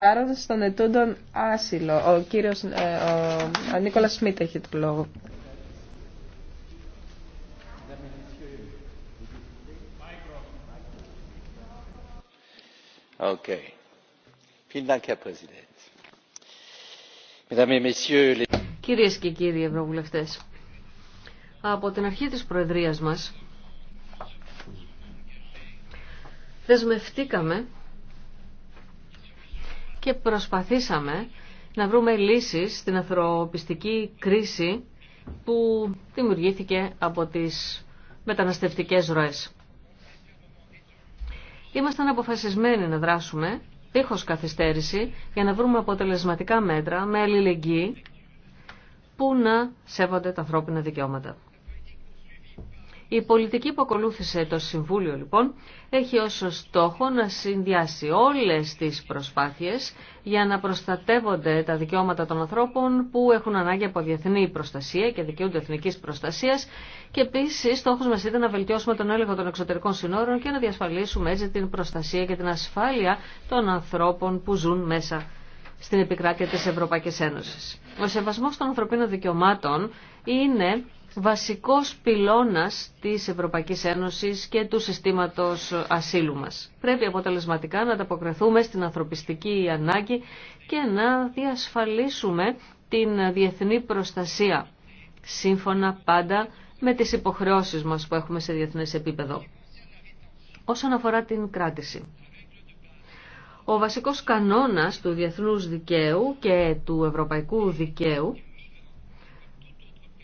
Άρα στον ετούντον άσυλο. Ο κύριος ε, ο, ο Νίκολας Σμίτ έχει το λόγο. Okay. Κυρίες και κύριοι Ευρωβουλευτές, από την αρχή της Προεδρίας μας δεσμευτήκαμε και προσπαθήσαμε να βρούμε λύσεις στην ανθρωπιστική κρίση που δημιουργήθηκε από τις μεταναστευτικές ροές. Ήμασταν αποφασισμένοι να δράσουμε δίχως καθυστέρηση για να βρούμε αποτελεσματικά μέτρα με αλληλεγγύη που να σέβονται τα ανθρώπινα δικαιώματα. Η πολιτική που ακολούθησε το Συμβούλιο λοιπόν έχει ως στόχο να συνδυάσει όλες τις προσπάθειες για να προστατεύονται τα δικαιώματα των ανθρώπων που έχουν ανάγκη από διεθνή προστασία και δικαιούνται εθνικής προστασίας και επίσης στόχος μας ήταν να βελτιώσουμε τον έλεγχο των εξωτερικών συνόρων και να διασφαλίσουμε έτσι την προστασία και την ασφάλεια των ανθρώπων που ζουν μέσα στην επικράτεια της Ευρωπαϊκής Ένωσης. Ο σεβασμός των ανθρωπίνων δικαιωμάτων είναι βασικός πυλώνας της Ευρωπαϊκής Ένωσης και του συστήματος ασύλου μας. Πρέπει αποτελεσματικά να ανταποκριθούμε στην ανθρωπιστική ανάγκη και να διασφαλίσουμε την διεθνή προστασία, σύμφωνα πάντα με τις υποχρεώσεις μας που έχουμε σε διεθνές επίπεδο. Όσον αφορά την κράτηση. Ο βασικός κανόνας του διεθνούς δικαίου και του ευρωπαϊκού δικαίου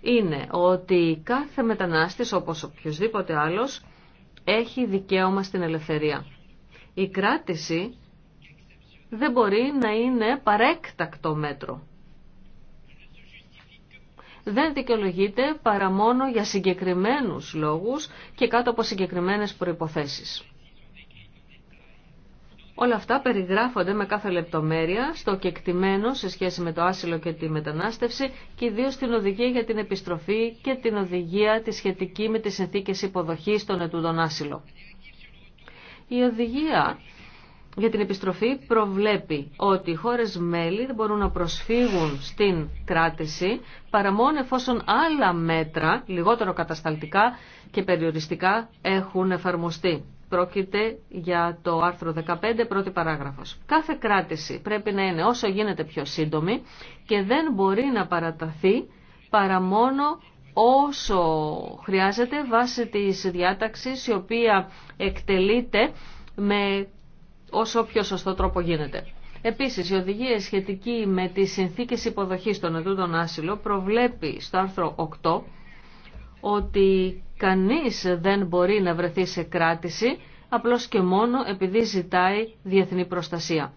είναι ότι κάθε μετανάστης, όπως οποιοδήποτε άλλος, έχει δικαίωμα στην ελευθερία. Η κράτηση δεν μπορεί να είναι παρέκτακτο μέτρο. Δεν δικαιολογείται παρά μόνο για συγκεκριμένους λόγους και κάτω από συγκεκριμένες προϋποθέσεις. Όλα αυτά περιγράφονται με κάθε λεπτομέρεια στο κεκτημένο σε σχέση με το άσυλο και τη μετανάστευση και ιδίω στην οδηγία για την επιστροφή και την οδηγία τη σχετική με τις συνθήκες υποδοχής των ετούντων άσυλο. Η οδηγία για την επιστροφή προβλέπει ότι οι χώρες μέλη δεν μπορούν να προσφύγουν στην κράτηση παρά μόνο εφόσον άλλα μέτρα, λιγότερο κατασταλτικά και περιοριστικά, έχουν εφαρμοστεί. Πρόκειται για το άρθρο 15, πρώτη παράγραφος. Κάθε κράτηση πρέπει να είναι όσο γίνεται πιο σύντομη και δεν μπορεί να παραταθεί παρά μόνο όσο χρειάζεται βάσει της διάταξης η οποία εκτελείται με όσο πιο σωστό τρόπο γίνεται. Επίσης, η οδηγία σχετική με τις συνθήκες υποδοχής των ετούντων άσυλο προβλέπει στο άρθρο 8 ότι κανείς δεν μπορεί να βρεθεί σε κράτηση απλώς και μόνο επειδή ζητάει διεθνή προστασία.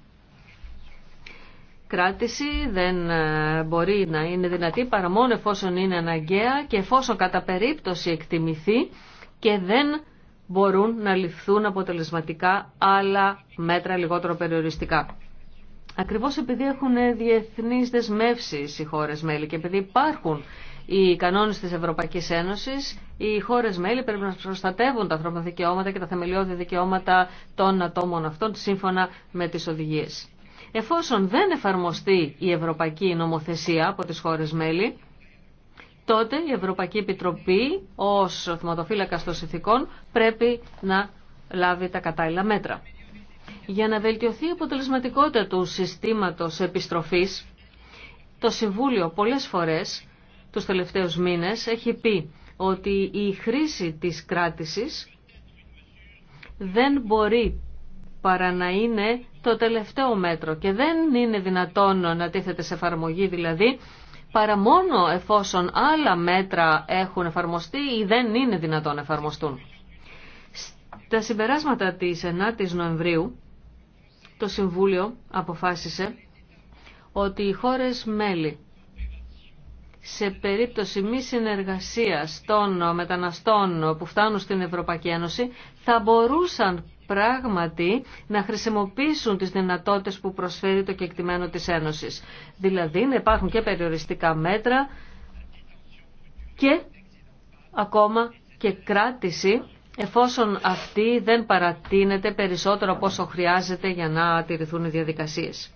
Κράτηση δεν ε, μπορεί να είναι δυνατή παρά μόνο εφόσον είναι αναγκαία και εφόσον κατά περίπτωση εκτιμηθεί και δεν μπορούν να ληφθούν αποτελεσματικά άλλα μέτρα λιγότερο περιοριστικά. Ακριβώς επειδή έχουν διεθνείς δεσμεύσεις οι χώρες μέλη και επειδή υπάρχουν οι κανόνε τη Ευρωπαϊκή Ένωση, οι χώρε μέλη πρέπει να προστατεύουν τα ανθρώπινα δικαιώματα και τα θεμελιώδη δικαιώματα των ατόμων αυτών σύμφωνα με τι οδηγίε. Εφόσον δεν εφαρμοστεί η Ευρωπαϊκή Νομοθεσία από τις χώρες μέλη, τότε η Ευρωπαϊκή Επιτροπή ως θεματοφύλακα των συνθηκών πρέπει να λάβει τα κατάλληλα μέτρα. Για να βελτιωθεί η αποτελεσματικότητα του συστήματος επιστροφής, το Συμβούλιο πολλές φορές τους τελευταίους μήνες έχει πει ότι η χρήση της κράτησης δεν μπορεί παρά να είναι το τελευταίο μέτρο και δεν είναι δυνατόν να τίθεται σε εφαρμογή δηλαδή παρά μόνο εφόσον άλλα μέτρα έχουν εφαρμοστεί ή δεν είναι δυνατόν να εφαρμοστούν. Στα συμπεράσματα της 9 η Νοεμβρίου το Συμβούλιο αποφάσισε ότι οι χώρες μέλη σε περίπτωση μη συνεργασίας των μεταναστών που φτάνουν στην Ευρωπαϊκή Ένωση θα μπορούσαν πράγματι να χρησιμοποιήσουν τις δυνατότητες που προσφέρει το κεκτημένο της Ένωσης. Δηλαδή να υπάρχουν και περιοριστικά μέτρα και ακόμα και κράτηση εφόσον αυτή δεν παρατείνεται περισσότερο από όσο χρειάζεται για να τηρηθούν οι διαδικασίες.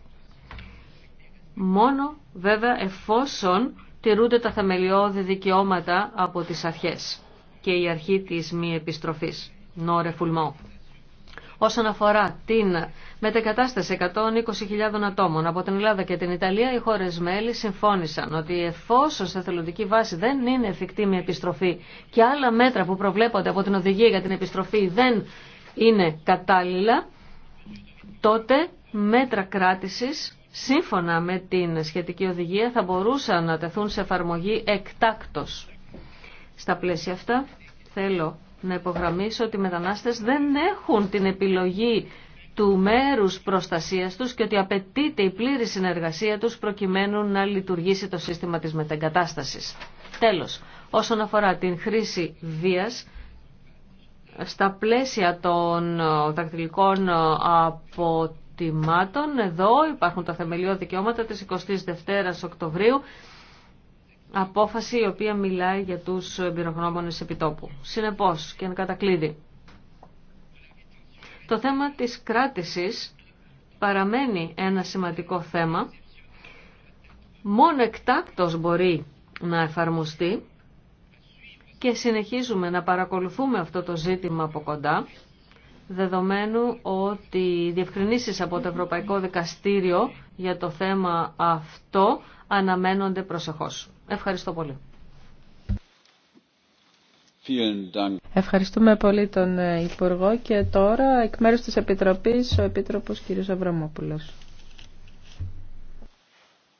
Μόνο βέβαια εφόσον τηρούνται τα θεμελιώδη δικαιώματα από τις αρχές και η αρχή της μη επιστροφής, νόρε φουλμό. Όσον αφορά την μετεκατάσταση 120.000 ατόμων από την Ελλάδα και την Ιταλία, οι χώρε μέλη συμφώνησαν ότι εφόσον σε θελοντική βάση δεν είναι εφικτή μια επιστροφή και άλλα μέτρα που προβλέπονται από την οδηγία για την επιστροφή δεν είναι κατάλληλα, τότε μέτρα κράτησης σύμφωνα με την σχετική οδηγία θα μπορούσαν να τεθούν σε εφαρμογή εκτάκτος. Στα πλαίσια αυτά θέλω να υπογραμμίσω ότι οι μετανάστες δεν έχουν την επιλογή του μέρους προστασίας τους και ότι απαιτείται η πλήρη συνεργασία τους προκειμένου να λειτουργήσει το σύστημα της μετεγκατάστασης. Τέλος, όσον αφορά την χρήση βίας, στα πλαίσια των ε, δακτυλικών ε, από εδώ υπάρχουν τα θεμελιώδη δικαιώματα της 22ης Οκτωβρίου, απόφαση η οποία μιλάει για τους εμπειρογνώμονες επιτόπου. Συνεπώς και αν κατακλείδη. Το θέμα της κράτησης παραμένει ένα σημαντικό θέμα. Μόνο εκτάκτος μπορεί να εφαρμοστεί και συνεχίζουμε να παρακολουθούμε αυτό το ζήτημα από κοντά δεδομένου ότι οι διευκρινήσεις από το Ευρωπαϊκό Δικαστήριο για το θέμα αυτό αναμένονται προσεχώς. Ευχαριστώ πολύ. Ευχαριστούμε πολύ τον ε, Υπουργό και τώρα εκ μέρους της Επιτροπής ο Επίτροπος κ. Αβραμόπουλος.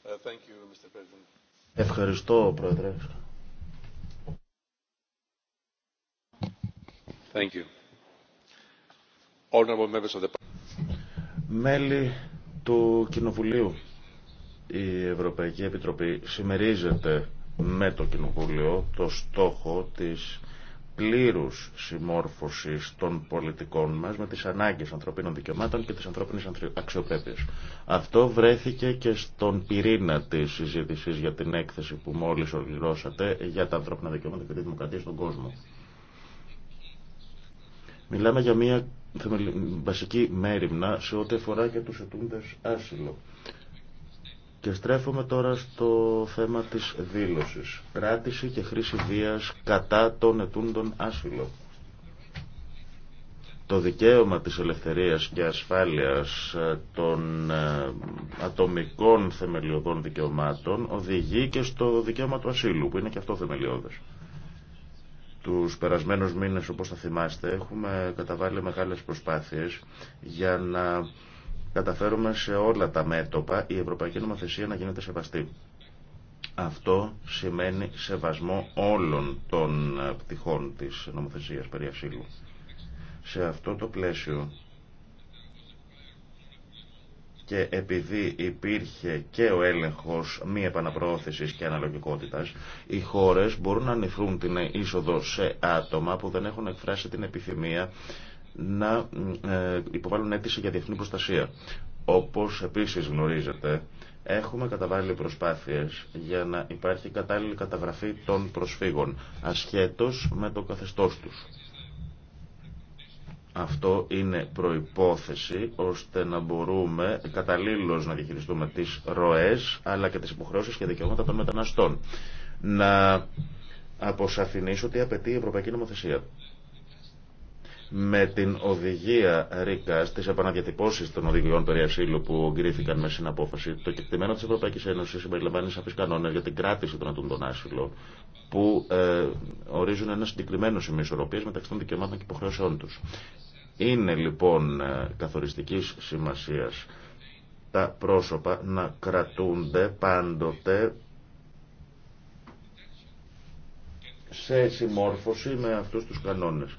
Ε, Ευχαριστώ Πρόεδρε. Thank Μέλη του Κοινοβουλίου, η Ευρωπαϊκή Επιτροπή συμμερίζεται με το Κοινοβούλιο το στόχο της πλήρους συμμόρφωσης των πολιτικών μας με τις ανάγκες ανθρωπίνων δικαιωμάτων και τις ανθρώπινες αξιοπρέπειες. Αυτό βρέθηκε και στον πυρήνα της συζήτησης για την έκθεση που μόλις ολυρώσατε για τα ανθρώπινα δικαιώματα και τη δημοκρατία στον κόσμο. Μιλάμε για μια βασική μέρημνα σε ό,τι αφορά και τους ετούντες άσυλο. Και στρέφομαι τώρα στο θέμα της δήλωσης. Πράτηση και χρήση βίας κατά των ετούντων άσυλο. Το δικαίωμα της ελευθερίας και ασφάλειας ε, των ε, ατομικών θεμελιωδών δικαιωμάτων οδηγεί και στο δικαίωμα του ασύλου, που είναι και αυτό θεμελιώδες. Τους περασμένους μήνες, όπως θα θυμάστε, έχουμε καταβάλει μεγάλες προσπάθειες για να καταφέρουμε σε όλα τα μέτωπα η Ευρωπαϊκή Νομοθεσία να γίνεται σεβαστή. Αυτό σημαίνει σεβασμό όλων των πτυχών της νομοθεσίας περί ασύλου. Σε αυτό το πλαίσιο και επειδή υπήρχε και ο έλεγχος μη επαναπροώθησης και αναλογικότητας, οι χώρες μπορούν να ανοιχθούν την είσοδο σε άτομα που δεν έχουν εκφράσει την επιθυμία να ε, υποβάλουν αίτηση για διεθνή προστασία. Όπως επίσης γνωρίζετε, έχουμε καταβάλει προσπάθειες για να υπάρχει κατάλληλη καταγραφή των προσφύγων, ασχέτως με το καθεστώς τους. Αυτό είναι προϋπόθεση ώστε να μπορούμε καταλήλως να διαχειριστούμε τις ροές αλλά και τις υποχρεώσεις και δικαιώματα των μεταναστών. Να αποσαφηνίσω τι απαιτεί η Ευρωπαϊκή Νομοθεσία με την οδηγία ΡΙΚΑ στι επαναδιατυπώσει των οδηγιών περί ασύλου που εγκρίθηκαν με συναπόφαση, το κεκτημένο τη Ευρωπαϊκή Ένωση συμπεριλαμβάνει σαφεί κανόνε για την κράτηση των ατούντων άσυλων που ε, ορίζουν ένα συγκεκριμένο σημείο ισορροπία μεταξύ των δικαιωμάτων και υποχρεώσεών του. Είναι λοιπόν ε, καθοριστική σημασία τα πρόσωπα να κρατούνται πάντοτε σε συμμόρφωση με αυτούς τους κανόνες.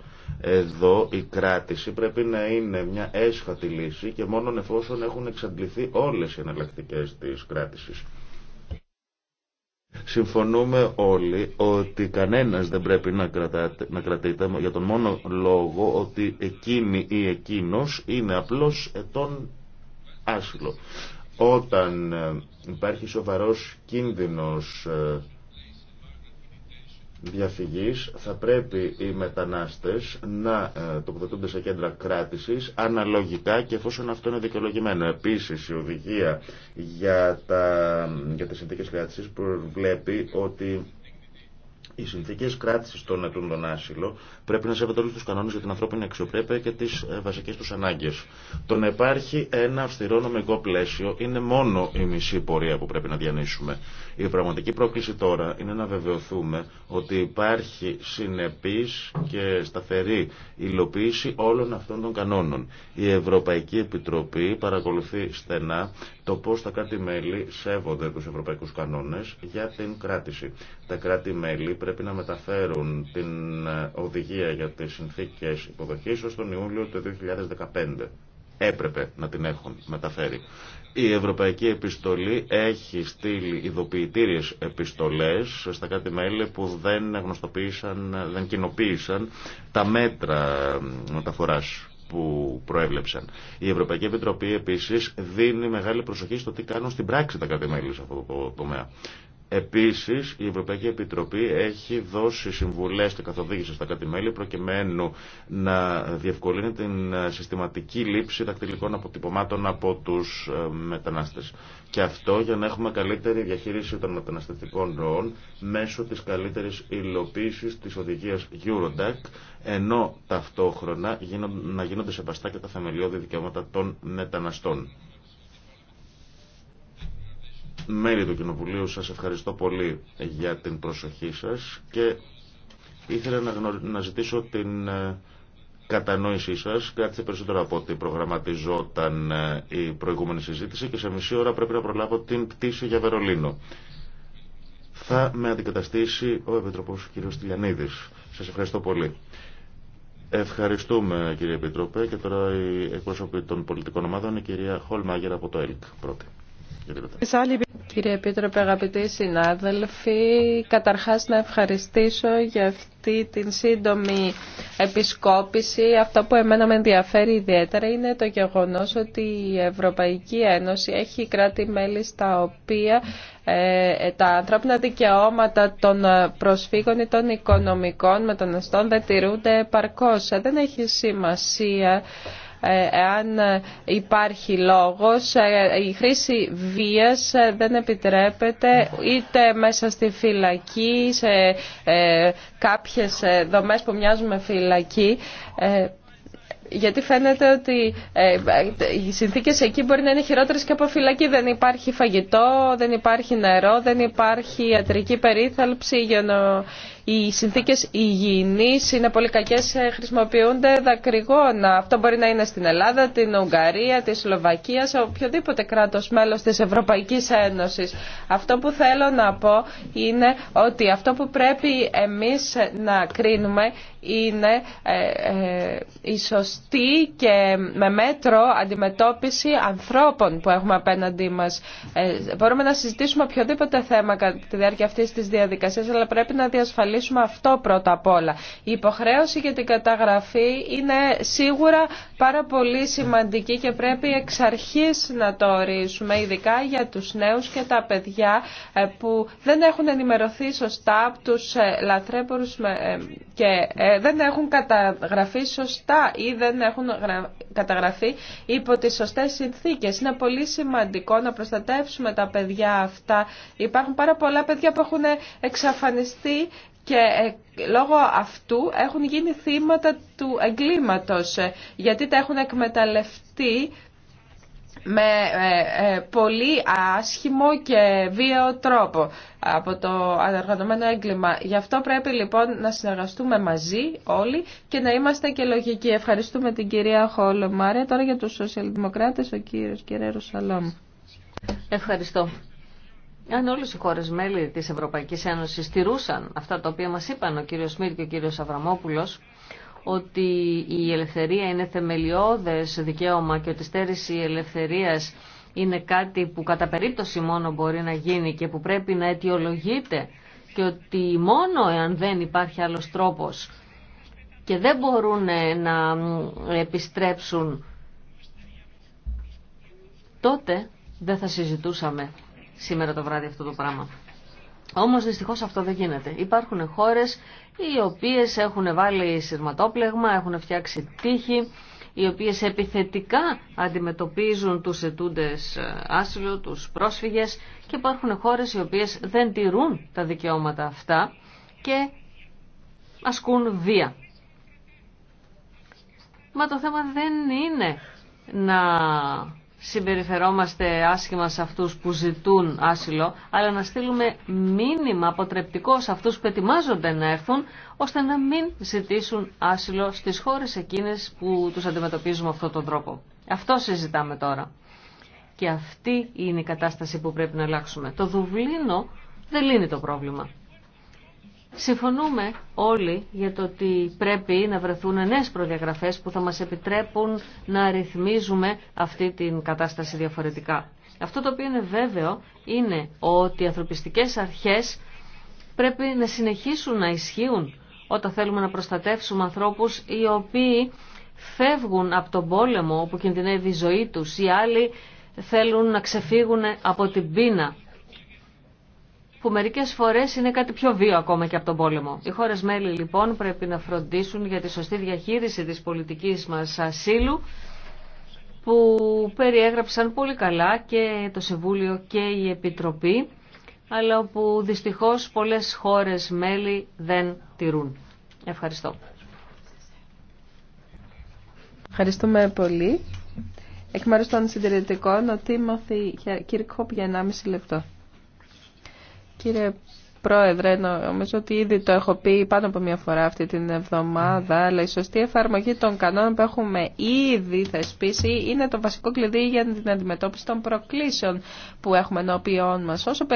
Εδώ η κράτηση πρέπει να είναι μια έσχατη λύση και μόνο εφόσον έχουν εξαντληθεί όλες οι εναλλακτικέ της κράτησης. Συμφωνούμε όλοι ότι κανένας δεν πρέπει να, κρατάτε, να κρατείται για τον μόνο λόγο ότι εκείνη ή εκείνος είναι απλώς ετών άσυλο. Όταν ε, υπάρχει σοβαρός κίνδυνος ε, διαφυγής θα πρέπει οι μετανάστες να ε, τοποθετούνται σε κέντρα κράτησης αναλογικά και εφόσον αυτό είναι δικαιολογημένο. Επίσης η οδηγία για, τα, για τις συνθήκες κράτησης προβλέπει ότι οι συνθήκες κράτησης των ετούντων άσυλο Πρέπει να σέβεται όλου του κανόνε για την ανθρώπινη αξιοπρέπεια και τι ε, βασικέ του ανάγκε. Το να υπάρχει ένα αυστηρό νομικό πλαίσιο είναι μόνο η μισή πορεία που πρέπει να διανύσουμε. Η πραγματική πρόκληση τώρα είναι να βεβαιωθούμε ότι υπάρχει συνεπή και σταθερή υλοποίηση όλων αυτών των κανόνων. Η Ευρωπαϊκή Επιτροπή παρακολουθεί στενά το πώ τα κράτη-μέλη σέβονται του ευρωπαϊκού κανόνε για την κράτηση. Τα κρατη πρέπει να μεταφέρουν την ε, οδηγία για τις συνθήκες υποδοχής ως τον Ιούλιο του 2015. Έπρεπε να την έχουν μεταφέρει. Η Ευρωπαϊκή Επιστολή έχει στείλει ειδοποιητήριες επιστολές στα κάτι μέλη που δεν γνωστοποίησαν, δεν κοινοποίησαν τα μέτρα μεταφοράς που προέβλεψαν. Η Ευρωπαϊκή Επιτροπή επίσης δίνει μεγάλη προσοχή στο τι κάνουν στην πράξη τα κάτι μελη σε αυτό το τομέα. Επίσης, η Ευρωπαϊκή Επιτροπή έχει δώσει συμβουλές και καθοδήγηση στα κατημέλη προκειμένου να διευκολύνει την συστηματική λήψη δακτυλικών αποτυπωμάτων από τους ε, μετανάστες. Και αυτό για να έχουμε καλύτερη διαχείριση των μεταναστευτικών ροών μέσω της καλύτερης υλοποίησης της οδηγίας Eurodac, ενώ ταυτόχρονα να γίνονται σεβαστά και τα θεμελιώδη δικαιώματα των μεταναστών μέλη του Κοινοβουλίου σας ευχαριστώ πολύ για την προσοχή σας και ήθελα να, να ζητήσω την ε, κατανόησή σας κάτι περισσότερο από ό,τι προγραμματιζόταν ε, η προηγούμενη συζήτηση και σε μισή ώρα πρέπει να προλάβω την πτήση για Βερολίνο. Θα με αντικαταστήσει ο Επιτροπός κ. Στυλιανίδης. Σας ευχαριστώ πολύ. Ευχαριστούμε κύριε Επιτροπέ και τώρα η εκπροσωπή των πολιτικών ομάδων η κυρία Χολμάγερ από το ΕΛΚ πρώτη. Κύριε Επίτροπε, αγαπητοί συνάδελφοι, καταρχάς να ευχαριστήσω για αυτή την σύντομη επισκόπηση. Αυτό που εμένα με ενδιαφέρει ιδιαίτερα είναι το γεγονός ότι η Ευρωπαϊκή Ένωση έχει κράτη-μέλη στα οποία ε, τα ανθρώπινα δικαιώματα των προσφύγων ή των οικονομικών μεταναστών δεν τηρούνται επαρκώς. Ε, δεν έχει σημασία ε, εάν ε, υπάρχει λόγος. Ε, η χρήση βίας δεν επιτρέπεται είτε μέσα στη φυλακή, σε κάποιες δομές που μοιάζουν με φυλακή, γιατί φαίνεται ότι οι συνθήκες εκεί μπορεί να είναι χειρότερες και από φυλακή. Δεν υπάρχει φαγητό, δεν υπάρχει νερό, δεν υπάρχει ιατρική περίθαλψη, οι συνθήκε υγιεινή είναι πολύ κακέ. Ε, χρησιμοποιούνται δακρυγόνα. Αυτό μπορεί να είναι στην Ελλάδα, την Ουγγαρία, τη Σλοβακία, σε οποιοδήποτε κράτο μέλο τη Ευρωπαϊκή Ένωση. Αυτό που θέλω να πω είναι ότι αυτό που πρέπει εμεί να κρίνουμε είναι ε, ε, η σωστή και με μέτρο αντιμετώπιση ανθρώπων που έχουμε απέναντί μας. μπορούμε να συζητήσουμε οποιοδήποτε θέμα κατά τη διάρκεια αυτής της διαδικασίας, αλλά πρέπει να διασφαλίσουμε λύσουμε αυτό πρώτα απ' όλα. Η υποχρέωση για την καταγραφή είναι σίγουρα πάρα πολύ σημαντική και πρέπει εξ αρχής να το ορίσουμε, ειδικά για τους νέους και τα παιδιά ε, που δεν έχουν ενημερωθεί σωστά από τους ε, λαθρέπορους ε, και δεν έχουν καταγραφεί σωστά ή δεν έχουν καταγραφεί υπό τις σωστές συνθήκες. Είναι πολύ σημαντικό να προστατεύσουμε τα παιδιά αυτά. Υπάρχουν πάρα πολλά παιδιά που έχουν εξαφανιστεί και ε, λόγω αυτού έχουν γίνει θύματα του εγκλήματος ε, γιατί τα έχουν εκμεταλλευτεί με ε, πολύ άσχημο και βίαιο τρόπο από το αναργανωμένο έγκλημα. Γι' αυτό πρέπει λοιπόν να συνεργαστούμε μαζί όλοι και να είμαστε και λογικοί. Ευχαριστούμε την κυρία Χόλο Τώρα για τους σοσιαλδημοκράτες ο κύριος Κεραίρος Σαλόμ. Ευχαριστώ. Αν όλε οι χώρε μέλη τη Ευρωπαϊκή Ένωσης στηρούσαν αυτά τα οποία μας είπαν ο κύριος Σμίτ και ο κύριος Αβραμόπουλος, ότι η ελευθερία είναι θεμελιώδες δικαίωμα και ότι η στέρηση ελευθερίας είναι κάτι που κατά περίπτωση μόνο μπορεί να γίνει και που πρέπει να αιτιολογείται και ότι μόνο εάν δεν υπάρχει άλλος τρόπος και δεν μπορούν να επιστρέψουν τότε δεν θα συζητούσαμε σήμερα το βράδυ αυτό το πράγμα. Όμω, δυστυχώ αυτό δεν γίνεται. Υπάρχουν χώρε οι οποίε έχουν βάλει σειρματόπλεγμα, έχουν φτιάξει τείχη, οι οποίε επιθετικά αντιμετωπίζουν του ετούντε ε, άσυλο, τους πρόσφυγες και υπάρχουν χώρε οι οποίε δεν τηρούν τα δικαιώματα αυτά και ασκούν βία. Μα το θέμα δεν είναι να συμπεριφερόμαστε άσχημα σε αυτούς που ζητούν άσυλο, αλλά να στείλουμε μήνυμα αποτρεπτικό σε αυτούς που ετοιμάζονται να έρθουν, ώστε να μην ζητήσουν άσυλο στις χώρες εκείνες που τους αντιμετωπίζουμε αυτόν τον τρόπο. Αυτό συζητάμε τώρα. Και αυτή είναι η κατάσταση που πρέπει να αλλάξουμε. Το Δουβλίνο δεν λύνει το πρόβλημα. Συμφωνούμε όλοι για το ότι πρέπει να βρεθούν νέες προδιαγραφές που θα μας επιτρέπουν να ρυθμίζουμε αυτή την κατάσταση διαφορετικά. Αυτό το οποίο είναι βέβαιο είναι ότι οι ανθρωπιστικές αρχές πρέπει να συνεχίσουν να ισχύουν όταν θέλουμε να προστατεύσουμε ανθρώπους οι οποίοι φεύγουν από τον πόλεμο όπου κινδυνεύει η ζωή τους ή άλλοι θέλουν να ξεφύγουν από την πείνα που μερικές φορές είναι κάτι πιο βίο ακόμα και από τον πόλεμο. Οι χώρες μέλη λοιπόν πρέπει να φροντίσουν για τη σωστή διαχείριση της πολιτικής μας ασύλου που περιέγραψαν πολύ καλά και το Συμβούλιο και η Επιτροπή αλλά που δυστυχώς πολλές χώρες μέλη δεν τηρούν. Ευχαριστώ. Ευχαριστούμε πολύ. Εκ μέρους των συντηρητικών, ο Τίμωθη για 1,5 λεπτό. Κύριε Πρόεδρε, νομίζω ότι ήδη το έχω πει πάνω από μια φορά αυτή την εβδομάδα, αλλά η σωστή εφαρμογή των κανόνων που έχουμε ήδη θεσπίσει είναι το βασικό κλειδί για την αντιμετώπιση των προκλήσεων που έχουμε ενώπιόν μα. Όσο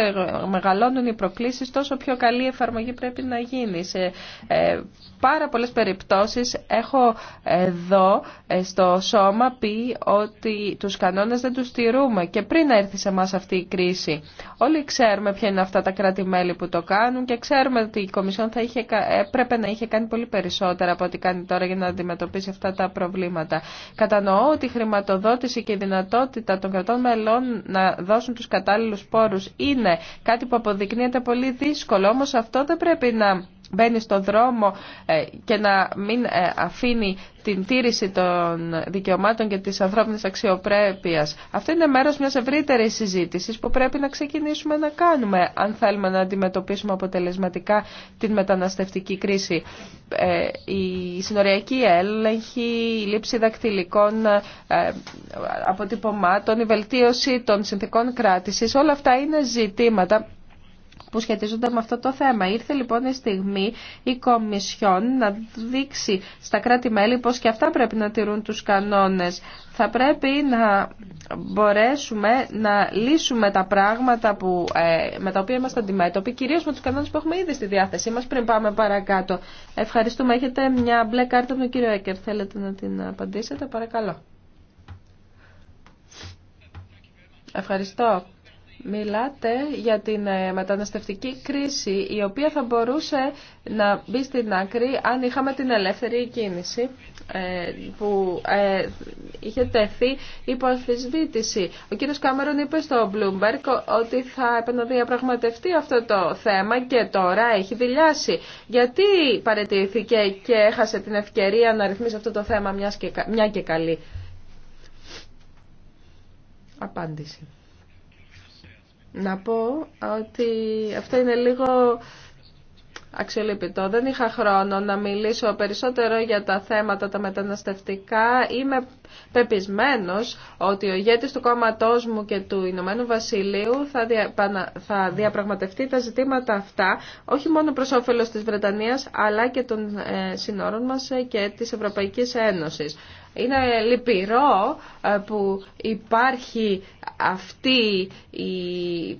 μεγαλώνουν οι προκλήσει, τόσο πιο καλή η εφαρμογή πρέπει να γίνει. Σε ε, πάρα πολλέ περιπτώσει έχω εδώ ε, στο σώμα πει ότι του κανόνε δεν του τηρούμε και πριν έρθει σε εμά αυτή η κρίση. Όλοι ξέρουμε ποια είναι αυτά τα κράτη-μέλη το κάνουν και ξέρουμε ότι η Κομισιόν θα είχε, έπρεπε να είχε κάνει πολύ περισσότερα από ό,τι κάνει τώρα για να αντιμετωπίσει αυτά τα προβλήματα. Κατανοώ ότι η χρηματοδότηση και η δυνατότητα των κρατών μελών να δώσουν τους κατάλληλους πόρους είναι κάτι που αποδεικνύεται πολύ δύσκολο, όμως αυτό δεν πρέπει να μπαίνει στον δρόμο ε, και να μην ε, αφήνει την τήρηση των δικαιωμάτων και της ανθρώπινης αξιοπρέπειας. Αυτό είναι μέρος μιας ευρύτερης συζήτησης που πρέπει να ξεκινήσουμε να κάνουμε αν θέλουμε να αντιμετωπίσουμε αποτελεσματικά την μεταναστευτική κρίση. Ε, η συνοριακή έλεγχη, η λήψη δακτυλικών αποτυπωμάτων, η βελτίωση των συνθήκων κράτησης, όλα αυτά είναι ζητήματα που σχετίζονται με αυτό το θέμα. Ήρθε λοιπόν η στιγμή η Κομισιόν να δείξει στα κράτη-μέλη πως και αυτά πρέπει να τηρούν τους κανόνες. Θα πρέπει να μπορέσουμε να λύσουμε τα πράγματα που, ε, με τα οποία είμαστε αντιμέτωποι, κυρίως με τους κανόνες που έχουμε ήδη στη διάθεσή μας πριν πάμε παρακάτω. Ευχαριστούμε. Έχετε μια μπλε κάρτα από τον κύριο Έκερ. Θέλετε να την απαντήσετε. Παρακαλώ. Ευχαριστώ. Μιλάτε για την ε, μεταναστευτική κρίση η οποία θα μπορούσε να μπει στην άκρη αν είχαμε την ελεύθερη κίνηση ε, που ε, είχε τεθεί υπό αμφισβήτηση. Ο κύριος Κάμερον είπε στο Bloomberg ότι θα επαναδιαπραγματευτεί αυτό το θέμα και τώρα έχει δηλιάσει. Γιατί παρετήθηκε και έχασε την ευκαιρία να ρυθμίσει αυτό το θέμα μια και καλή. Απάντηση να πω ότι αυτό είναι λίγο αξιολυπητό. Δεν είχα χρόνο να μιλήσω περισσότερο για τα θέματα τα μεταναστευτικά. Είμαι πεπισμένος ότι ο ηγέτης του κόμματός μου και του Ηνωμένου Βασιλείου θα, θα διαπραγματευτεί τα ζητήματα αυτά, όχι μόνο προς όφελος της Βρετανίας, αλλά και των ε, συνόρων μας ε, και της Ευρωπαϊκής Ένωσης. Είναι λυπηρό ε, που υπάρχει αυτή η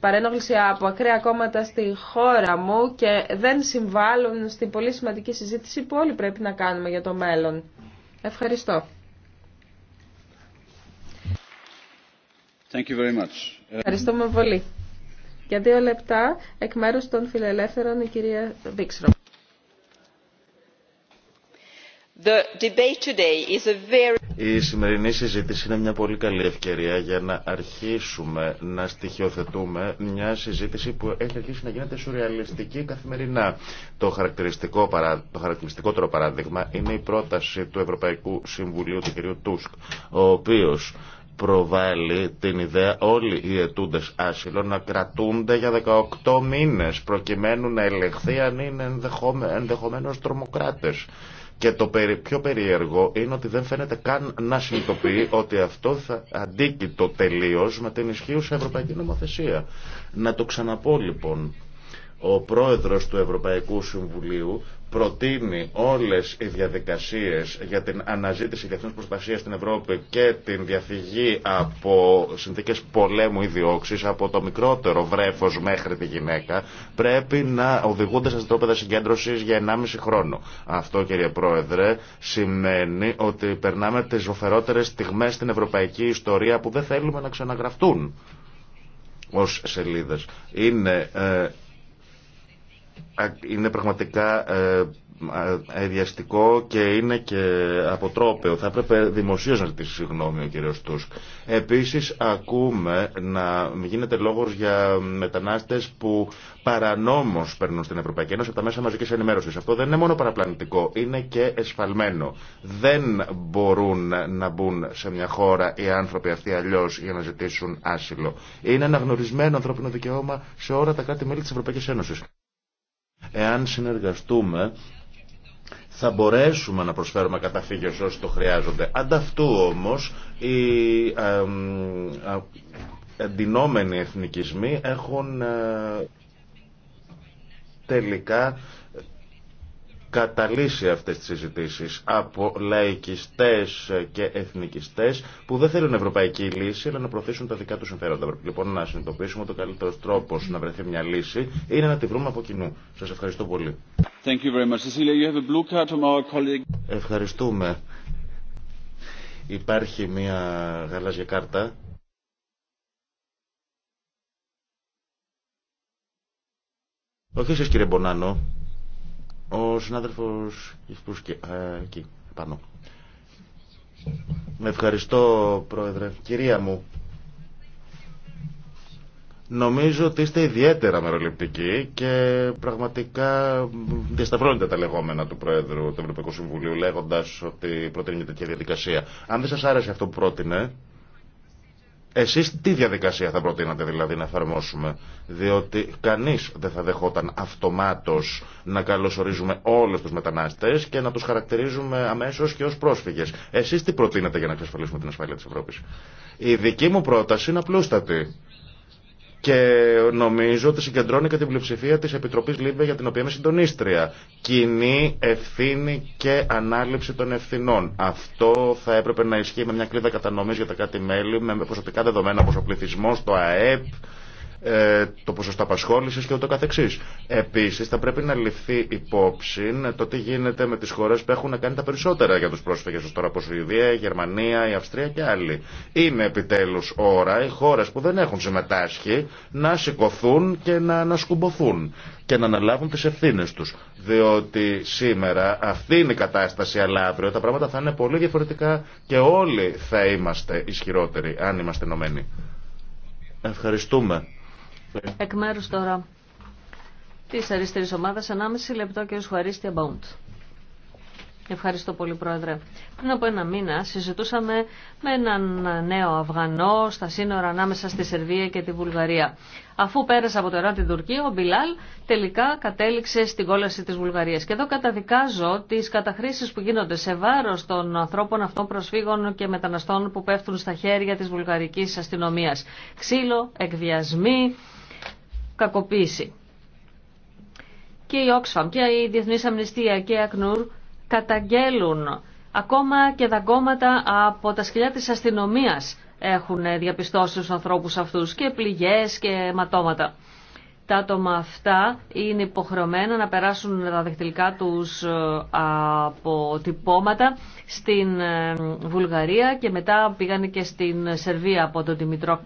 παρένοχληση από ακραία κόμματα στη χώρα μου και δεν συμβάλλουν στην πολύ σημαντική συζήτηση που όλοι πρέπει να κάνουμε για το μέλλον. Ευχαριστώ. Thank you very much. Ευχαριστούμε πολύ. Για δύο λεπτά, εκ μέρους των φιλελεύθερων, η κυρία Βίξρο. Η σημερινή συζήτηση είναι μια πολύ καλή ευκαιρία για να αρχίσουμε να στοιχειοθετούμε μια συζήτηση που έχει αρχίσει να γίνεται σουρεαλιστική καθημερινά. Το, χαρακτηριστικό, το χαρακτηριστικότερο παράδειγμα είναι η πρόταση του Ευρωπαϊκού Συμβουλίου του κ. Τούσκ, ο οποίος προβάλλει την ιδέα όλοι οι αιτούντες άσυλο να κρατούνται για 18 μήνες προκειμένου να ελεγχθεί αν είναι ενδεχομένως τρομοκράτες. Και το πιο περίεργο είναι ότι δεν φαίνεται καν να συνειδητοποιεί ότι αυτό θα αντίκει το τελείω με την ισχύουσα ευρωπαϊκή νομοθεσία. Να το ξαναπώ λοιπόν. Ο πρόεδρος του Ευρωπαϊκού Συμβουλίου προτείνει όλες οι διαδικασίες για την αναζήτηση διεθνούς προστασία στην Ευρώπη και την διαφυγή από συνθήκες πολέμου ή διώξης από το μικρότερο βρέφος μέχρι τη γυναίκα πρέπει να οδηγούνται σε τρόπεδα συγκέντρωσης για 1,5 χρόνο. Αυτό κύριε Πρόεδρε σημαίνει ότι περνάμε τις ζωφερότερες στιγμές στην ευρωπαϊκή ιστορία που δεν θέλουμε να ξαναγραφτούν ως σελίδες. Είναι ε, είναι πραγματικά ε, αδιαστικό και είναι και αποτρόπαιο. Θα έπρεπε δημοσίως να ζητήσει συγγνώμη ο κύριος Τούσκ. Επίσης ακούμε να γίνεται λόγος για μετανάστες που παρανόμως παίρνουν στην Ευρωπαϊκή Ένωση από τα μέσα μαζικής ενημέρωσης. Αυτό δεν είναι μόνο παραπλανητικό, είναι και εσφαλμένο. Δεν μπορούν να μπουν σε μια χώρα οι άνθρωποι αυτοί αλλιώ για να ζητήσουν άσυλο. Είναι αναγνωρισμένο ανθρώπινο δικαιώμα σε όλα τα κράτη-μέλη της Ευρωπαϊκής Ένωσης. Εάν συνεργαστούμε, θα μπορέσουμε να προσφέρουμε καταφύγιο σε όσοι το χρειάζονται. Ανταυτού όμως, οι εντυνόμενοι εθνικισμοί έχουν ε, τελικά καταλύσει αυτές τις συζητήσεις από λαϊκιστές και εθνικιστές που δεν θέλουν ευρωπαϊκή λύση αλλά να προωθήσουν τα δικά τους συμφέροντα. Πρέπει λοιπόν να συνειδητοποιήσουμε ότι ο καλύτερος τρόπος να βρεθεί μια λύση είναι να τη βρούμε από κοινού. Σας ευχαριστώ πολύ. Thank you very much. you have a blue card colleague. Ευχαριστούμε. Υπάρχει μια γαλάζια κάρτα όχι εσείς κύριε Μπονάνο. Ο συνάδελφος ε, εκεί, πάνω. Με ευχαριστώ, Πρόεδρε. Κυρία μου, νομίζω ότι είστε ιδιαίτερα μεροληπτικοί και πραγματικά διασταυρώνετε τα λεγόμενα του Πρόεδρου του Ευρωπαϊκού Συμβουλίου λέγοντας ότι προτείνει τέτοια διαδικασία. Αν δεν σας άρεσε αυτό που πρότεινε, εσείς τι διαδικασία θα προτείνατε δηλαδή να εφαρμόσουμε, διότι κανείς δεν θα δεχόταν αυτομάτως να καλωσορίζουμε όλους τους μετανάστες και να τους χαρακτηρίζουμε αμέσως και ως πρόσφυγες. Εσείς τι προτείνετε για να εξασφαλίσουμε την ασφάλεια της Ευρώπης. Η δική μου πρόταση είναι απλούστατη. Και νομίζω ότι συγκεντρώνει και την πλειοψηφία τη Επιτροπή ΛΥΜΠΕ για την οποία είμαι συντονίστρια. Κοινή ευθύνη και ανάληψη των ευθυνών. Αυτό θα έπρεπε να ισχύει με μια κλίδα κατανομή για τα κάτι μέλη, με προσωπικά δεδομένα όπω ο πληθυσμό, το ΑΕΠ, ε, το ποσοστό απασχόληση και ούτω καθεξής. Επίσης θα πρέπει να ληφθεί υπόψη ε, το τι γίνεται με τις χώρες που έχουν κάνει τα περισσότερα για τους πρόσφυγες ως τώρα, όπως η Ιδία, η Γερμανία, η Αυστρία και άλλοι. Είναι επιτέλους ώρα οι χώρες που δεν έχουν συμμετάσχει να σηκωθούν και να ανασκουμποθούν και να αναλάβουν τις ευθύνες τους. Διότι σήμερα αυτή είναι η κατάσταση, αλλά αύριο τα πράγματα θα είναι πολύ διαφορετικά και όλοι θα είμαστε ισχυρότεροι αν είμαστε ενωμένοι. Ευχαριστούμε. Εκ μέρου τώρα τη αριστερή ομάδα, 1,5 λεπτό και ο Σχουαρίστια Μπαούντ. Ευχαριστώ πολύ, Πρόεδρε. Πριν από ένα μήνα συζητούσαμε με έναν νέο Αφγανό στα σύνορα ανάμεσα στη Σερβία και τη Βουλγαρία. Αφού πέρασε από το Ερά την Τουρκία, ο Μπιλάλ τελικά κατέληξε στην κόλαση τη Βουλγαρία. Και εδώ καταδικάζω τι καταχρήσει που γίνονται σε βάρο των ανθρώπων αυτών προσφύγων και μεταναστών που πέφτουν στα χέρια τη βουλγαρική αστυνομία. Ξύλο, εκβιασμοί, κακοποίηση. Και η Oxfam και η Διεθνής Αμνηστία και η ΑΚΝΟΥΡ καταγγέλουν ακόμα και δαγκώματα από τα σκυλιά της αστυνομίας έχουν διαπιστώσει τους ανθρώπους αυτούς και πληγές και ματώματα. Τα άτομα αυτά είναι υποχρεωμένα να περάσουν τα δεχτυλικά τους ε, αποτυπώματα στην ε, Βουλγαρία και μετά πήγαν και στην Σερβία από τον Δημητρό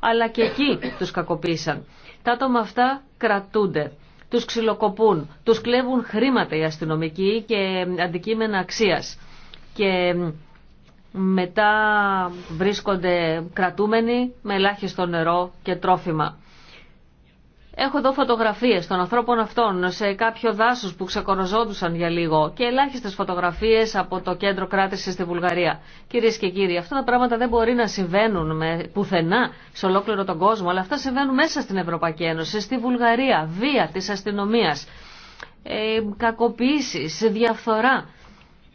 αλλά και εκεί τους κακοποίησαν. Τα άτομα αυτά κρατούνται. Τους ξυλοκοπούν, τους κλέβουν χρήματα οι αστυνομικοί και αντικείμενα αξίας. Και μετά βρίσκονται κρατούμενοι με ελάχιστο νερό και τρόφιμα. Έχω εδώ φωτογραφίες των ανθρώπων αυτών σε κάποιο δάσος που ξεκοροζόντουσαν για λίγο και ελάχιστες φωτογραφίες από το κέντρο κράτησης στη Βουλγαρία. Κυρίες και κύριοι, αυτά τα πράγματα δεν μπορεί να συμβαίνουν με πουθενά σε ολόκληρο τον κόσμο, αλλά αυτά συμβαίνουν μέσα στην Ευρωπαϊκή Ένωση, στη Βουλγαρία, βία της αστυνομίας, ε, κακοποίησεις, διαφθορά.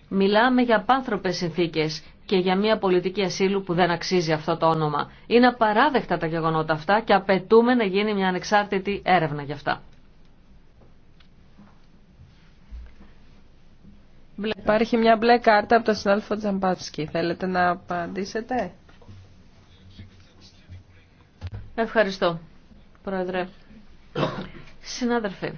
Μιλάμε για πάνθρωπες συνθήκες και για μια πολιτική ασύλου που δεν αξίζει αυτό το όνομα. Είναι απαράδεκτα τα γεγονότα αυτά και απαιτούμε να γίνει μια ανεξάρτητη έρευνα γι' αυτά. Υπάρχει μια μπλε κάρτα από τον συνάδελφο Τζαμπάτσκι. Θέλετε να απαντήσετε. Ευχαριστώ, Πρόεδρε. Συνάδελφοι,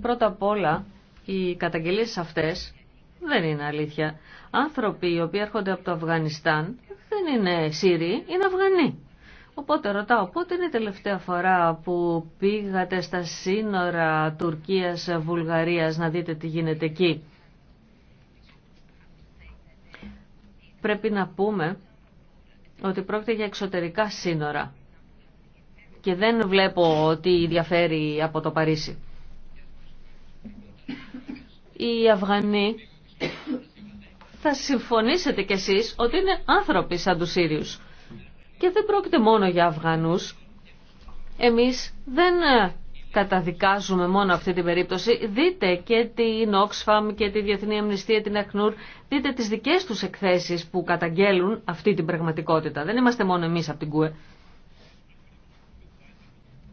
πρώτα απ' όλα οι καταγγελίες αυτές δεν είναι αλήθεια. Άνθρωποι οι οποίοι έρχονται από το Αφγανιστάν δεν είναι Σύριοι, είναι Αφγανοί. Οπότε ρωτάω, πότε είναι η τελευταία φορά που πήγατε στα σύνορα Τουρκίας-Βουλγαρίας να δείτε τι γίνεται εκεί. Πρέπει να πούμε ότι πρόκειται για εξωτερικά σύνορα και δεν βλέπω ότι διαφέρει από το Παρίσι. Οι Αφγανοί θα συμφωνήσετε κι εσείς ότι είναι άνθρωποι σαν τους Σύριους. Και δεν πρόκειται μόνο για Αφγανούς. Εμείς δεν ε, καταδικάζουμε μόνο αυτή την περίπτωση. Δείτε και την Oxfam και τη Διεθνή Αμνηστία, την Αχνούρ. Δείτε τις δικές τους εκθέσεις που καταγγέλουν αυτή την πραγματικότητα. Δεν είμαστε μόνο εμείς από την ΚΟΕ.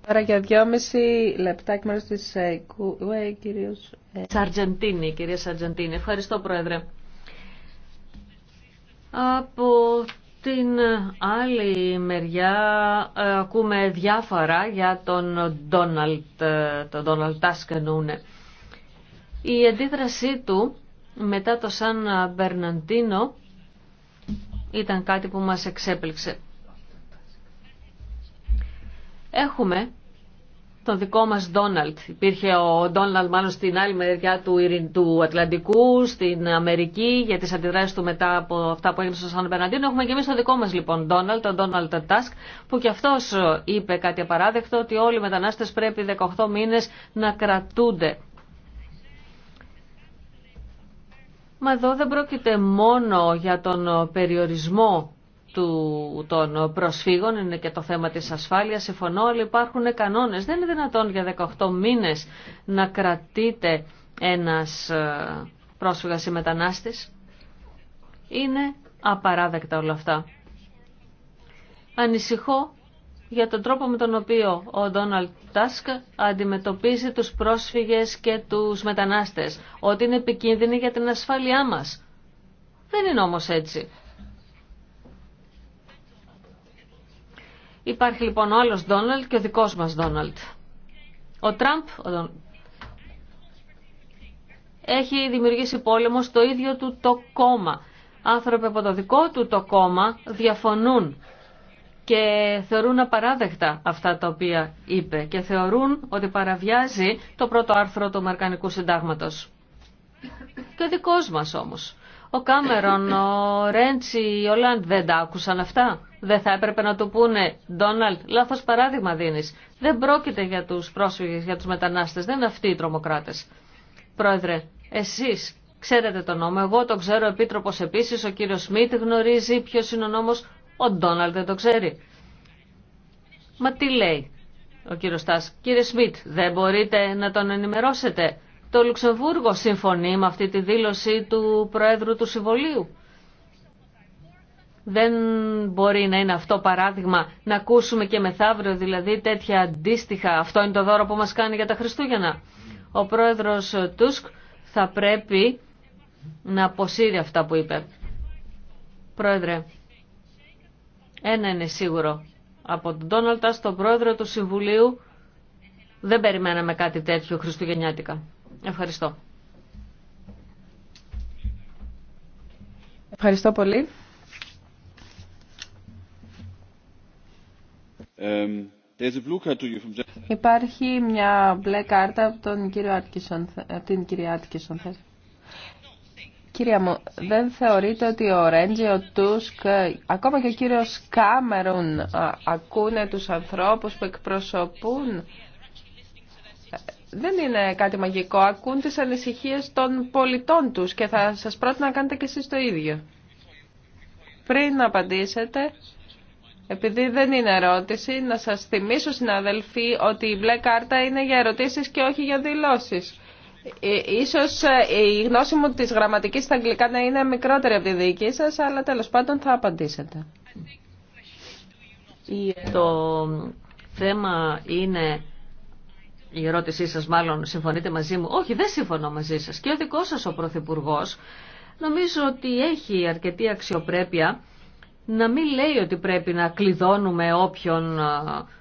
Τώρα για δυόμιση λεπτά εκ της ε, ΚΟΕ, ε, κυρία Ευχαριστώ, Πρόεδρε. Από την άλλη μεριά ε, ακούμε διάφορα για τον Ντόναλτ, ε, τον Ντόναλτ Η αντίδρασή του μετά το Σαν Μπερναντίνο ήταν κάτι που μας εξέπληξε. Έχουμε το δικό μας Ντόναλτ. Υπήρχε ο Ντόναλτ μάλλον στην άλλη μεριά του, του Ατλαντικού, στην Αμερική, για τις αντιδράσεις του μετά από αυτά που έγινε στο Σαν Περναντίνο. Έχουμε και εμείς τον δικό μας λοιπόν Ντόναλτ, τον Ντόναλτ Τάσκ, που κι αυτός είπε κάτι απαράδεκτο, ότι όλοι οι μετανάστες πρέπει 18 μήνες να κρατούνται. Μα εδώ δεν πρόκειται μόνο για τον περιορισμό του, των προσφύγων, είναι και το θέμα της ασφάλειας. Συμφωνώ, αλλά υπάρχουν κανόνες. Δεν είναι δυνατόν για 18 μήνες να κρατείται ένας ε, πρόσφυγας ή μετανάστης. Είναι απαράδεκτα όλα αυτά. Ανησυχώ για τον τρόπο με τον οποίο ο Ντόναλτ Τάσκ αντιμετωπίζει τους πρόσφυγες και τους μετανάστες, ότι είναι επικίνδυνοι για την ασφάλειά μας. Δεν είναι όμως έτσι. Υπάρχει λοιπόν ο άλλος Ντόναλτ και ο δικός μας Ντόναλτ. Ο Τραμπ έχει δημιουργήσει πόλεμο στο ίδιο του το κόμμα. Άνθρωποι από το δικό του το κόμμα διαφωνούν και θεωρούν απαράδεκτα αυτά τα οποία είπε και θεωρούν ότι παραβιάζει το πρώτο άρθρο του Αμερικανικού Συντάγματος. Και ο δικός μας όμως. Ο Κάμερον, ο Ρέντσι, ο Λάντ δεν τα άκουσαν αυτά. Δεν θα έπρεπε να του πούνε, Ντόναλτ, λάθο παράδειγμα δίνει. Δεν πρόκειται για του πρόσφυγε για του μετανάστε. δεν είναι αυτοί οι τρομοκράτε. Πρόεδρε, Εσεί, ξέρετε τον νόμο, εγώ τον ξέρω, ο επίτροπο επίση ο κύριο Σμίτ γνωρίζει ποιο είναι ο νόμος, ο Ντόναλτ δεν το ξέρει. Μα τι λέει ο κύριο Στάς, κύριε Σμίτ, δεν μπορείτε να τον ενημερώσετε. Το Λουξεμβούργο συμφωνεί με αυτή τη δήλωση του Προέδρου του Συμβολίου. Δεν μπορεί να είναι αυτό παράδειγμα να ακούσουμε και μεθαύριο δηλαδή τέτοια αντίστοιχα. Αυτό είναι το δώρο που μας κάνει για τα Χριστούγεννα. Ο πρόεδρος Τούσκ θα πρέπει να αποσύρει αυτά που είπε. Πρόεδρε, ένα είναι σίγουρο. Από τον Τόναλτα στον πρόεδρο του Συμβουλίου δεν περιμέναμε κάτι τέτοιο χριστουγεννιάτικα. Ευχαριστώ. Ευχαριστώ πολύ. Υπάρχει μια μπλε κάρτα από, τον κύριο την κυρία Άτκισον. Κυρία μου, δεν θεωρείτε ότι ο Ρέντζι, ο Τούσκ, ακόμα και ο κύριος Κάμερουν ακούνε τους ανθρώπους που εκπροσωπούν. Δεν είναι κάτι μαγικό. Ακούν τις ανησυχίες των πολιτών τους και θα σας πρότεινα να κάνετε και εσείς το ίδιο. Πριν απαντήσετε, επειδή δεν είναι ερώτηση, να σας θυμίσω συναδελφοί ότι η μπλε κάρτα είναι για ερωτήσεις και όχι για δηλώσεις. Ε, ίσως ε, η γνώση μου της γραμματικής στα αγγλικά να είναι μικρότερη από τη δική σας, αλλά τέλος πάντων θα απαντήσετε. Το θέμα είναι, η ερώτησή σας μάλλον συμφωνείτε μαζί μου. Όχι, δεν συμφωνώ μαζί σας. Και ο δικός σας ο Πρωθυπουργός νομίζω ότι έχει αρκετή αξιοπρέπεια να μην λέει ότι πρέπει να κλειδώνουμε όποιον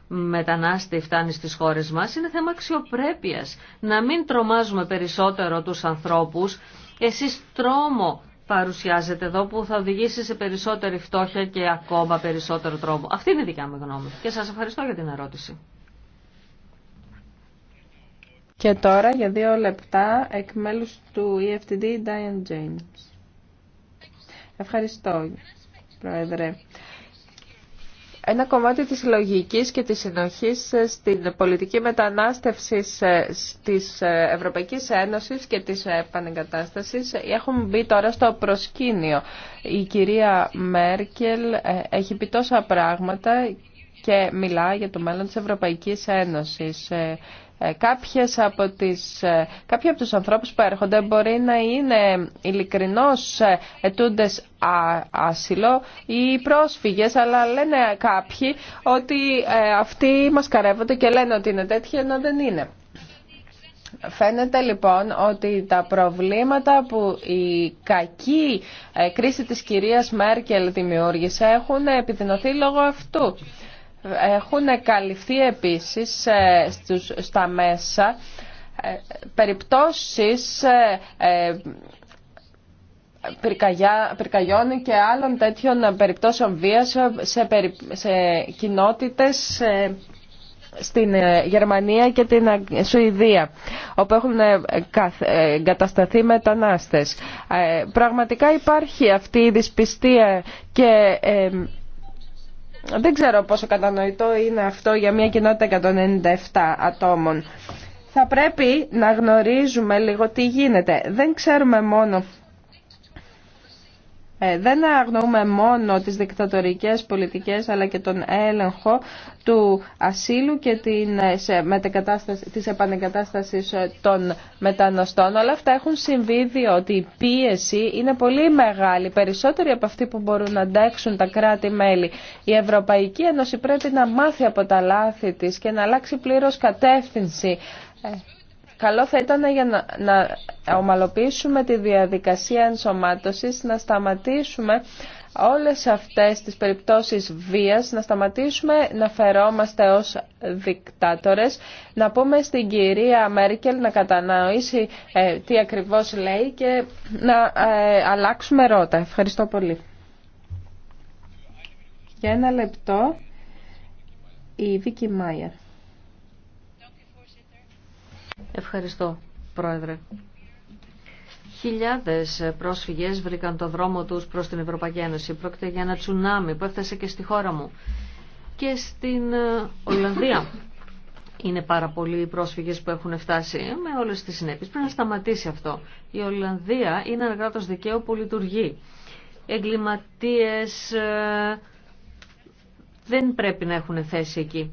μετανάστη φτάνει στις χώρες μας. Είναι θέμα αξιοπρέπειας. Να μην τρομάζουμε περισσότερο τους ανθρώπους. Εσείς τρόμο παρουσιάζετε εδώ που θα οδηγήσει σε περισσότερη φτώχεια και ακόμα περισσότερο τρόμο. Αυτή είναι η δικιά μου γνώμη. Και σας ευχαριστώ για την ερώτηση. Και τώρα για δύο λεπτά εκ μέλους του EFTD Diane James. Ευχαριστώ. Πρόεδρε. Ένα κομμάτι της λογικής και της συνοχής στην πολιτική μετανάστευση της Ευρωπαϊκής Ένωσης και της επανεγκατάστασης έχουν μπει τώρα στο προσκήνιο. Η κυρία Μέρκελ ε, έχει πει τόσα πράγματα και μιλά για το μέλλον της Ευρωπαϊκής Ένωσης. Ε, ε, κάποιες από τις, ε, κάποιοι από τους ανθρώπους που έρχονται μπορεί να είναι ειλικρινώς ε, ετούντες άσυλο ή πρόσφυγες, αλλά λένε κάποιοι ότι αυτοί μας καρεύονται και λένε ότι είναι τέτοιοι ενώ δεν είναι. Φαίνεται λοιπόν ότι τα προβλήματα που η κακή κρίση της κυρίας Μέρκελ δημιούργησε έχουν επιδεινωθεί λόγω αυτού. Έχουν καλυφθεί επίσης ε, στα μέσα ε, περιπτώσεις ε, πυρκαγιών και άλλων τέτοιων περιπτώσεων βίας σε κοινότητες στην Γερμανία και την Σουηδία όπου έχουν εγκατασταθεί μετανάστες. Πραγματικά υπάρχει αυτή η δυσπιστία και δεν ξέρω πόσο κατανοητό είναι αυτό για μια κοινότητα 197 ατόμων. Θα πρέπει να γνωρίζουμε λίγο τι γίνεται. Δεν ξέρουμε μόνο ε, δεν αγνοούμε μόνο τις δικτατορικές πολιτικές αλλά και τον έλεγχο του ασύλου και την, ε, μετεκατάσταση, της επανεγκατάστασης ε, των μεταναστών. Όλα αυτά έχουν συμβεί διότι η πίεση είναι πολύ μεγάλη, περισσότεροι από αυτοί που μπορούν να αντέξουν τα κράτη-μέλη. Η Ευρωπαϊκή Ένωση πρέπει να μάθει από τα λάθη της και να αλλάξει πλήρως κατεύθυνση. Καλό θα ήταν για να, ομαλοποιήσουμε τη διαδικασία ενσωμάτωσης, να σταματήσουμε όλες αυτές τις περιπτώσεις βίας, να σταματήσουμε να φερόμαστε ως δικτάτορες, να πούμε στην κυρία Μέρκελ να κατανοήσει ε, τι ακριβώς λέει και να ε, αλλάξουμε ρότα. Ευχαριστώ πολύ. Για ένα λεπτό, η Βίκη Μάιερ. Ευχαριστώ, Πρόεδρε. Χιλιάδες πρόσφυγες βρήκαν το δρόμο τους προς την Ευρωπαϊκή Ένωση. Πρόκειται για ένα τσουνάμι που έφτασε και στη χώρα μου και στην ε, Ολλανδία. Είναι πάρα πολλοί οι πρόσφυγες που έχουν φτάσει με όλες τις συνέπειες. Πρέπει να σταματήσει αυτό. Η Ολλανδία είναι ένα κράτος δικαίου που λειτουργεί. Εγκληματίες ε, δεν πρέπει να έχουν θέση εκεί.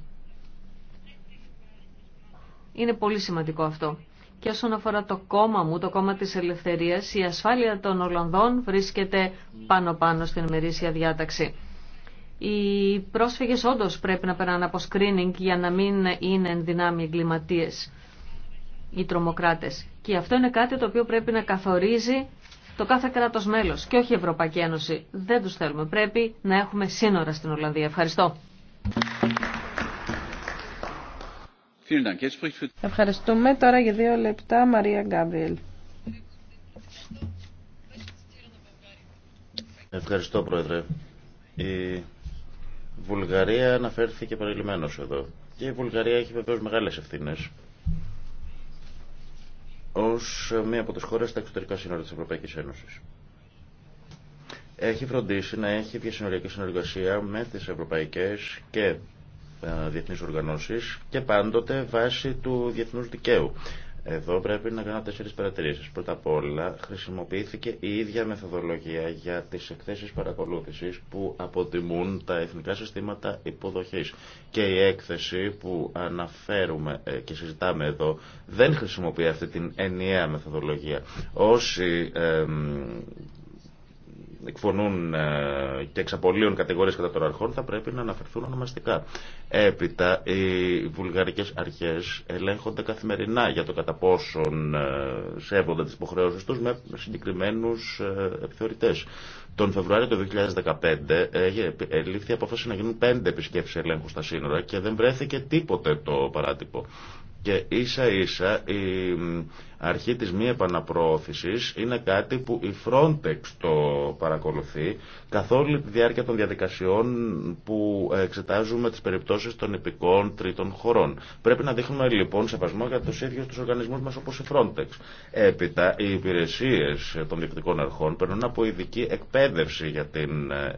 Είναι πολύ σημαντικό αυτό. Και όσον αφορά το κόμμα μου, το κόμμα της ελευθερίας, η ασφάλεια των Ολλανδών βρίσκεται πάνω-πάνω στην ημερήσια διάταξη. Οι πρόσφυγες όντως πρέπει να περνάνε από screening για να μην είναι εν δυνάμει εγκληματίες οι τρομοκράτες. Και αυτό είναι κάτι το οποίο πρέπει να καθορίζει το κάθε κράτος μέλος και όχι η Ευρωπαϊκή Ένωση. Δεν τους θέλουμε. Πρέπει να έχουμε σύνορα στην Ολλανδία. Ευχαριστώ. Ευχαριστούμε. Τώρα για δύο λεπτά Μαρία Γκάμπριελ. Ευχαριστώ Πρόεδρε. Η Βουλγαρία αναφέρθηκε παρελειμμένως εδώ. Και η Βουλγαρία έχει βεβαίως μεγάλες ευθύνε ως μία από τις χώρες στα εξωτερικά σύνορα της Ευρωπαϊκής Ένωσης. Έχει φροντίσει να έχει διασυνοριακή συνεργασία με τις ευρωπαϊκές και ε, διεθνείς οργανώσεις και πάντοτε βάσει του διεθνούς δικαίου. Εδώ πρέπει να κάνω τέσσερι παρατηρήσει. Πρώτα απ' όλα, χρησιμοποιήθηκε η ίδια μεθοδολογία για τι εκθέσει παρακολούθηση που αποτιμούν τα εθνικά συστήματα υποδοχή. Και η έκθεση που αναφέρουμε ε, και συζητάμε εδώ δεν χρησιμοποιεί αυτή την ενιαία μεθοδολογία. Όσοι ε, εκφωνούν ε, και εξαπολύουν κατηγορίες κατά των αρχών θα πρέπει να αναφερθούν ονομαστικά. Έπειτα, οι βουλγαρικές αρχές ελέγχονται καθημερινά για το κατά πόσον ε, σέβονται τις υποχρεώσεις τους με συγκεκριμένους ε, επιθεωρητές. Τον Φεβρουάριο του 2015 έγινε η απόφαση να γίνουν πέντε επισκέψεις ελέγχου στα σύνορα και δεν βρέθηκε τίποτε το παράτυπο. Και ίσα ίσα η αρχή της μη επαναπροώθησης είναι κάτι που η Frontex το παρακολουθεί καθ' όλη τη διάρκεια των διαδικασιών που εξετάζουμε τις περιπτώσεις των υπηκών τρίτων χωρών. Πρέπει να δείχνουμε λοιπόν σεβασμό για τους ίδιους τους οργανισμούς μας όπως η Frontex. Έπειτα οι υπηρεσίες των διεκτικών αρχών περνούν από ειδική εκπαίδευση για την ε,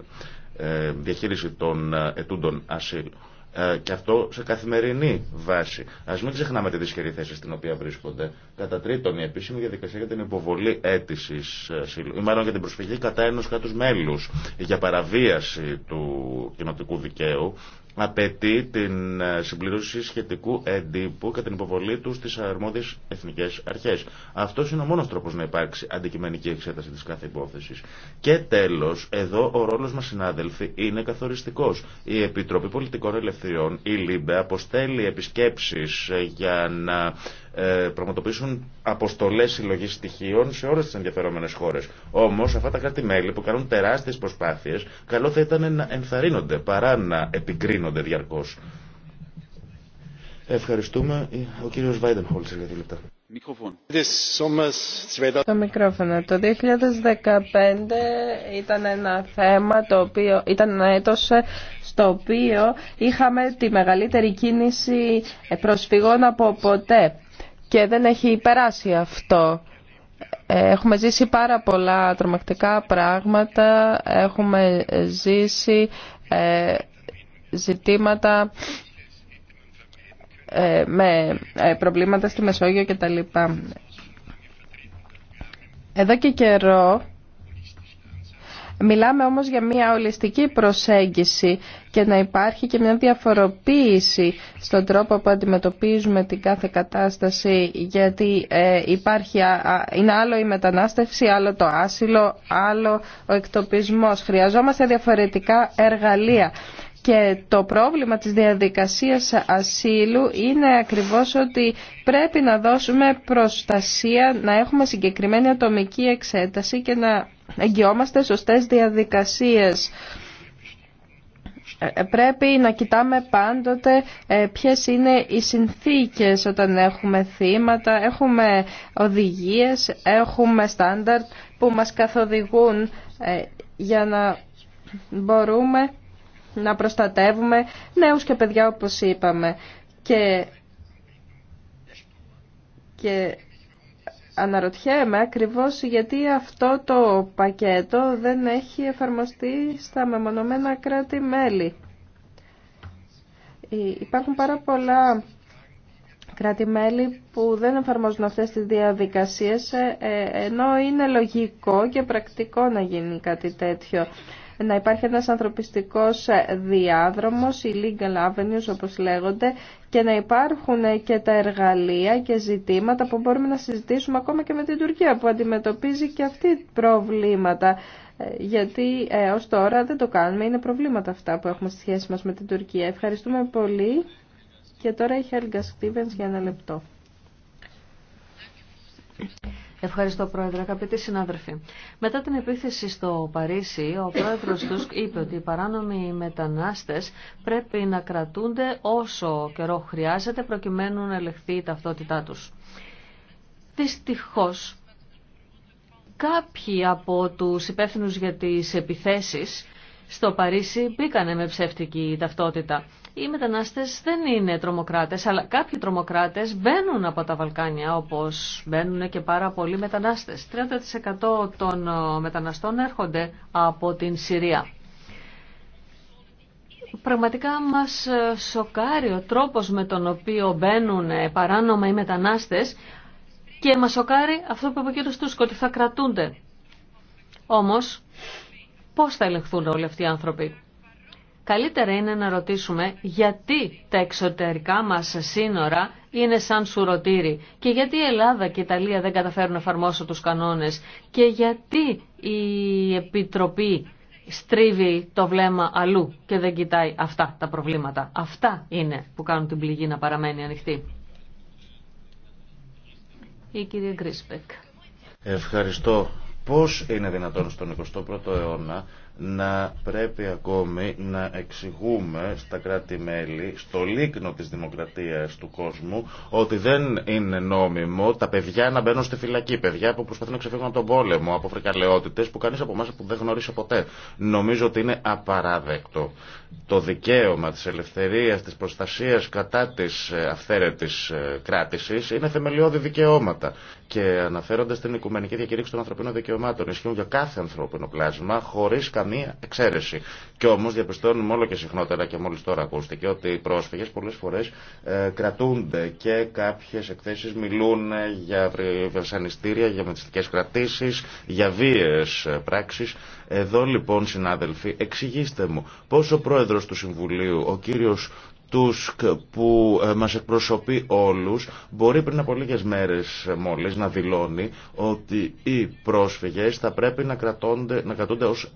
ε, διαχείριση των ε, ετούντων ασύλου. Ε, και αυτό σε καθημερινή βάση. Α μην ξεχνάμε τη δυσχερή θέση στην οποία βρίσκονται. Κατά τρίτον, η επίσημη διαδικασία για την υποβολή αίτηση, ε, ή μάλλον για την προσφυγή κατά ενό κράτου μέλου για παραβίαση του κοινοτικού δικαίου, απαιτεί την ε, συμπληρώση σχετικού εντύπου και την υποβολή του στι αρμόδιε εθνικέ αρχέ. Αυτό είναι ο μόνο τρόπο να υπάρξει αντικειμενική εξέταση τη κάθε υπόθεση. Και τέλο, εδώ ο ρόλο μα συνάδελφοι είναι καθοριστικό. Η Επιτροπή Πολιτικών Ελευθεριών, η ΛΥΜΠΕ, αποστέλει επισκέψει ε, για να ε, πραγματοποιήσουν αποστολέ συλλογή στοιχείων σε όλε τι ενδιαφερόμενε χώρε. Όμω, αυτά τα κράτη-μέλη που κάνουν τεράστιε προσπάθειε, καλό θα ήταν να ενθαρρύνονται παρά να επικρίνονται διαρκώ. Ευχαριστούμε. Ο κύριο Βάιντενχολτ για δύο λεπτά. Το μικρόφωνο. Το 2015 ήταν ένα θέμα το οποίο ήταν ένα έτος στο οποίο είχαμε τη μεγαλύτερη κίνηση προσφυγών από ποτέ και δεν έχει περάσει αυτό. Ε, έχουμε ζήσει πάρα πολλά τρομακτικά πράγματα, έχουμε ζήσει ε, ζητήματα ε, με προβλήματα στη Μεσόγειο κτλ. Εδώ και καιρό Μιλάμε όμως για μια ολιστική προσέγγιση και να υπάρχει και μια διαφοροποίηση στον τρόπο που αντιμετωπίζουμε την κάθε κατάσταση γιατί ε, υπάρχει, είναι άλλο η μετανάστευση, άλλο το άσυλο, άλλο ο εκτοπισμός. Χρειαζόμαστε διαφορετικά εργαλεία. Και το πρόβλημα της διαδικασίας ασύλου είναι ακριβώς ότι πρέπει να δώσουμε προστασία, να έχουμε συγκεκριμένη ατομική εξέταση και να εγγυόμαστε σωστές διαδικασίες. Ε, πρέπει να κοιτάμε πάντοτε ε, ποιες είναι οι συνθήκες όταν έχουμε θύματα, έχουμε οδηγίες, έχουμε στάνταρτ που μας καθοδηγούν ε, για να μπορούμε να προστατεύουμε νέους και παιδιά όπως είπαμε. Και, και αναρωτιέμαι ακριβώς γιατί αυτό το πακέτο δεν έχει εφαρμοστεί στα μεμονωμένα κράτη-μέλη. Ε, υπάρχουν πάρα πολλά κράτη-μέλη που δεν εφαρμόζουν αυτές τις διαδικασίες, ε, ε, ενώ είναι λογικό και πρακτικό να γίνει κάτι τέτοιο να υπάρχει ένας ανθρωπιστικός διάδρομος, οι legal avenues όπως λέγονται, και να υπάρχουν και τα εργαλεία και ζητήματα που μπορούμε να συζητήσουμε ακόμα και με την Τουρκία που αντιμετωπίζει και αυτή προβλήματα. Γιατί ε, ως τώρα δεν το κάνουμε, είναι προβλήματα αυτά που έχουμε στη σχέση μας με την Τουρκία. Ευχαριστούμε πολύ και τώρα η Χέλγκα Στίβενς για ένα λεπτό. Ευχαριστώ Πρόεδρε, αγαπητοί συνάδελφοι. Μετά την επίθεση στο Παρίσι, ο Πρόεδρος τους είπε ότι οι παράνομοι μετανάστες πρέπει να κρατούνται όσο καιρό χρειάζεται προκειμένου να ελεγχθεί η ταυτότητά τους. Δυστυχώ, κάποιοι από τους υπεύθυνου για τι επιθέσει στο Παρίσι μπήκανε με ψεύτικη ταυτότητα οι μετανάστες δεν είναι τρομοκράτες, αλλά κάποιοι τρομοκράτες μπαίνουν από τα Βαλκάνια, όπως μπαίνουν και πάρα πολλοί μετανάστες. 30% των ε, μεταναστών έρχονται από την Συρία. Πραγματικά μας ε, σοκάρει ο τρόπος με τον οποίο μπαίνουν ε, παράνομα οι μετανάστες και μας σοκάρει αυτό που είπε ο κ. ότι θα κρατούνται. Όμως, πώς θα ελεγχθούν όλοι αυτοί οι άνθρωποι. Καλύτερα είναι να ρωτήσουμε γιατί τα εξωτερικά μας σύνορα είναι σαν σουρωτήρι και γιατί η Ελλάδα και η Ιταλία δεν καταφέρουν να εφαρμόσουν τους κανόνες και γιατί η Επιτροπή στρίβει το βλέμμα αλλού και δεν κοιτάει αυτά τα προβλήματα. Αυτά είναι που κάνουν την πληγή να παραμένει ανοιχτή. Η κυρία Γκρίσπεκ. Ευχαριστώ. Πώς είναι δυνατόν στον 21ο αιώνα να πρέπει ακόμη να εξηγούμε στα κράτη-μέλη, στο λίκνο της δημοκρατίας του κόσμου, ότι δεν είναι νόμιμο τα παιδιά να μπαίνουν στη φυλακή. Παιδιά που προσπαθούν να ξεφύγουν από τον πόλεμο, από φρικαλαιότητες που κανείς από εμάς που δεν γνωρίζει ποτέ. Νομίζω ότι είναι απαράδεκτο το δικαίωμα της ελευθερίας, της προστασίας κατά της ε, αυθαίρετης ε, κράτησης είναι θεμελιώδη δικαιώματα και αναφέροντας την Οικουμενική Διακήρυξη των Ανθρωπίνων Δικαιωμάτων ισχύουν για κάθε ανθρώπινο πλάσμα χωρίς καμία καμία εξαίρεση. Και όμως διαπιστώνουμε όλο και συχνότερα και μόλις τώρα ακούστηκε ότι οι πρόσφυγες πολλές φορές ε, κρατούνται και κάποιες εκθέσει μιλούν για βασανιστήρια, για μετιστικέ κρατήσεις, για βίες πράξεις. Εδώ λοιπόν συνάδελφοι εξηγήστε μου πώ ο πρόεδρος του Συμβουλίου, ο κύριος Τούσκ που ε, μας εκπροσωπεί όλους μπορεί πριν από λίγες μέρες ε, μόλις να δηλώνει ότι οι πρόσφυγες θα πρέπει να κρατώνται, να ως,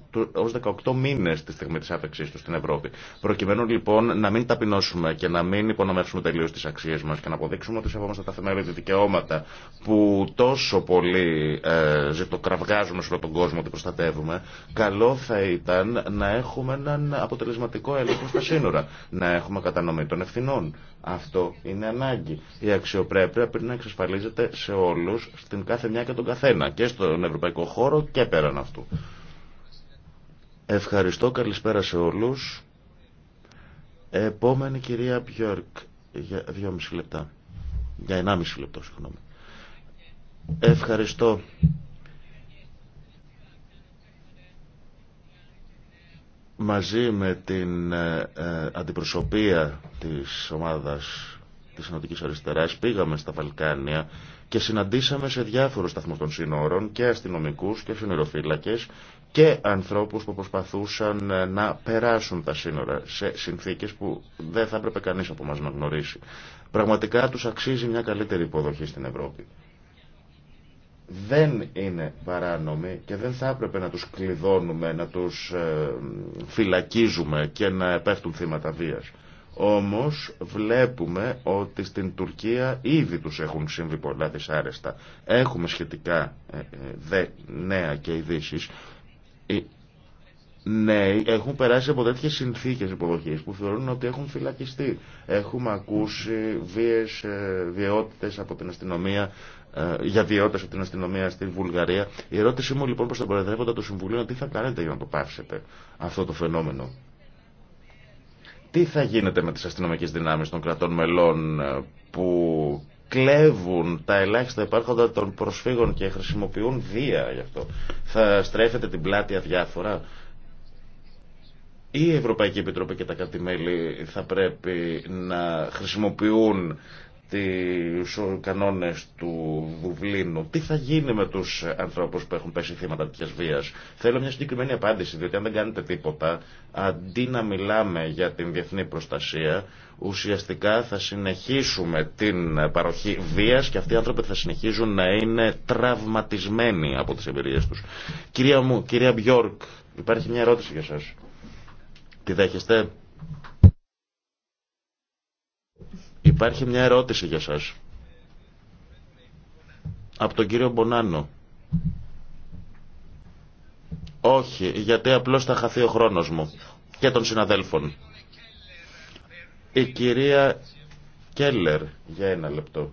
18 μήνες τη στιγμή της άφεξής τους στην Ευρώπη. Προκειμένου λοιπόν να μην ταπεινώσουμε και να μην υπονομεύσουμε τελείως τις αξίες μας και να αποδείξουμε ότι σεβόμαστε τα θεμέλια δικαιώματα που τόσο πολύ ε, ζητοκραυγάζουμε σε όλο τον κόσμο ότι προστατεύουμε, καλό θα ήταν να έχουμε έναν αποτελεσματικό έλεγχο στα σύνορα. Να έχουμε κατά κατανομή των ευθυνών. Αυτό είναι ανάγκη. Η αξιοπρέπεια πρέπει να εξασφαλίζεται σε όλου, στην κάθε μια και τον καθένα, και στον ευρωπαϊκό χώρο και πέραν αυτού. Ευχαριστώ, καλησπέρα σε όλου. Επόμενη κυρία Πιόρκ για μισή λεπτά. Για ενάμιση λεπτό, συγγνώμη. Ευχαριστώ, μαζί με την ε, ε, αντιπροσωπεία της ομάδας της Συνοτικής Αριστεράς πήγαμε στα Βαλκάνια και συναντήσαμε σε διάφορους σταθμούς των σύνορων και αστυνομικούς και συνεροφύλακες και ανθρώπους που προσπαθούσαν ε, να περάσουν τα σύνορα σε συνθήκες που δεν θα έπρεπε κανείς από μας να γνωρίσει. Πραγματικά τους αξίζει μια καλύτερη υποδοχή στην Ευρώπη δεν είναι παράνομοι και δεν θα έπρεπε να τους κλειδώνουμε, να τους ε, φυλακίζουμε και να πέφτουν θύματα βίας. Όμως βλέπουμε ότι στην Τουρκία ήδη τους έχουν συμβεί πολλά δυσάρεστα. Έχουμε σχετικά ε, ε, δε, νέα και ειδήσει. Οι νέοι έχουν περάσει από τέτοιε συνθήκες υποδοχής που θεωρούν ότι έχουν φυλακιστεί. Έχουμε ακούσει βίες, βιαιότητες από την αστυνομία ε, για διώτες από την αστυνομία στην Βουλγαρία. Η ερώτησή μου λοιπόν προς τον Προεδρεύοντα του Συμβουλίου είναι τι θα κάνετε για να το πάψετε αυτό το φαινόμενο. Τι θα γίνεται με τις αστυνομικές δυνάμεις των κρατών μελών ε, που κλέβουν τα ελάχιστα υπάρχοντα των προσφύγων και χρησιμοποιούν βία γι' αυτό. Θα στρέφεται την πλάτη αδιάφορα. Η Ευρωπαϊκή Επιτροπή και τα κατημέλη μελη θα πρέπει να χρησιμοποιούν τους κανόνες του Δουβλίνου. Τι θα γίνει με τους ανθρώπους που έχουν πέσει θύματα τέτοιας βίας. Θέλω μια συγκεκριμένη απάντηση, διότι αν δεν κάνετε τίποτα, αντί να μιλάμε για την διεθνή προστασία, ουσιαστικά θα συνεχίσουμε την παροχή βίας και αυτοί οι άνθρωποι θα συνεχίζουν να είναι τραυματισμένοι από τις εμπειρίες τους. Κυρία μου, κυρία Μπιόρκ, υπάρχει μια ερώτηση για σας. Τη δέχεστε. Υπάρχει μια ερώτηση για σας. Από τον κύριο Μπονάνο. Όχι, γιατί απλώς θα χαθεί ο χρόνος μου και των συναδέλφων. Η κυρία Κέλλερ, για ένα λεπτό.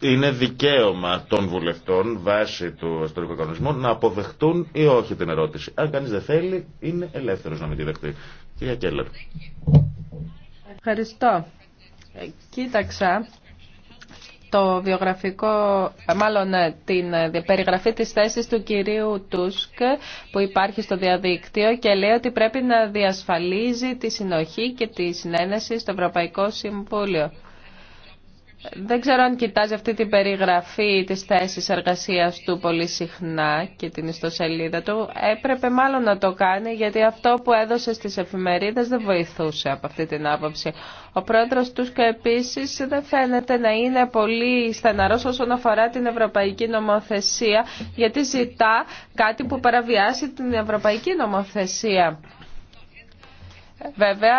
είναι δικαίωμα των βουλευτών βάσει του ιστορικού να αποδεχτούν ή όχι την ερώτηση. Αν κανείς δεν θέλει, είναι ελεύθερος να μην τη δεχτεί. Κυρία Κέλλερ. Ευχαριστώ. Ε, κοίταξα το βιογραφικό, ε, μάλλον ε, την περιγραφή της θέσης του κυρίου Τούσκ που υπάρχει στο διαδίκτυο και λέει ότι πρέπει να διασφαλίζει τη συνοχή και τη συνένεση στο Ευρωπαϊκό Συμβούλιο. Δεν ξέρω αν κοιτάζει αυτή την περιγραφή της θέσης εργασίας του πολύ συχνά και την ιστοσελίδα του. Έπρεπε μάλλον να το κάνει γιατί αυτό που έδωσε στις εφημερίδες δεν βοηθούσε από αυτή την άποψη. Ο πρόεδρος τους και επίσης δεν φαίνεται να είναι πολύ στεναρός όσον αφορά την ευρωπαϊκή νομοθεσία γιατί ζητά κάτι που παραβιάσει την ευρωπαϊκή νομοθεσία. Βέβαια,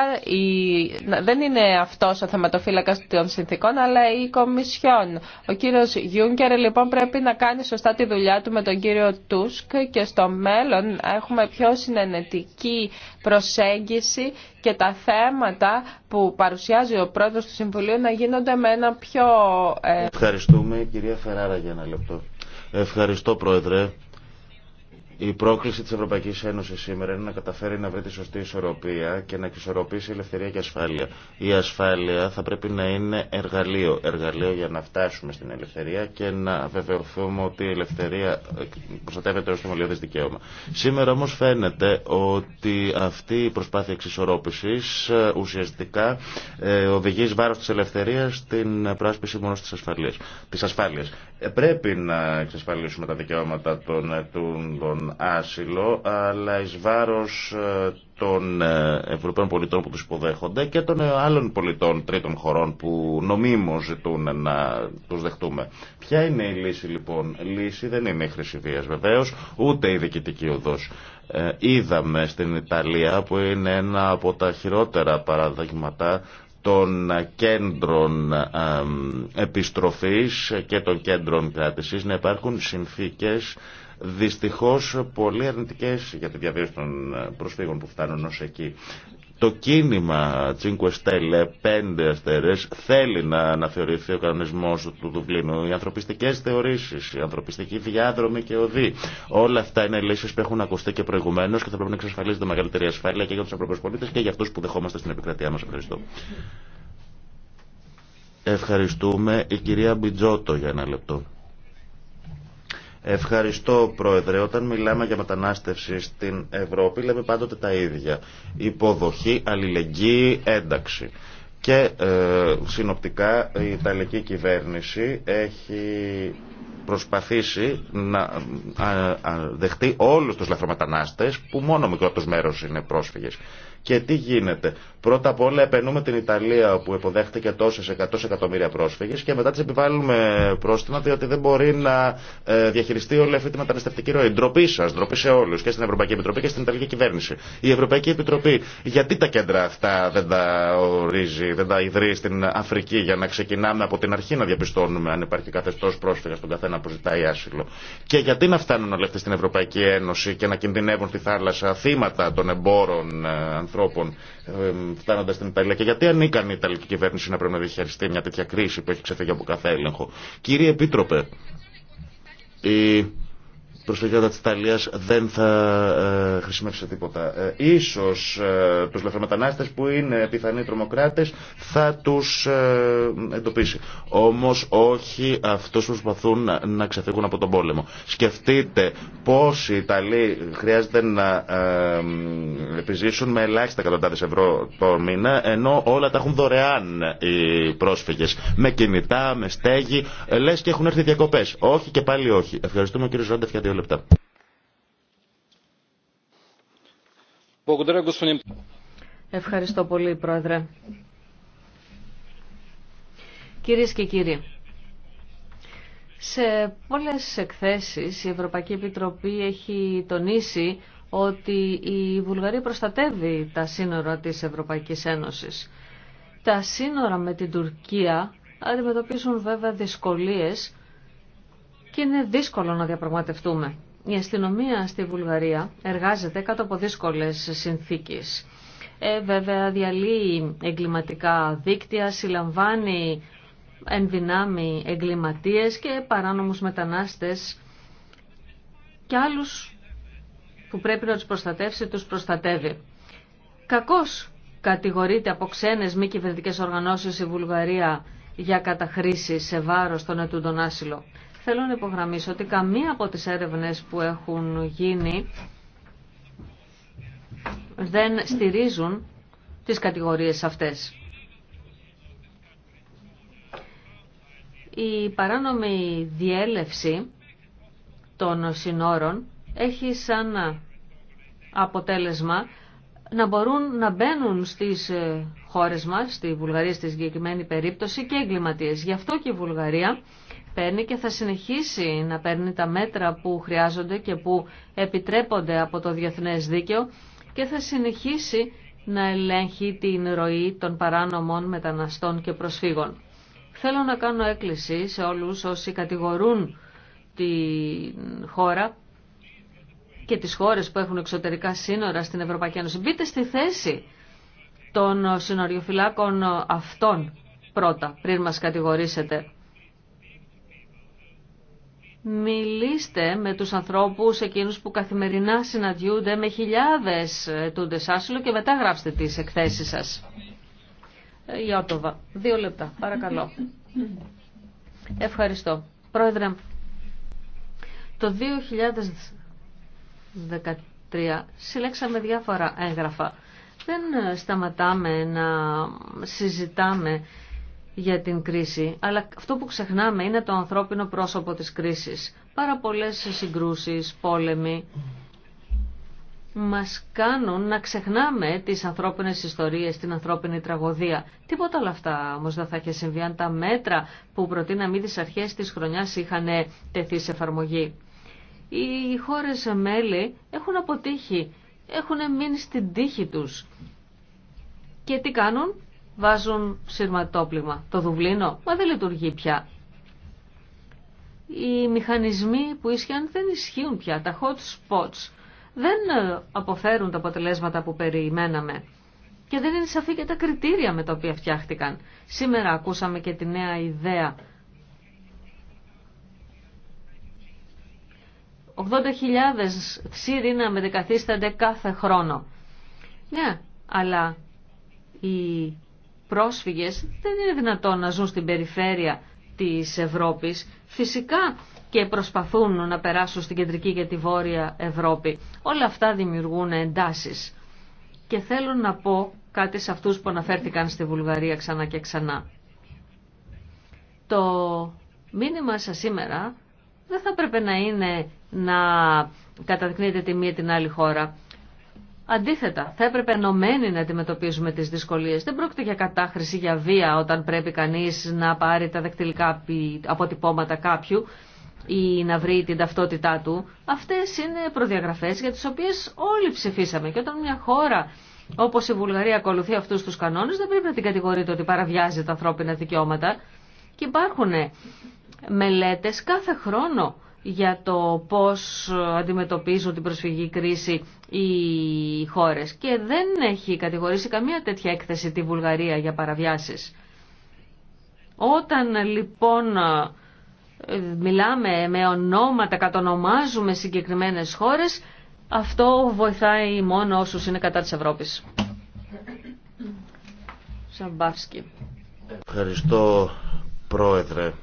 δεν είναι αυτός ο θεματοφύλακας των συνθήκων, αλλά η Κομισιόν. Ο κύριο Γιούγκερ λοιπόν πρέπει να κάνει σωστά τη δουλειά του με τον κύριο Τούσκ και στο μέλλον έχουμε πιο συνενετική προσέγγιση και τα θέματα που παρουσιάζει ο πρόεδρο του Συμβουλίου να γίνονται με ένα πιο... Ε, Ευχαριστούμε κυρία Φεράρα για ένα λεπτό. Ευχαριστώ πρόεδρε. Η πρόκληση τη Ευρωπαϊκή Ένωση σήμερα είναι να καταφέρει να βρει τη σωστή ισορροπία και να εξισορροπήσει ελευθερία και ασφάλεια. Η ασφάλεια θα πρέπει να είναι εργαλείο. Εργαλείο για να φτάσουμε στην ελευθερία και να βεβαιωθούμε ότι η ελευθερία προστατεύεται ω θεμελιώδη δικαίωμα. Σήμερα όμω φαίνεται ότι αυτή η προσπάθεια εξισορρόπηση ε, ουσιαστικά ε, οδηγεί βάρο τη ελευθερία στην πράσπιση μόνο τη ασφάλεια. Ε, πρέπει να εξασφαλίσουμε τα δικαιώματα των, των άσυλο, αλλά εις βάρος ε, των ε, Ευρωπαίων πολιτών που τους υποδέχονται και των ε, άλλων πολιτών τρίτων χωρών που νομίμως ζητούν να τους δεχτούμε. Ποια είναι η λύση λοιπόν. Λύση δεν είναι η χρήση βίας βεβαίως, ούτε η διοικητική οδός. είδαμε στην Ιταλία που είναι ένα από τα χειρότερα παραδείγματα των κέντρων επιστροφής και των κέντρων κράτησης να υπάρχουν συνθήκες δυστυχώς πολύ αρνητικές για τη διαβίωση των ε, προσφύγων που φτάνουν ως εκεί. Το κίνημα Cinque Stelle, πέντε αστέρες, θέλει να αναθεωρηθεί ο κανονισμός του Δουβλίνου. Οι ανθρωπιστικές θεωρήσεις, οι ανθρωπιστικοί διάδρομη και οδοί. Όλα αυτά είναι λύσεις που έχουν ακουστεί και προηγουμένως και θα πρέπει να εξασφαλίζεται μεγαλύτερη ασφάλεια και για τους ευρωπαϊκούς πολίτες και για αυτούς που δεχόμαστε στην επικρατεία μας. Ευχαριστώ. Ευχαριστούμε η κυρία Μπιτζότο για ένα λεπτό. Ευχαριστώ, Πρόεδρε. Όταν μιλάμε για μετανάστευση στην Ευρώπη, λέμε πάντοτε τα ίδια. Υποδοχή, αλληλεγγύη, ένταξη. Και ε, συνοπτικά η Ιταλική κυβέρνηση έχει προσπαθήσει να δεχτεί όλους τους λαθρομετανάστες που μόνο μικρό μέρος είναι πρόσφυγες. Και τι γίνεται. Πρώτα απ' όλα επενούμε την Ιταλία που υποδέχτηκε τόσε εκατό εκατομμύρια πρόσφυγε και μετά τι επιβάλλουμε πρόστιμα διότι δεν μπορεί να ε, διαχειριστεί όλη αυτή τη μεταναστευτική ροή. Ντροπή σα, ντροπή σε όλου και στην Ευρωπαϊκή Επιτροπή και στην Ιταλική κυβέρνηση. Η Ευρωπαϊκή Επιτροπή, γιατί τα κέντρα αυτά δεν τα ορίζει, δεν τα ιδρύει στην Αφρική για να ξεκινάμε από την αρχή να διαπιστώνουμε αν υπάρχει καθεστώ πρόσφυγα στον καθένα που ζητάει άσυλο. Και γιατί να φτάνουν όλοι αυτοί στην Ευρωπαϊκή Ένωση και να κινδυνεύουν στη θάλασσα θύματα των εμπόρων ε, ανθρώπων φτάνοντα στην Ιταλία. Και γιατί ανήκαν η Ιταλική κυβέρνηση να πρέπει να διαχειριστεί μια τέτοια κρίση που έχει ξεφύγει από κάθε έλεγχο. Κύριε Επίτροπε, η στρατιώτα της Ιταλίας δεν θα ε, χρησιμεύσει τίποτα. Ε, ίσως ε, τους που είναι πιθανοί τρομοκράτες θα τους ε, εντοπίσει. Όμως όχι αυτούς που προσπαθούν να, ξεφύγουν από τον πόλεμο. Σκεφτείτε πόσοι Ιταλοί χρειάζεται να ε, επιζήσουν με ελάχιστα εκατοντάδες ευρώ το μήνα ενώ όλα τα έχουν δωρεάν οι πρόσφυγες. Με κινητά, με στέγη, ε, λες και έχουν έρθει διακοπές. Όχι και πάλι όχι. Ευχαριστούμε κύριο Ζάντεφ για Ευχαριστώ πολύ, Πρόεδρε. Κυρίες και κύριοι, σε πολλές εκθέσεις η Ευρωπαϊκή Επιτροπή έχει τονίσει ότι η Βουλγαρία προστατεύει τα σύνορα της Ευρωπαϊκής Ένωσης. Τα σύνορα με την Τουρκία αντιμετωπίζουν βέβαια δυσκολίες και είναι δύσκολο να διαπραγματευτούμε. Η αστυνομία στη Βουλγαρία εργάζεται κάτω από δύσκολες συνθήκες. Ε, βέβαια διαλύει εγκληματικά δίκτυα, συλλαμβάνει ενδυνάμει εγκληματίες και παράνομους μετανάστες και άλλους που πρέπει να τους προστατεύσει, τους προστατεύει. Κακώς κατηγορείται από ξένες μη κυβερνητικέ οργανώσεις η Βουλγαρία για καταχρήσεις σε βάρος των ετούντων άσυλο. Θέλω να υπογραμμίσω ότι καμία από τις έρευνες που έχουν γίνει δεν στηρίζουν τις κατηγορίες αυτές. Η παράνομη διέλευση των συνόρων έχει σαν αποτέλεσμα να μπορούν να μπαίνουν στις χώρες μας, στη Βουλγαρία στη συγκεκριμένη περίπτωση, και εγκληματίες. Γι' αυτό και η Βουλγαρία παίρνει και θα συνεχίσει να παίρνει τα μέτρα που χρειάζονται και που επιτρέπονται από το διεθνές δίκαιο και θα συνεχίσει να ελέγχει την ροή των παράνομων μεταναστών και προσφύγων. Θέλω να κάνω έκκληση σε όλους όσοι κατηγορούν τη χώρα και τις χώρες που έχουν εξωτερικά σύνορα στην Ευρωπαϊκή Ένωση. Μπείτε στη θέση των συνοριοφυλάκων αυτών πρώτα, πριν μας κατηγορήσετε. Μιλήστε με τους ανθρώπους εκείνους που καθημερινά συναντιούνται με χιλιάδες ε, του Ντεσάσιλο και μετά γράψτε τις εκθέσεις σας. Ε, Ιώτοβα, Δύο λεπτά. Παρακαλώ. Ευχαριστώ. Πρόεδρε, το 2013 συλλέξαμε διάφορα έγγραφα. Δεν ε, σταματάμε να συζητάμε για την κρίση, αλλά αυτό που ξεχνάμε είναι το ανθρώπινο πρόσωπο της κρίσης. Πάρα πολλές συγκρούσεις, πόλεμοι, μας κάνουν να ξεχνάμε τις ανθρώπινες ιστορίες, την ανθρώπινη τραγωδία. Τίποτα όλα αυτά όμως δεν θα είχε συμβεί αν τα μέτρα που προτείναμε ήδη αρχές της χρονιάς είχαν τεθεί σε εφαρμογή. Οι χώρες μέλη έχουν αποτύχει, έχουν μείνει στην τύχη τους. Και τι κάνουν, βάζουν σειρματόπλημα. Το Δουβλίνο, μα δεν λειτουργεί πια. Οι μηχανισμοί που ίσχυαν δεν ισχύουν πια. Τα hot spots δεν ε, αποφέρουν τα αποτελέσματα που περιμέναμε. Και δεν είναι σαφή και τα κριτήρια με τα οποία φτιάχτηκαν. Σήμερα ακούσαμε και τη νέα ιδέα 80.000 Σύριοι να μετεκαθίστανται κάθε χρόνο. Ναι, αλλά οι πρόσφυγες δεν είναι δυνατόν να ζουν στην περιφέρεια της Ευρώπης. Φυσικά και προσπαθούν να περάσουν στην κεντρική και τη βόρεια Ευρώπη. Όλα αυτά δημιουργούν εντάσεις. Και θέλω να πω κάτι σε αυτούς που αναφέρθηκαν στη Βουλγαρία ξανά και ξανά. Το μήνυμα σας σήμερα δεν θα πρέπει να είναι να καταδεικνύετε τη μία την άλλη χώρα. Αντίθετα, θα έπρεπε ενωμένοι να αντιμετωπίζουμε τι δυσκολίε. Δεν πρόκειται για κατάχρηση, για βία όταν πρέπει κανεί να πάρει τα δεκτυλικά αποτυπώματα κάποιου ή να βρει την ταυτότητά του. Αυτέ είναι προδιαγραφέ για τι οποίε όλοι ψηφίσαμε. Και όταν μια χώρα όπω η Βουλγαρία ακολουθεί αυτού του κανόνε, δεν πρέπει να την κατηγορείται ότι παραβιάζει τα ανθρώπινα δικαιώματα. Και υπάρχουν μελέτε κάθε χρόνο για το πώς αντιμετωπίζουν την προσφυγική κρίση οι χώρες και δεν έχει κατηγορήσει καμία τέτοια έκθεση τη Βουλγαρία για παραβιάσεις. Όταν λοιπόν μιλάμε με ονόματα, κατονομάζουμε συγκεκριμένες χώρες, αυτό βοηθάει μόνο όσους είναι κατά της Ευρώπης. Σαμπάσκι. Ευχαριστώ πρόεδρε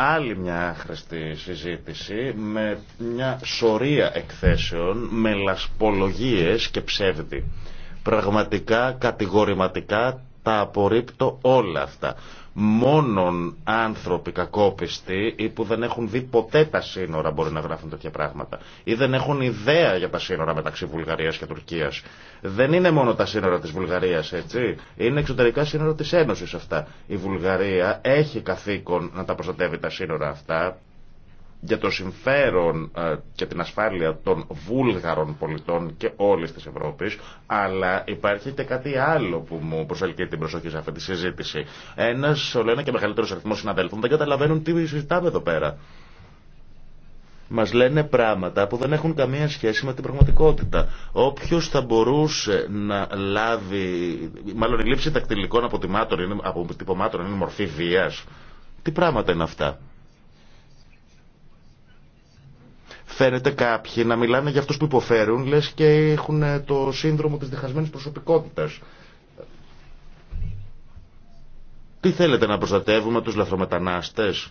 άλλη μια άχρηστη συζήτηση με μια σωρία εκθέσεων, με λασπολογίες και ψεύδι. Πραγματικά, κατηγορηματικά τα απορρίπτω όλα αυτά μόνον άνθρωποι κακόπιστοι ή που δεν έχουν δει ποτέ τα σύνορα μπορεί να γράφουν τέτοια πράγματα ή δεν έχουν ιδέα για τα σύνορα μεταξύ Βουλγαρίας και Τουρκίας. Δεν είναι μόνο τα σύνορα της Βουλγαρίας έτσι, είναι εξωτερικά σύνορα της Ένωσης αυτά. Η Βουλγαρία έχει καθήκον να τα προστατεύει τα σύνορα αυτά για το συμφέρον ε, και την ασφάλεια των βούλγαρων πολιτών και όλης της Ευρώπης, αλλά υπάρχει και κάτι άλλο που μου προσελκύει την προσοχή σε αυτή τη συζήτηση. Ένας, λένε και μεγαλύτερος αριθμός συναδέλφων δεν καταλαβαίνουν τι συζητάμε εδώ πέρα. Μας λένε πράγματα που δεν έχουν καμία σχέση με την πραγματικότητα. Όποιος θα μπορούσε να λάβει, μάλλον η λήψη τακτηλικών αποτυπωμάτων είναι, είναι μορφή βίας. Τι πράγματα είναι αυτά. φαίνεται κάποιοι να μιλάνε για αυτού που υποφέρουν, λες και έχουν ε, το σύνδρομο της διχασμένης προσωπικότητα. Τι θέλετε να προστατεύουμε τους λαθρομετανάστες,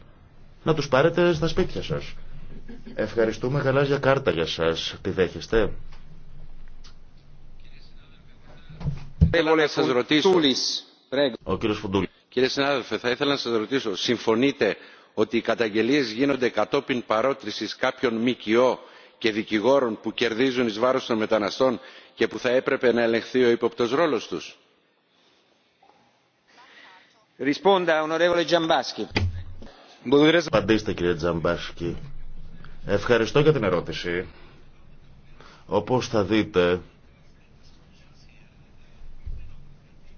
να τους πάρετε στα σπίτια σας. Ευχαριστούμε γαλάζια κάρτα για σας. Τη δέχεστε. Ο Κύριε συνάδελφε, θα ήθελα να σα ρωτήσω, συμφωνείτε ότι οι καταγγελίες γίνονται κατόπιν παρότρισης κάποιων κοιό... και δικηγόρων που κερδίζουν εις βάρος των μεταναστών και που θα έπρεπε να ελεγχθεί ο ύποπτος ρόλος τους. Απαντήστε κύριε Τζαμπάσκι. Ευχαριστώ για την ερώτηση. Όπως θα δείτε,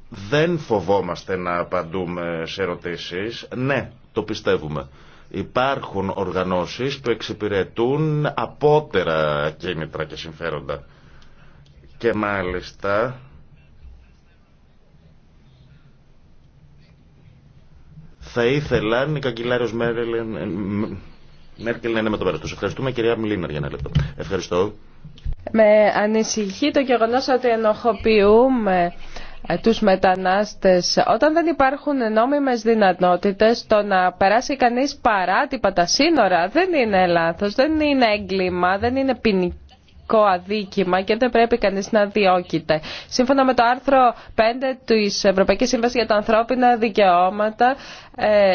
δεν φοβόμαστε να απαντούμε σε ερωτήσεις. Ναι, το πιστεύουμε. Υπάρχουν οργανώσεις που εξυπηρετούν απότερα κίνητρα και συμφέροντα. Και μάλιστα θα ήθελαν η καγκελάριος Μέρκελ να είναι με το πέρας τους. Ευχαριστούμε κυρία Μλίνερ για ένα λεπτό. Ευχαριστώ. Με ανησυχεί το γεγονός ότι ενοχοποιούμε ε, τους μετανάστες. Όταν δεν υπάρχουν νόμιμες δυνατότητες, το να περάσει κανείς παράτυπα τα σύνορα δεν είναι λάθος, δεν είναι έγκλημα, δεν είναι ποινικό αδίκημα και δεν πρέπει κανείς να διώκεται. Σύμφωνα με το άρθρο 5 της Ευρωπαϊκής Σύμβασης για τα Ανθρώπινα Δικαιώματα ε,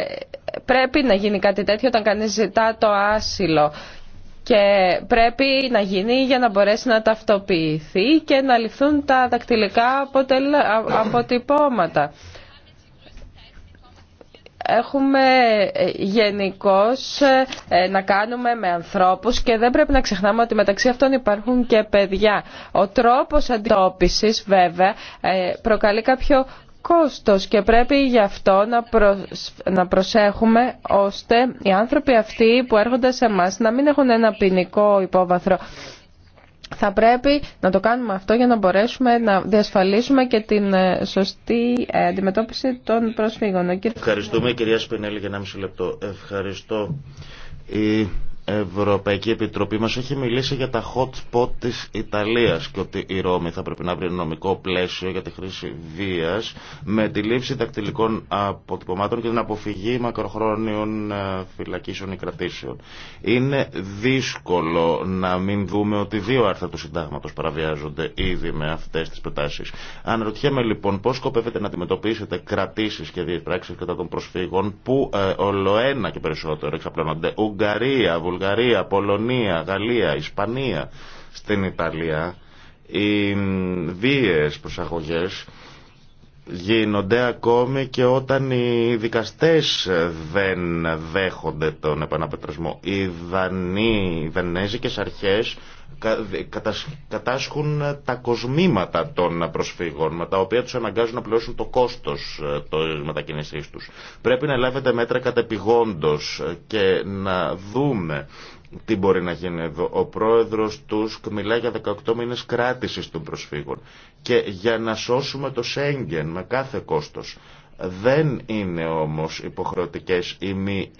πρέπει να γίνει κάτι τέτοιο όταν κανείς ζητά το άσυλο και πρέπει να γίνει για να μπορέσει να ταυτοποιηθεί και να ληφθούν τα δακτυλικά αποτυπώματα. Έχουμε ε, γενικώ ε, ε, να κάνουμε με ανθρώπους και δεν πρέπει να ξεχνάμε ότι μεταξύ αυτών υπάρχουν και παιδιά. Ο τρόπος αντιμετώπισης βέβαια προκαλεί κάποιο κόστος και πρέπει γι' αυτό να, προσέχουμε ώστε οι άνθρωποι αυτοί που έρχονται σε εμά να μην έχουν ένα ποινικό υπόβαθρο. Θα πρέπει να το κάνουμε αυτό για να μπορέσουμε να διασφαλίσουμε και την ε, σωστή ε, αντιμετώπιση των προσφύγων. Ευχαριστούμε κυρία Σπινέλη για ένα μισό λεπτό. Ευχαριστώ. Ευρωπαϊκή Επιτροπή μας έχει μιλήσει για τα hot spot της Ιταλίας και ότι η Ρώμη θα πρέπει να βρει νομικό πλαίσιο για τη χρήση βίας με τη λήψη δακτυλικών αποτυπωμάτων και την αποφυγή μακροχρόνιων ε, φυλακίσεων ή κρατήσεων. Είναι δύσκολο να μην δούμε ότι δύο άρθρα του συντάγματος παραβιάζονται ήδη με αυτές τις προτάσεις. Αναρωτιέμαι λοιπόν πώς σκοπεύετε να αντιμετωπίσετε κρατήσεις και διεπράξεις κατά των προσφύγων που ε, ολοένα και περισσότερο εξαπλώνονται. Ουγγαρία, Βουλγαρία, Πολωνία, Γαλλία, Ισπανία, στην Ιταλία, οι βίαιες προσαγωγές γίνονται ακόμη και όταν οι δικαστές δεν δέχονται τον επαναπετρασμό. Οι Δανείοι, οι Βενέζικες αρχές κατάσχουν τα κοσμήματα των προσφύγων με τα οποία τους αναγκάζουν να πληρώσουν το κόστος ε, της μετακινησής τους. Πρέπει να λάβετε μέτρα κατεπηγόντως και να δούμε τι μπορεί να γίνει εδώ. Ο πρόεδρος Τούσκ μιλά για 18 μήνες κράτησης των προσφύγων και για να σώσουμε το Σέγγεν με κάθε κόστος. Δεν είναι όμως υποχρεωτικές οι μη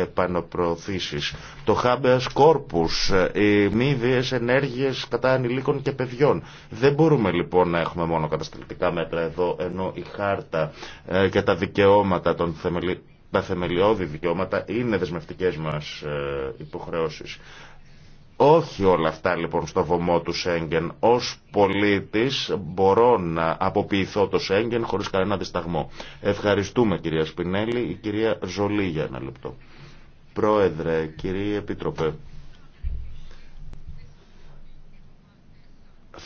επανοπροωθήσεις. Το χάμπεας κόρπους, οι μη ίδιες ενέργειες κατά ανηλίκων και παιδιών. Δεν μπορούμε λοιπόν να έχουμε μόνο καταστηλτικά μέτρα εδώ, ενώ η χάρτα ε, για τα δικαιώματα των θεμελιών τα θεμελιώδη δικαιώματα είναι δεσμευτικές μας ε, υποχρεώσεις. Όχι όλα αυτά λοιπόν στο βωμό του Σέγγεν. Ως πολίτης μπορώ να αποποιηθώ το Σέγγεν χωρίς κανένα δισταγμό. Ευχαριστούμε κυρία Σπινέλη, η κυρία Ζολή για ένα λεπτό. Πρόεδρε, κύριε Επίτροπε.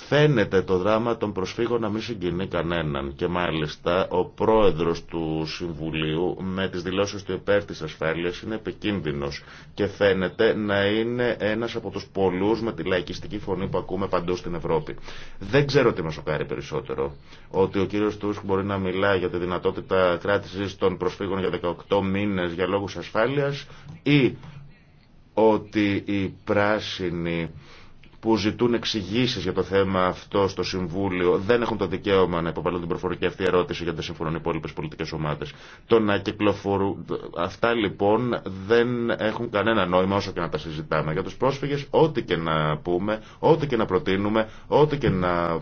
Φαίνεται το δράμα των προσφύγων να μην συγκινεί κανέναν και μάλιστα ο πρόεδρος του Συμβουλίου με τις δηλώσεις του υπέρ της ασφάλειας είναι επικίνδυνος και φαίνεται να είναι ένας από τους πολλούς με τη λαϊκιστική φωνή που ακούμε παντού στην Ευρώπη. Δεν ξέρω τι μας σοκάρει περισσότερο. Ότι ο κύριος Τούσκ μπορεί να μιλά για τη δυνατότητα κράτησης των προσφύγων για 18 μήνες για λόγους ασφάλειας ή ότι η πρασινη που ζητούν εξηγήσει για το θέμα αυτό στο Συμβούλιο δεν έχουν το δικαίωμα να υποβαλούν την προφορική αυτή ερώτηση γιατί δεν συμφωνούν οι υπόλοιπε πολιτικέ ομάδε. Το να Αυτά λοιπόν δεν έχουν κανένα νόημα όσο και να τα συζητάμε. Για του πρόσφυγε, ό,τι και να πούμε, ό,τι και να προτείνουμε, ό,τι και να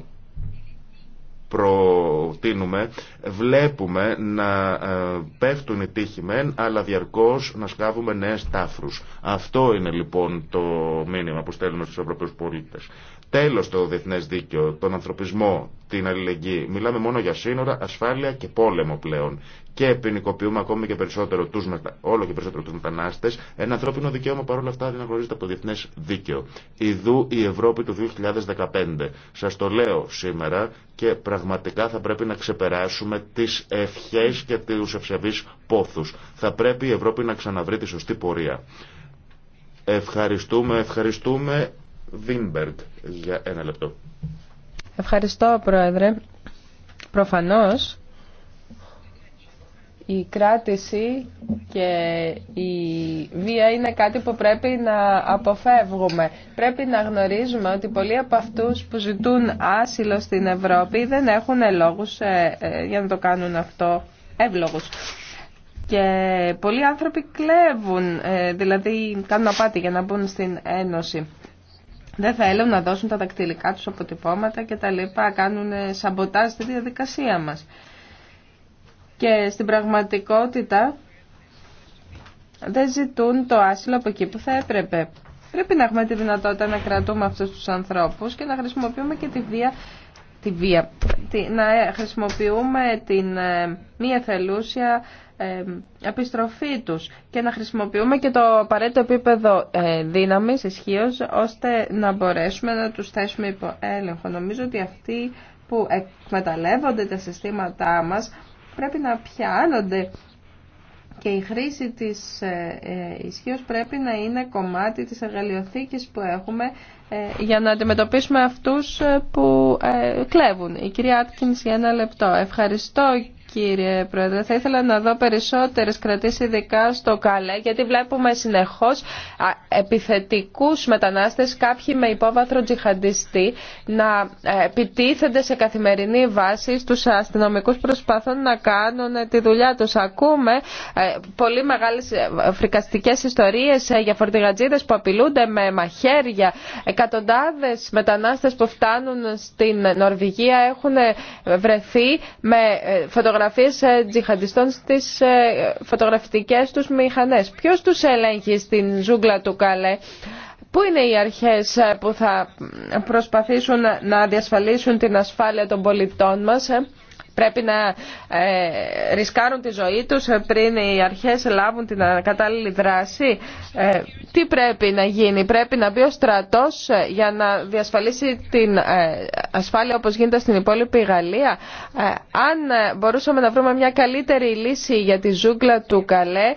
προτείνουμε, βλέπουμε να ε, πέφτουν οι τύχοι αλλά διαρκώς να σκάβουμε νέες τάφρους. Αυτό είναι λοιπόν το μήνυμα που στέλνουμε στους Ευρωπαίους πολίτες τέλο το διεθνέ δίκαιο, τον ανθρωπισμό, την αλληλεγγύη. Μιλάμε μόνο για σύνορα, ασφάλεια και πόλεμο πλέον. Και ποινικοποιούμε ακόμη και περισσότερο τους μετα... όλο και περισσότερο του μετανάστε. Ένα ανθρώπινο δικαίωμα παρόλα αυτά δεν αναγνωρίζεται από το διεθνέ δίκαιο. Ιδού η Ευρώπη του 2015. Σα το λέω σήμερα και πραγματικά θα πρέπει να ξεπεράσουμε τι ευχέ και του ευσεβεί πόθου. Θα πρέπει η Ευρώπη να ξαναβρει τη σωστή πορεία. Ευχαριστούμε, ευχαριστούμε. Ευχαριστώ Πρόεδρε. Προφανώς η κράτηση και η βία είναι κάτι που πρέπει να αποφεύγουμε. Πρέπει να γνωρίζουμε ότι πολλοί από αυτούς που ζητούν άσυλο στην Ευρώπη δεν έχουν λόγους ε, ε, για να το κάνουν αυτό εύλογους. Και πολλοί άνθρωποι κλέβουν, ε, δηλαδή κάνουν απάτη για να μπουν στην Ένωση δεν θέλουν να δώσουν τα δακτυλικά τους αποτυπώματα και τα λοιπά, κάνουν ε, σαμποτάζ στη διαδικασία μας. Και στην πραγματικότητα δεν ζητούν το άσυλο από εκεί που θα έπρεπε. Πρέπει να έχουμε τη δυνατότητα να κρατούμε αυτούς τους ανθρώπους και να χρησιμοποιούμε και τη βία, τη βία να ε, χρησιμοποιούμε την ε, μία εθελούσια επιστροφή τους και να χρησιμοποιούμε και το απαραίτητο επίπεδο ε, δύναμης ισχύω ώστε να μπορέσουμε να τους θέσουμε υπό έλεγχο. Νομίζω ότι αυτοί που εκμεταλλεύονται τα συστήματά μας πρέπει να πιάνονται και η χρήση της ε, ε, ισχύω πρέπει να είναι κομμάτι της εργαλειοθήκης που έχουμε για να αντιμετωπίσουμε αυτούς που κλέβουν. Η κυρία Άτκινς για ένα λεπτό. Ευχαριστώ κύριε Πρόεδρε. Θα ήθελα να δω περισσότερε κρατήσει ειδικά στο Καλέ, γιατί βλέπουμε συνεχώ επιθετικού μετανάστε, κάποιοι με υπόβαθρο τζιχαντιστή, να ε, επιτίθενται σε καθημερινή βάση στου αστυνομικού προσπάθων να κάνουν ε, τη δουλειά του. Ακούμε ε, πολύ μεγάλε φρικαστικέ ιστορίε για φορτηγατζίδε που απειλούνται με μαχαίρια. Εκατοντάδε μετανάστε που φτάνουν στην Νορβηγία έχουν βρεθεί με φωτογραφίε φωτογραφίες ε, τζιχαντιστών στις ε, φωτογραφικές τους μηχανές. Ποιος τους ελέγχει στην ζούγκλα του Καλέ. Πού είναι οι αρχές ε, που θα προσπαθήσουν να διασφαλίσουν την ασφάλεια των πολιτών μας. Πρέπει να ε, ρισκάρουν τη ζωή τους πριν οι αρχές λάβουν την κατάλληλη δράση. Ε, τι πρέπει να γίνει. Πρέπει να μπει ο στρατός ε, για να διασφαλίσει την ασφάλεια όπως γίνεται στην υπόλοιπη Γαλλία. Αν μπορούσαμε να βρούμε μια καλύτερη λύση για τη ζούγκλα του Καλέ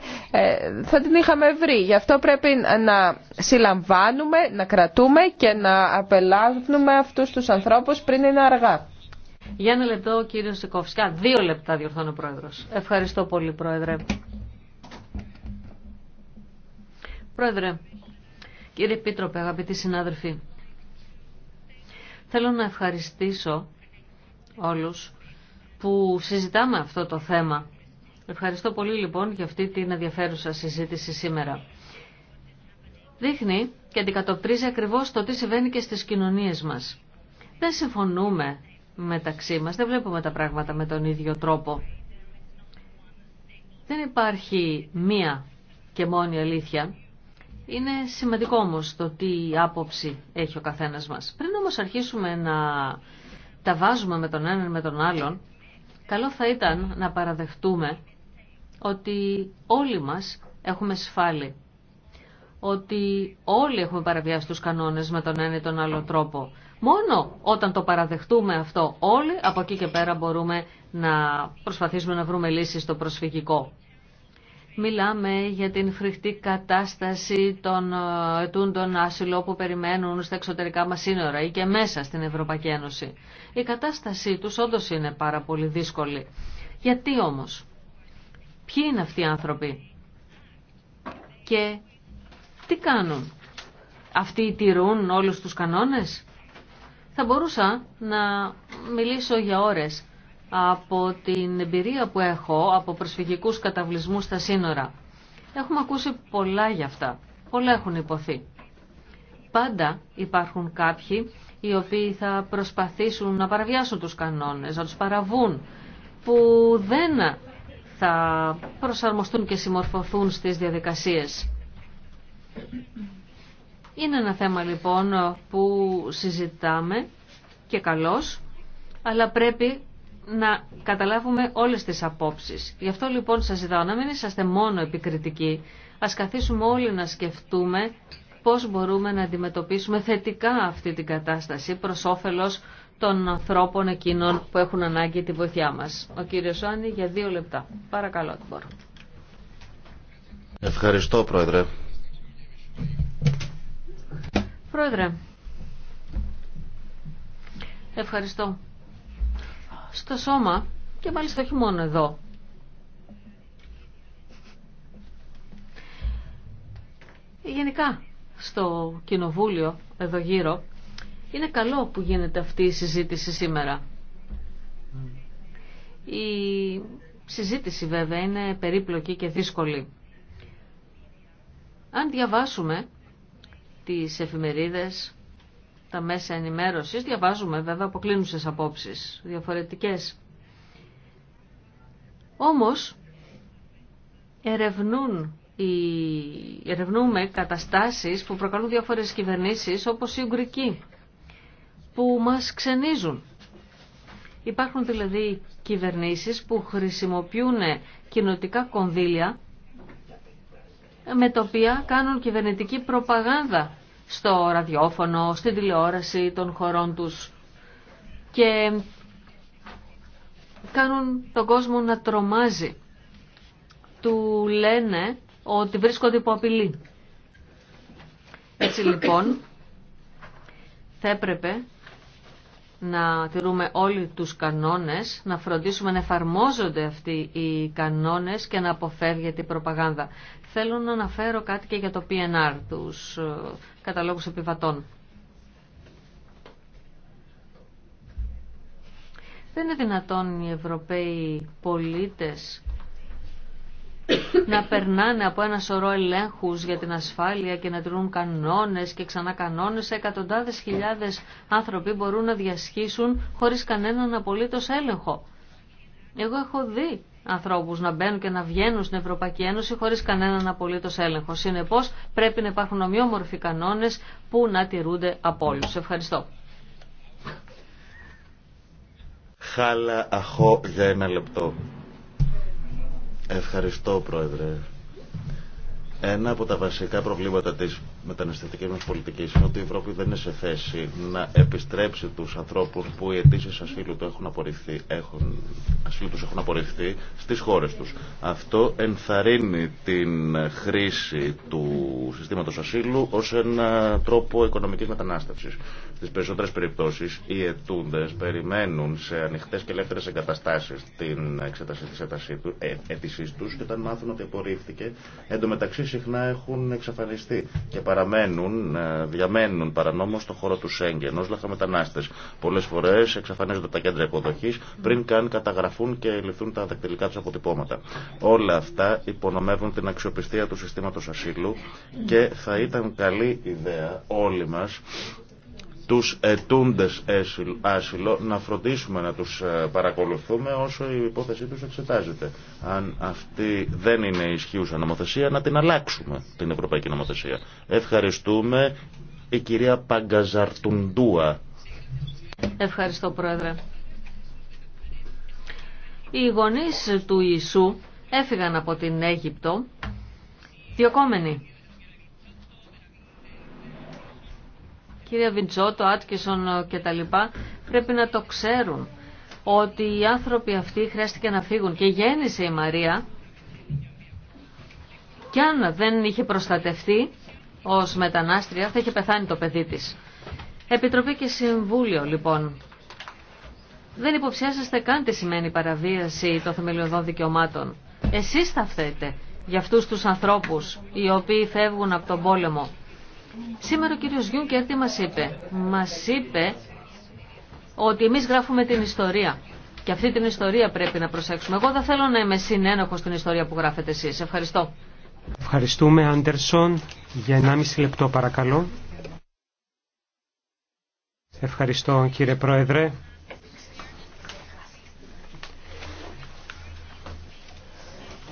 θα την είχαμε βρει. Γι' αυτό πρέπει να συλλαμβάνουμε, να κρατούμε και να απελάβουμε αυτούς τους ανθρώπους πριν είναι αργά. Για ένα λεπτό, κύριο Σικόφσκα. Δύο λεπτά διορθώνει ο πρόεδρο. Ευχαριστώ πολύ, πρόεδρε. Πρόεδρε, κύριε Επίτροπε, αγαπητοί συνάδελφοι, θέλω να ευχαριστήσω όλους που συζητάμε αυτό το θέμα. Ευχαριστώ πολύ λοιπόν για αυτή την ενδιαφέρουσα συζήτηση σήμερα. Δείχνει και αντικατοπτρίζει ακριβώς το τι συμβαίνει και στις κοινωνίες μας. Δεν συμφωνούμε μεταξύ μας. Δεν βλέπουμε τα πράγματα με τον ίδιο τρόπο. Δεν υπάρχει μία και μόνη αλήθεια. Είναι σημαντικό όμω το τι άποψη έχει ο καθένας μας. Πριν όμως αρχίσουμε να τα βάζουμε με τον έναν με τον άλλον, καλό θα ήταν να παραδεχτούμε ότι όλοι μας έχουμε σφάλει. Ότι όλοι έχουμε παραβιάσει τους κανόνες με τον ένα ή τον άλλο τρόπο. Μόνο όταν το παραδεχτούμε αυτό όλοι, από εκεί και πέρα μπορούμε να προσπαθήσουμε να βρούμε λύσεις στο προσφυγικό. Μιλάμε για την φρικτή κατάσταση των ε, ετούντων άσυλο που περιμένουν στα εξωτερικά μας σύνορα ή και μέσα στην Ευρωπαϊκή Ένωση. Η κατάστασή τους όντως είναι πάρα πολύ δύσκολη. Γιατί όμως. Ποιοι είναι αυτοί οι άνθρωποι και τι κάνουν. Αυτοί τηρούν όλους τους κανόνες. Θα μπορούσα να μιλήσω για ώρες από την εμπειρία που έχω από προσφυγικούς καταβλισμούς στα σύνορα. Έχουμε ακούσει πολλά για αυτά. Πολλά έχουν υποθεί. Πάντα υπάρχουν κάποιοι οι οποίοι θα προσπαθήσουν να παραβιάσουν τους κανόνες, να τους παραβούν, που δεν θα προσαρμοστούν και συμμορφωθούν στις διαδικασίες. Είναι ένα θέμα λοιπόν που συζητάμε και καλώς, αλλά πρέπει να καταλάβουμε όλες τις απόψεις. Γι' αυτό λοιπόν σας ζητάω να μην είσαστε μόνο επικριτικοί. Ας καθίσουμε όλοι να σκεφτούμε πώς μπορούμε να αντιμετωπίσουμε θετικά αυτή την κατάσταση προς όφελος των ανθρώπων εκείνων που έχουν ανάγκη τη βοήθειά μας. Ο κύριος Ωάννη για δύο λεπτά. Παρακαλώ, Μπορώ. Ευχαριστώ, Πρόεδρε. Πρόεδρε. Ευχαριστώ. Στο σώμα και μάλιστα όχι μόνο εδώ. Γενικά στο κοινοβούλιο εδώ γύρω είναι καλό που γίνεται αυτή η συζήτηση σήμερα. Η συζήτηση βέβαια είναι περίπλοκη και δύσκολη. Αν διαβάσουμε τις εφημερίδες, τα μέσα ενημέρωσης, διαβάζουμε βέβαια αποκλίνουσες απόψεις, διαφορετικές. Όμως, ερευνούν οι... ερευνούμε καταστάσεις που προκαλούν διάφορες κυβερνήσεις όπως η Ουγγρική, που μας ξενίζουν. Υπάρχουν δηλαδή κυβερνήσεις που χρησιμοποιούν κοινοτικά κονδύλια με τα οποία κάνουν κυβερνητική προπαγάνδα στο ραδιόφωνο, στην τηλεόραση των χωρών τους και κάνουν τον κόσμο να τρομάζει. Του λένε ότι βρίσκονται υπό απειλή. Έτσι λοιπόν θα έπρεπε να τηρούμε όλοι τους κανόνες, να φροντίσουμε να εφαρμόζονται αυτοί οι κανόνες και να αποφεύγεται η προπαγάνδα θέλω να αναφέρω κάτι και για το PNR, τους ε, καταλόγους επιβατών. Δεν είναι δυνατόν οι Ευρωπαίοι πολίτες να περνάνε από ένα σωρό ελέγχους για την ασφάλεια και να τηρούν κανόνες και ξανά κανόνες. Εκατοντάδες χιλιάδες άνθρωποι μπορούν να διασχίσουν χωρίς κανέναν απολύτως έλεγχο. Εγώ έχω δει ανθρώπους να μπαίνουν και να βγαίνουν στην Ευρωπαϊκή Ένωση χωρίς κανέναν απολύτως έλεγχο. Συνεπώς πρέπει να υπάρχουν ομοιόμορφοι κανόνες που να τηρούνται από όλους. Ευχαριστώ. Χάλα αχώ για ένα λεπτό. Ευχαριστώ πρόεδρε. Ένα από τα βασικά προβλήματα της μεταναστευτικής μας πολιτικής είναι ότι η Ευρώπη δεν είναι σε θέση να επιστρέψει τους ανθρώπους που οι αιτήσει ασύλου, του έχουν απορριφθεί, έχουν, ασύλου τους έχουν απορριφθεί στις χώρες τους. Αυτό ενθαρρύνει την χρήση του συστήματος ασύλου ως ένα τρόπο οικονομικής μετανάστευσης. Στις περισσότερες περιπτώσεις οι ετούντε περιμένουν σε ανοιχτές και ελεύθερες εγκαταστάσεις την εξέταση της αιτήσή ε, τους και όταν μάθουν ότι απορρίφθηκε εντωμεταξύ συχνά έχουν εξαφανιστεί και παραμένουν, ε, διαμένουν παρανόμως στο χώρο του Σέγγεν ως λαθρομετανάστε. Πολλές φορές εξαφανίζονται τα κέντρα υποδοχής πριν καν καταγραφούν και ληφθούν τα δακτυλικά τους αποτυπώματα. Όλα αυτά υπονομεύουν την αξιοπιστία του συστήματο ασύλου και θα ήταν καλή ιδέα όλοι μας τους ετούντες άσυλο να φροντίσουμε να τους ε, παρακολουθούμε όσο η υπόθεσή τους εξετάζεται. Αν αυτή δεν είναι ισχύουσα νομοθεσία να την αλλάξουμε την Ευρωπαϊκή Νομοθεσία. Ευχαριστούμε η κυρία Παγκαζαρτουντούα. Ευχαριστώ Πρόεδρε. Οι γονείς του Ιησού έφυγαν από την Αίγυπτο διωκόμενοι κυρία Βιντζότο, Άτκισον ε, λοιπά πρέπει να το ξέρουν ότι οι άνθρωποι αυτοί χρειάστηκε να φύγουν και γέννησε η Μαρία και αν δεν είχε προστατευτεί ως μετανάστρια θα είχε πεθάνει το παιδί της. Επιτροπή και Συμβούλιο λοιπόν. Δεν υποψιάζεστε καν τι σημαίνει παραβίαση των θεμελιωδών δικαιωμάτων. Εσείς θα φταίτε για αυτούς τους ανθρώπους οι οποίοι φεύγουν από τον πόλεμο Σήμερα ο κύριος Γιούνκερ τι μας είπε. Μας είπε ότι εμείς γράφουμε την ιστορία. Και αυτή την ιστορία πρέπει να προσέξουμε. Εγώ δεν θέλω να είμαι συνένοχος στην ιστορία που γράφετε εσείς. Ευχαριστώ. Ευχαριστούμε, Άντερσον. Για 1,5 λεπτό παρακαλώ. Ευχαριστώ, κύριε Πρόεδρε.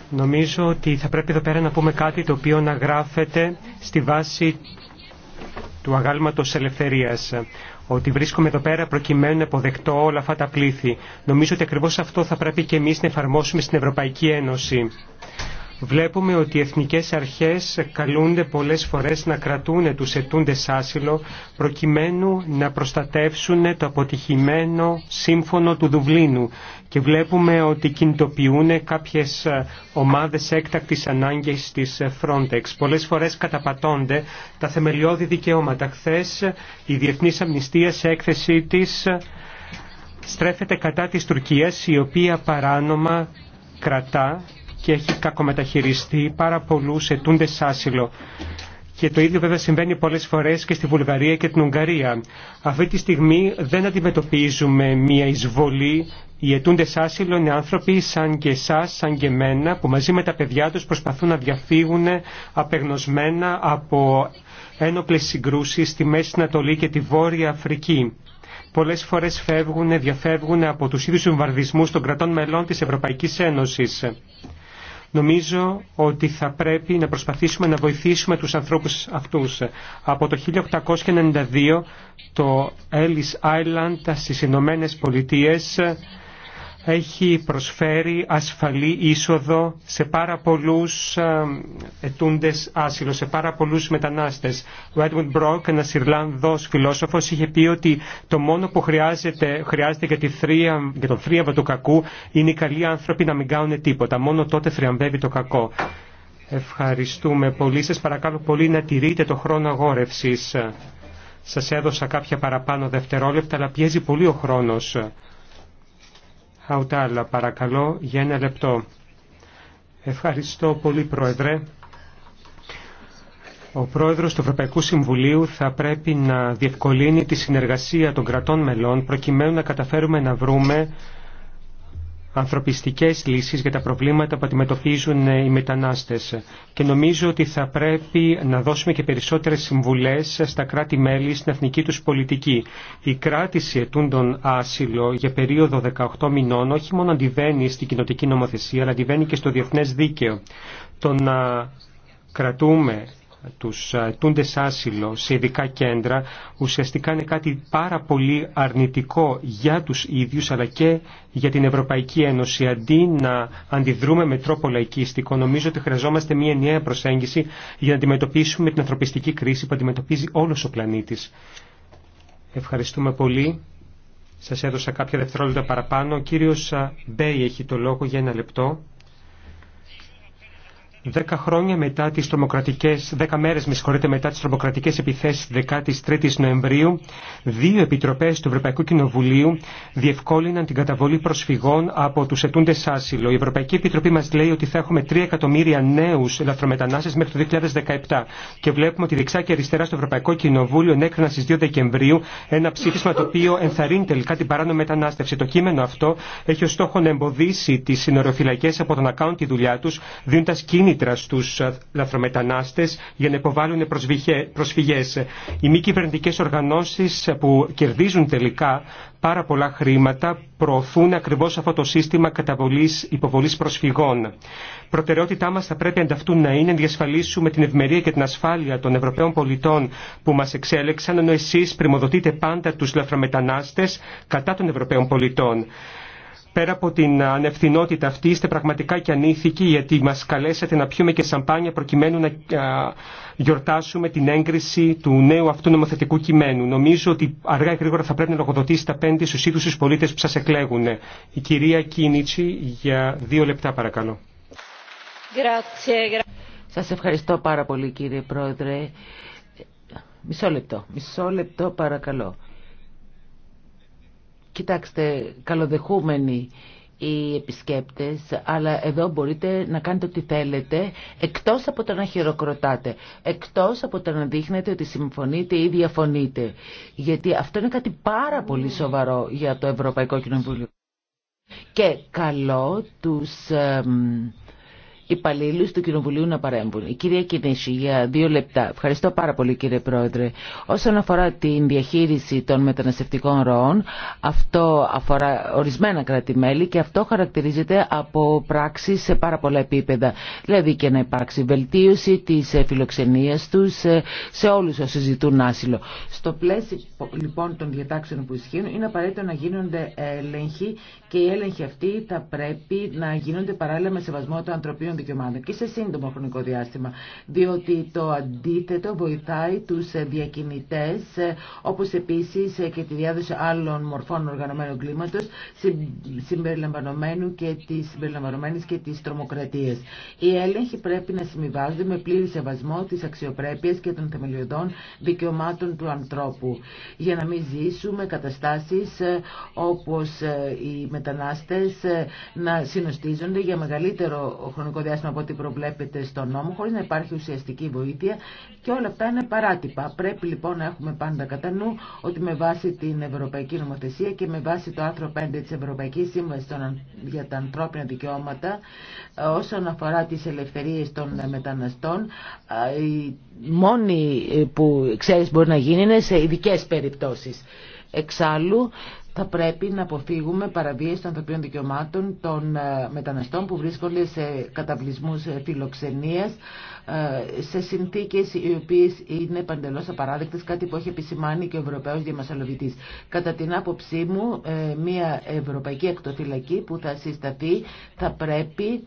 Νομίζω ότι θα πρέπει εδώ πέρα να πούμε κάτι το οποίο να γράφεται στη βάση του αγάλματος ελευθερίας. Ότι βρίσκομαι εδώ πέρα προκειμένου να αποδεκτώ όλα αυτά τα πλήθη. Νομίζω ότι ακριβώς αυτό θα πρέπει και εμείς να εφαρμόσουμε στην Ευρωπαϊκή Ένωση. Βλέπουμε ότι οι εθνικές αρχές καλούνται πολλές φορές να κρατούν τους ετούντες άσυλο προκειμένου να προστατεύσουν το αποτυχημένο σύμφωνο του Δουβλίνου και βλέπουμε ότι κινητοποιούν κάποιες ε, ομάδες έκτακτης ανάγκης της ε, Frontex. Πολλές φορές καταπατώνται τα θεμελιώδη δικαιώματα. Χθε η Διεθνής Αμνηστία σε έκθεσή της ε, στρέφεται κατά της Τουρκίας η οποία παράνομα κρατά και έχει κακομεταχειριστεί πάρα πολλού ετούντε άσυλο. Και το ίδιο βέβαια συμβαίνει πολλέ φορέ και στη Βουλγαρία και την Ουγγαρία. Αυτή τη στιγμή δεν αντιμετωπίζουμε μία εισβολή. Οι ετούντε άσυλο είναι άνθρωποι σαν και εσά, σαν και εμένα, που μαζί με τα παιδιά του προσπαθούν να διαφύγουν απεγνωσμένα από ένοπλε συγκρούσει στη Μέση Ανατολή και τη Βόρεια Αφρική. Πολλές φορές φεύγουν, διαφεύγουν από τους ίδιους συμβαρδισμού των κρατών μελών της Ευρωπαϊκής Ένωσης. Νομίζω ότι θα πρέπει να προσπαθήσουμε να βοηθήσουμε τους ανθρώπους αυτούς. Από το 1892 το Ellis Island στις Ηνωμένε Πολιτείες έχει προσφέρει ασφαλή είσοδο σε πάρα πολλούς ε, ετούντες άσυλο, σε πάρα πολλούς μετανάστες. Ο Edwin Brock, ένας Ιρλανδός φιλόσοφος, είχε πει ότι το μόνο που χρειάζεται, χρειάζεται για, τη θρία, για τον θρίαβο του κακού είναι οι καλοί άνθρωποι να μην κάνουν τίποτα. Μόνο τότε θριαμβεύει το κακό. Ευχαριστούμε πολύ. Σας παρακαλώ πολύ να τηρείτε το χρόνο αγόρευσης. Σας έδωσα κάποια παραπάνω δευτερόλεπτα, αλλά πιέζει πολύ ο χρόνος. Χαουτάλα, παρακαλώ, για ένα λεπτό. Ευχαριστώ πολύ, Πρόεδρε. Ο Πρόεδρος του Ευρωπαϊκού Συμβουλίου θα πρέπει να διευκολύνει τη συνεργασία των κρατών μελών προκειμένου να καταφέρουμε να βρούμε ανθρωπιστικές λύσεις για τα προβλήματα που αντιμετωπίζουν ε, οι μετανάστες. Και νομίζω ότι θα πρέπει να δώσουμε και περισσότερες συμβουλές στα κράτη-μέλη στην εθνική τους πολιτική. Η κράτηση ετούντων άσυλο για περίοδο 18 μηνών όχι μόνο αντιβαίνει στην κοινοτική νομοθεσία, αλλά αντιβαίνει και στο διεθνές δίκαιο. Το να κρατούμε τους ε, τούντες άσυλο σε ειδικά κέντρα ουσιαστικά είναι κάτι πάρα πολύ αρνητικό για τους ίδιους αλλά και για την Ευρωπαϊκή Ένωση. Αντί να αντιδρούμε με τρόπο λαϊκίστικο, νομίζω ότι χρειαζόμαστε μια ενιαία προσέγγιση για να αντιμετωπίσουμε την ανθρωπιστική κρίση που αντιμετωπίζει όλος ο πλανήτης. Ευχαριστούμε πολύ. Σας έδωσα κάποια δευτερόλεπτα παραπάνω. Ο κύριος ε, Μπέι έχει το λόγο για ένα λεπτό. Δέκα χρόνια μετά τις τρομοκρατικές, δέκα μέρες με συγχωρείτε μετά τις τρομοκρατικές επιθέσεις 13 Νοεμβρίου, δύο επιτροπές του Ευρωπαϊκού Κοινοβουλίου διευκόλυναν την καταβολή προσφυγών από τους ετούντες άσυλο. Η Ευρωπαϊκή Επιτροπή μας λέει ότι θα έχουμε 3 εκατομμύρια νέους ελαφρομετανάστες μέχρι το 2017 και βλέπουμε ότι δεξιά και αριστερά στο Ευρωπαϊκό Κοινοβούλιο ενέκριναν στις 2 Δεκεμβρίου ένα ψήφισμα το οποίο ενθαρρύνει τελικά την παράνομη μετανάστευση. Το κείμενο αυτό έχει ως στόχο να εμποδίσει τις συνοροφυλακές από το να κάνουν τη δουλειά τους, δίνοντας κίνητρα κίνητρα στου ε, λαθρομετανάστε για να υποβάλουν προσφυγέ. Οι μη κυβερνητικέ οργανώσει ε, που κερδίζουν τελικά πάρα πολλά χρήματα προωθούν ακριβώ αυτό το σύστημα καταβολής υποβολής προσφυγών. Προτεραιότητά μα θα πρέπει ανταυτού να είναι να διασφαλίσουμε την ευμερία και την ασφάλεια των Ευρωπαίων πολιτών που μα εξέλεξαν, ενώ εσεί πρημοδοτείτε πάντα του λαθρομετανάστε κατά των Ευρωπαίων πολιτών. Πέρα από την ανευθυνότητα αυτή είστε πραγματικά και ανήθικοι γιατί μας καλέσατε να πιούμε και σαμπάνια προκειμένου να γιορτάσουμε την έγκριση του νέου αυτού νομοθετικού κειμένου. Νομίζω ότι αργά ή γρήγορα θα πρέπει να λογοδοτήσει τα πέντε στους ίδιους τους πολίτες που σας εκλέγουν. Η κυρία Κίνιτσι για δύο λεπτά παρακαλώ. Σας ευχαριστώ πάρα πολύ κύριε Πρόεδρε. Μισό λεπτό, μισό λεπτό παρακαλώ. Κοιτάξτε, καλοδεχούμενοι οι επισκέπτες, αλλά εδώ μπορείτε να κάνετε ό,τι θέλετε, εκτός από το να χειροκροτάτε, εκτός από το να δείχνετε ότι συμφωνείτε ή διαφωνείτε. Γιατί αυτό είναι κάτι πάρα πολύ σοβαρό για το Ευρωπαϊκό Κοινοβούλιο. Και καλό τους υπαλλήλου του Κοινοβουλίου να παρέμβουν. Η κυρία Κινέση, για δύο λεπτά. Ευχαριστώ πάρα πολύ κύριε Πρόεδρε. Όσον αφορά την διαχείριση των μεταναστευτικών ροών, αυτό αφορά ορισμένα κράτη-μέλη και αυτό χαρακτηρίζεται από πράξεις σε πάρα πολλά επίπεδα. Δηλαδή και να υπάρξει βελτίωση της φιλοξενίας τους ε, σε όλους όσοι ζητούν άσυλο. Στο πλαίσιο λοιπόν των διατάξεων που ισχύουν είναι απαραίτητο να γίνονται έλεγχοι και οι έλεγχοι αυτοί θα πρέπει να γίνονται παράλληλα με σεβασμό των ανθρωπίνων δικαιωμάτων και σε σύντομο χρονικό διάστημα. Διότι το αντίθετο βοηθάει του διακινητές, όπω επίση και τη διάδοση άλλων μορφών οργανωμένου κλίματο συμπεριλαμβανομένου και τη συμπεριλαμβανομένη και τη τρομοκρατίας. Οι έλεγχοι πρέπει να συμβιβάζονται με πλήρη σεβασμό τη αξιοπρέπεια και των θεμελιωδών δικαιωμάτων του ανθρώπου, για να μην ζήσουμε καταστάσει ε, όπω. Ε, η μετανάστες ε, να συνοστίζονται για μεγαλύτερο χρονικό διάστημα από ό,τι προβλέπεται στο νόμο χωρίς να υπάρχει ουσιαστική βοήθεια και όλα αυτά είναι παράτυπα. Πρέπει λοιπόν να έχουμε πάντα κατά νου ότι με βάση την Ευρωπαϊκή Νομοθεσία και με βάση το άρθρο 5 της Ευρωπαϊκής Σύμβασης για τα ανθρώπινα δικαιώματα όσον αφορά τις ελευθερίες των μεταναστών η μόνη που ξέρεις μπορεί να γίνει είναι σε ειδικέ περιπτώσεις. Εξάλλου θα πρέπει να αποφύγουμε παραβίαση των ανθρωπίνων δικαιωμάτων των ε, μεταναστών που βρίσκονται σε καταβλισμούς ε, φιλοξενίας, ε, σε συνθήκες οι οποίες είναι παντελώς απαράδεκτες, κάτι που έχει επισημάνει και ο Ευρωπαίος Διαμασαλοβητής. Κατά την άποψή μου, μια ευρωπαϊκή εκτοφυλακή που θα συσταθεί θα πρέπει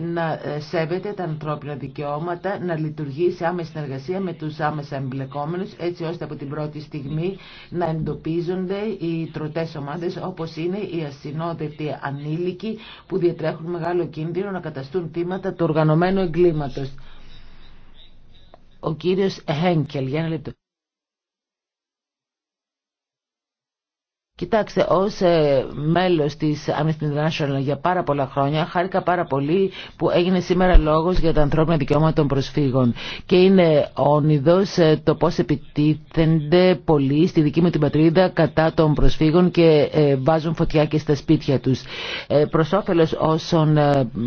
να ε, σέβεται τα ανθρώπινα δικαιώματα, να λειτουργεί σε άμεση συνεργασία με τους άμεσα εμπλεκόμενους, έτσι ώστε από την πρώτη στιγμή να εντοπίζονται οι τροτές ομάδες, όπως είναι οι ασυνόδευτοι ανήλικοι, που διατρέχουν μεγάλο κίνδυνο να καταστούν θύματα του οργανωμένου εγκλήματος. Ο κύριος Χένκελ, για να Κοιτάξτε, ως ε, μέλος της Amnesty International για πάρα πολλά χρόνια χάρηκα πάρα πολύ που έγινε σήμερα λόγος για τα ανθρώπινα δικαιώματα των προσφύγων και είναι όνειδος ε, το πώς επιτίθενται πολλοί στη δική μου την πατρίδα κατά των προσφύγων και ε, βάζουν φωτιά και στα σπίτια τους. Προς όφελος όσων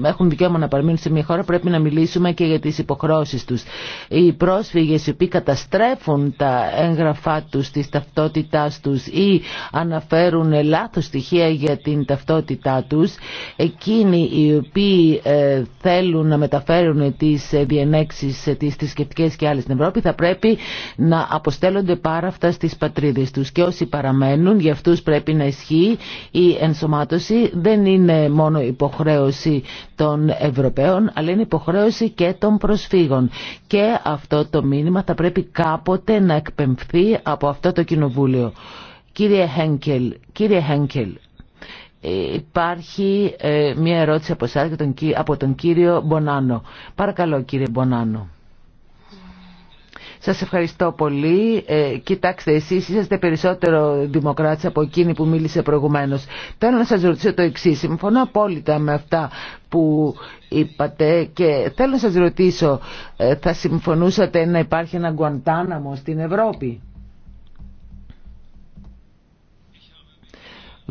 έχουν δικαίωμα να παραμείνουν σε μια χώρα πρέπει να μιλήσουμε και για τις υποχρώσεις τους. Οι πρόσφυγες οι οποίοι καταστρέφουν τα έγγραφά τους, τη ταυτότητάς τους ή αναφέρονται μεταφέρουν λάθος στοιχεία για την ταυτότητά τους. Εκείνοι οι οποίοι ε, θέλουν να μεταφέρουν τις διενέξεις, τις θρησκευτικέ και άλλες στην Ευρώπη θα πρέπει να αποστέλλονται πάρα αυτά στις πατρίδες τους. Και όσοι παραμένουν, για αυτούς πρέπει να ισχύει η ενσωμάτωση. Δεν είναι μόνο υποχρέωση των Ευρωπαίων, αλλά είναι υποχρέωση και των προσφύγων. Και αυτό το μήνυμα θα πρέπει κάποτε να εκπαιμφθεί από αυτό το κοινοβούλιο. Κύριε Χένκελ, κύριε Χένκελ, υπάρχει ε, μια ερώτηση από τον, τον κύριο Μπονάνο. Παρακαλώ κύριε Μπονάνο. Σας ευχαριστώ πολύ. Ε, κοιτάξτε, εσείς είσαστε περισσότερο δημοκράτης από εκείνη που μίλησε προηγουμένως. Θέλω να σας ρωτήσω το εξή. Συμφωνώ απόλυτα με αυτά που είπατε και θέλω να σας ρωτήσω, ε, θα συμφωνούσατε να υπάρχει ένα Γκουαντάναμο στην Ευρώπη.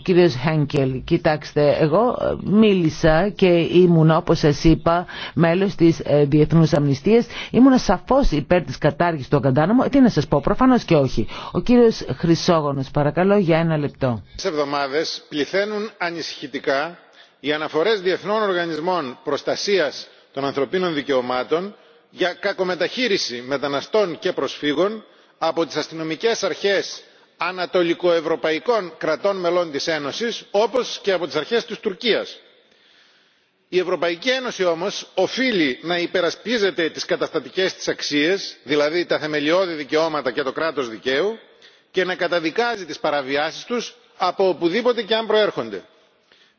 κύριος Χένκελ, κοιτάξτε, εγώ ε, μίλησα και ήμουν, όπως σας είπα, μέλος της ε, Διεθνούς Ήμουν σαφώς υπέρ της κατάργησης του Αγκαντάνομου. Τι να σας πω, προφανώς και όχι. Ο κύριος Χρυσόγονος, παρακαλώ, για ένα λεπτό. Στις εβδομάδες πληθαίνουν ανησυχητικά οι αναφορές διεθνών οργανισμών προστασίας των ανθρωπίνων δικαιωμάτων για κακομεταχείριση μεταναστών και προσφύγων από τις αστυνομικές αρχές ανατολικοευρωπαϊκών κρατών μελών της ένωσης όπως και από τις αρχές της τουρκίας. η ευρωπαϊκή ένωση όμως οφείλει να υπερασπίζεται τις καταστατικές της αξίες δηλαδή τα θεμελιώδη δικαιώματα και το κράτος δικαίου και να καταδικάζει τις παραβιάσεις τους από οπουδήποτε και αν προέρχονται.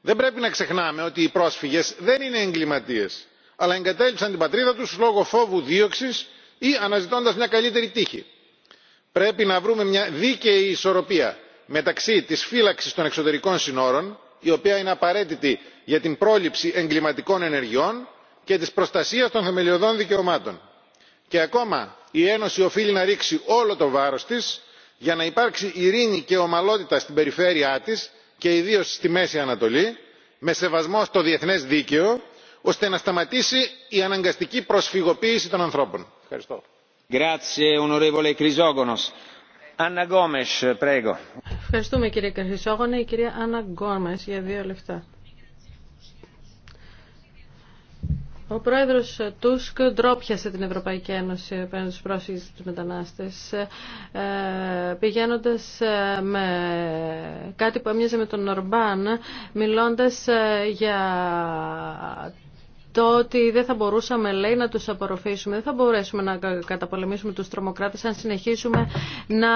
δεν πρέπει να ξεχνάμε ότι οι πρόσφυγες δεν είναι εγκληματίες αλλά εγκατέλειψαν την πατρίδα τους λόγω φόβου δίωξης ή αναζητώντας μια καλύτερη τύχη πρέπει να βρούμε μια δίκαιη ισορροπία μεταξύ της φύλαξης των εξωτερικών συνόρων η οποία είναι απαραίτητη για την πρόληψη εγκληματικών ενεργειών και της προστασίας των θεμελιωδών δικαιωμάτων. και ακόμα η ένωση οφείλει να ρίξει όλο το βάρος της για να υπάρξει ειρήνη και ομαλότητα στην περιφέρειά της και ιδίως στη μέση ανατολή με σεβασμό στο διεθνές δίκαιο ώστε να σταματήσει η αναγκαστική προσφυγοποίηση των ανθρώπων. Ευχαριστούμε κύριε Κρυσόγονο. Η κυρία Άννα Γκόμες για δύο λεπτά. Ο πρόεδρο Τούσκ ντρόπιασε την Ευρωπαϊκή Ένωση απέναντι στους πρόσφυγες και τους μετανάστες ε, πηγαίνοντας ε, με κάτι που έμοιαζε με τον Ορμπάν μιλώντας ε, για το ότι δεν θα μπορούσαμε, λέει, να τους απορροφήσουμε, δεν θα μπορέσουμε να καταπολεμήσουμε τους τρομοκράτες αν συνεχίσουμε να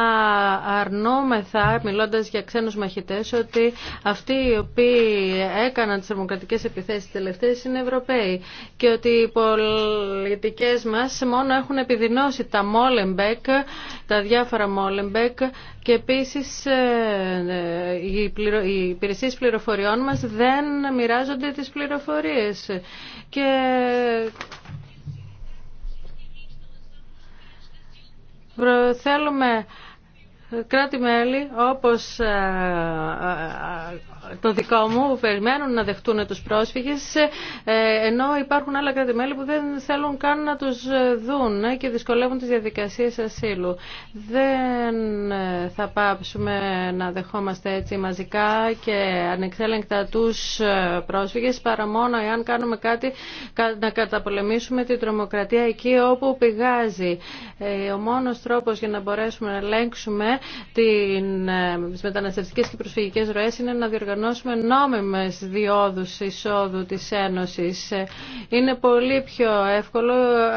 αρνόμεθα, μιλώντας για ξένους μαχητές, ότι αυτοί οι οποίοι έκαναν τις τρομοκρατικές επιθέσεις τελευταίες είναι Ευρωπαίοι και ότι οι πολιτικές μας μόνο έχουν επιδεινώσει τα Μόλεμπεκ, τα διάφορα Μόλεμπεκ και επίσης ε, ε, οι υπηρεσίες πληροφοριών μας δεν μοιράζονται τις πληροφορίες και θέλουμε κράτη-μέλη όπως ε, το δικό μου που περιμένουν να δεχτούν τους πρόσφυγες ε, ενώ υπάρχουν άλλα που δεν θέλουν καν να τους ε, δουν ε, και δυσκολεύουν τις διαδικασίες ασύλου. Δεν θα πάψουμε να δεχόμαστε έτσι μαζικά και ανεξέλεγκτα τους πρόσφυγες παρά μόνο εάν κάνουμε κάτι να καταπολεμήσουμε την τρομοκρατία εκεί όπου πηγάζει. Ο μόνος τρόπος για να μπορέσουμε να ελέγξουμε τις μεταναστευτικές και προσφυγικές ροές είναι να διοργανώσουμε με νόμιμες διόδους εισόδου της Ένωσης. Είναι πολύ πιο εύκολο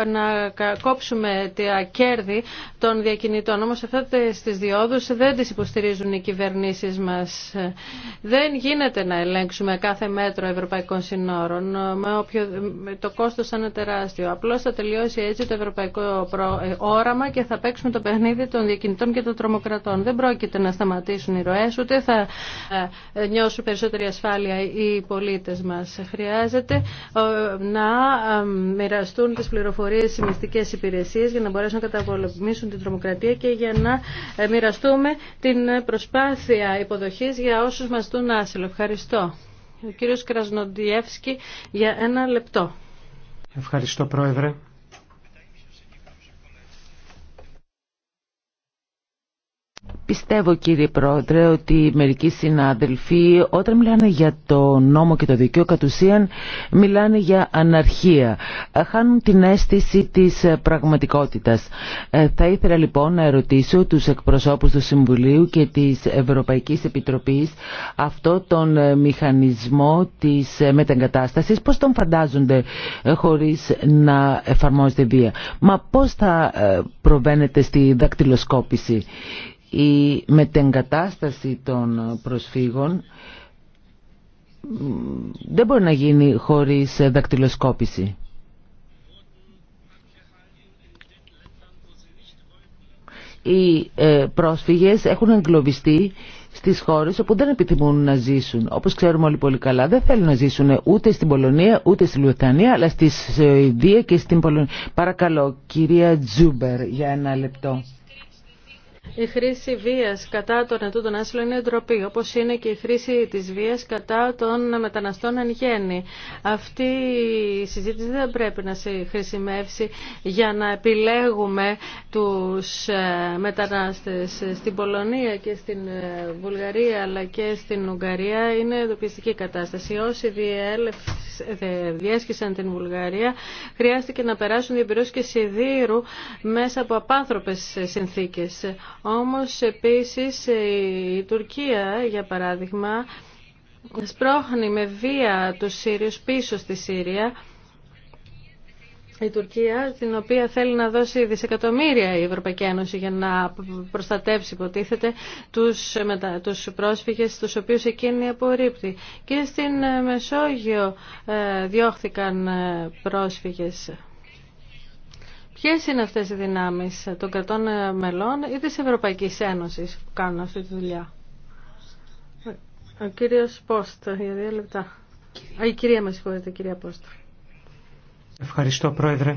να κόψουμε τα κέρδη των διακινητών. Όμως αυτά τις διόδους δεν τις υποστηρίζουν οι κυβερνήσεις μας. Δεν γίνεται να ελέγξουμε κάθε μέτρο ευρωπαϊκών συνόρων. Με όποιο... Το κόστος θα είναι τεράστιο. Απλώς θα τελειώσει έτσι το ευρωπαϊκό όραμα και θα παίξουμε το παιχνίδι των διακινητών και των τρομοκρατών. Δεν πρόκειται να σταματήσουν οι ροές, ούτε θα ε, νιώσουν δώσουν περισσότερη ασφάλεια οι πολίτες μας. Χρειάζεται ε, να ε, μοιραστούν τις πληροφορίες στις μυστικές υπηρεσίες για να μπορέσουν να καταπολεμήσουν την τρομοκρατία και για να ε, μοιραστούμε την προσπάθεια υποδοχής για όσους μας δουν άσυλο. Ευχαριστώ. Ο κύριος Κρασνοντιεύσκη για ένα λεπτό. Ευχαριστώ Πρόεδρε. Πιστεύω κύριε Πρόεδρε ότι μερικοί συνάδελφοι όταν μιλάνε για το νόμο και το δικαίωμα κατ' ουσίαν μιλάνε για αναρχία. Ε, χάνουν την αίσθηση της ε, πραγματικότητας. Ε, θα ήθελα λοιπόν να ερωτήσω τους εκπροσώπους του Συμβουλίου και της Ευρωπαϊκής Επιτροπής αυτό τον μηχανισμό της μεταγκατάστασης, πώς τον φαντάζονται χωρίς να εφαρμόζεται βία. Μα πώς θα προβαίνετε στη δακτυλοσκόπηση η μετεγκατάσταση των προσφύγων δεν μπορεί να γίνει χωρίς δακτυλοσκόπηση. Οι ε, πρόσφυγες έχουν εγκλωβιστεί στις χώρες όπου δεν επιθυμούν να ζήσουν. Όπως ξέρουμε όλοι πολύ καλά, δεν θέλουν να ζήσουν ούτε στην Πολωνία, ούτε στη Λουθανία, αλλά στη Σουηδία και στην Πολωνία. Παρακαλώ, κυρία Τζούμπερ, για ένα λεπτό. Η χρήση βία κατά των ετούντων άσυλων είναι ντροπή, όπω είναι και η χρήση τη βία κατά των μεταναστών εν γέννη. Αυτή η συζήτηση δεν πρέπει να χρησιμεύσει για να επιλέγουμε του ε, μετανάστες στην Πολωνία και στην ε, Βουλγαρία αλλά και στην Ουγγαρία. Είναι εντοπιστική κατάσταση. Όσοι διέσχισαν την Βουλγαρία χρειάστηκε να περάσουν διαπυρώσεις και σιδήρου μέσα από απάνθρωπε συνθήκε. Όμως επίσης η Τουρκία για παράδειγμα σπρώχνει με βία τους Σύριους πίσω στη Σύρια η Τουρκία, την οποία θέλει να δώσει δισεκατομμύρια η Ευρωπαϊκή Ένωση για να προστατεύσει, υποτίθεται, τους, μετα, τους πρόσφυγες τους οποίους εκείνη απορρίπτει. Και στην Μεσόγειο ε, διώχθηκαν ε, πρόσφυγες. Ποιε είναι αυτέ οι δυνάμεις των κρατών μελών ή της Ευρωπαϊκής Ένωσης που κάνουν αυτή τη δουλειά. Ο κυριο Πόστα, για δύο λεπτά. Α, η κυρία με συγχωρείτε, κυρία Πόστα. Ευχαριστώ, Πρόεδρε.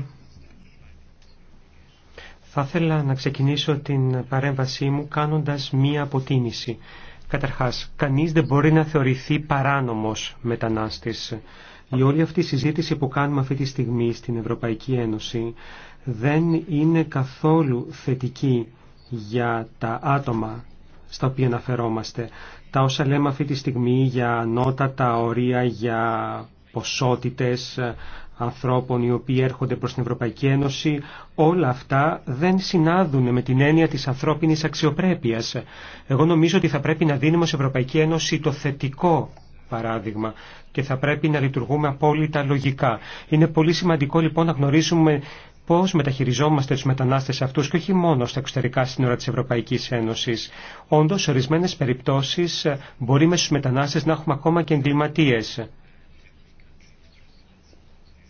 Θα ήθελα να ξεκινήσω την παρέμβασή μου κάνοντας μία αποτίμηση. Καταρχάς, κανείς δεν μπορεί να θεωρηθεί παράνομος μετανάστης. Η όλη αυτή η συζήτηση που κάνουμε αυτή τη στιγμή στην Ευρωπαϊκή Ένωση δεν είναι καθόλου θετική για τα άτομα στα οποία αναφερόμαστε. Τα όσα λέμε αυτή τη στιγμή για ανώτατα ωρία, για ποσότητες ανθρώπων οι οποίοι έρχονται προς την Ευρωπαϊκή Ένωση, όλα αυτά δεν συνάδουν με την έννοια της ανθρώπινης αξιοπρέπειας. Εγώ νομίζω ότι θα πρέπει να δίνουμε στην Ευρωπαϊκή Ένωση το θετικό παράδειγμα και θα πρέπει να λειτουργούμε απόλυτα λογικά. Είναι πολύ σημαντικό λοιπόν να γνωρίσουμε πώς μεταχειριζόμαστε τους μετανάστες αυτούς και όχι μόνο στα εξωτερικά σύνορα της Ευρωπαϊκής Ένωσης. Όντως, σε ορισμένες περιπτώσεις ε, μπορεί με στους μετανάστες να έχουμε ακόμα και εγκληματίες.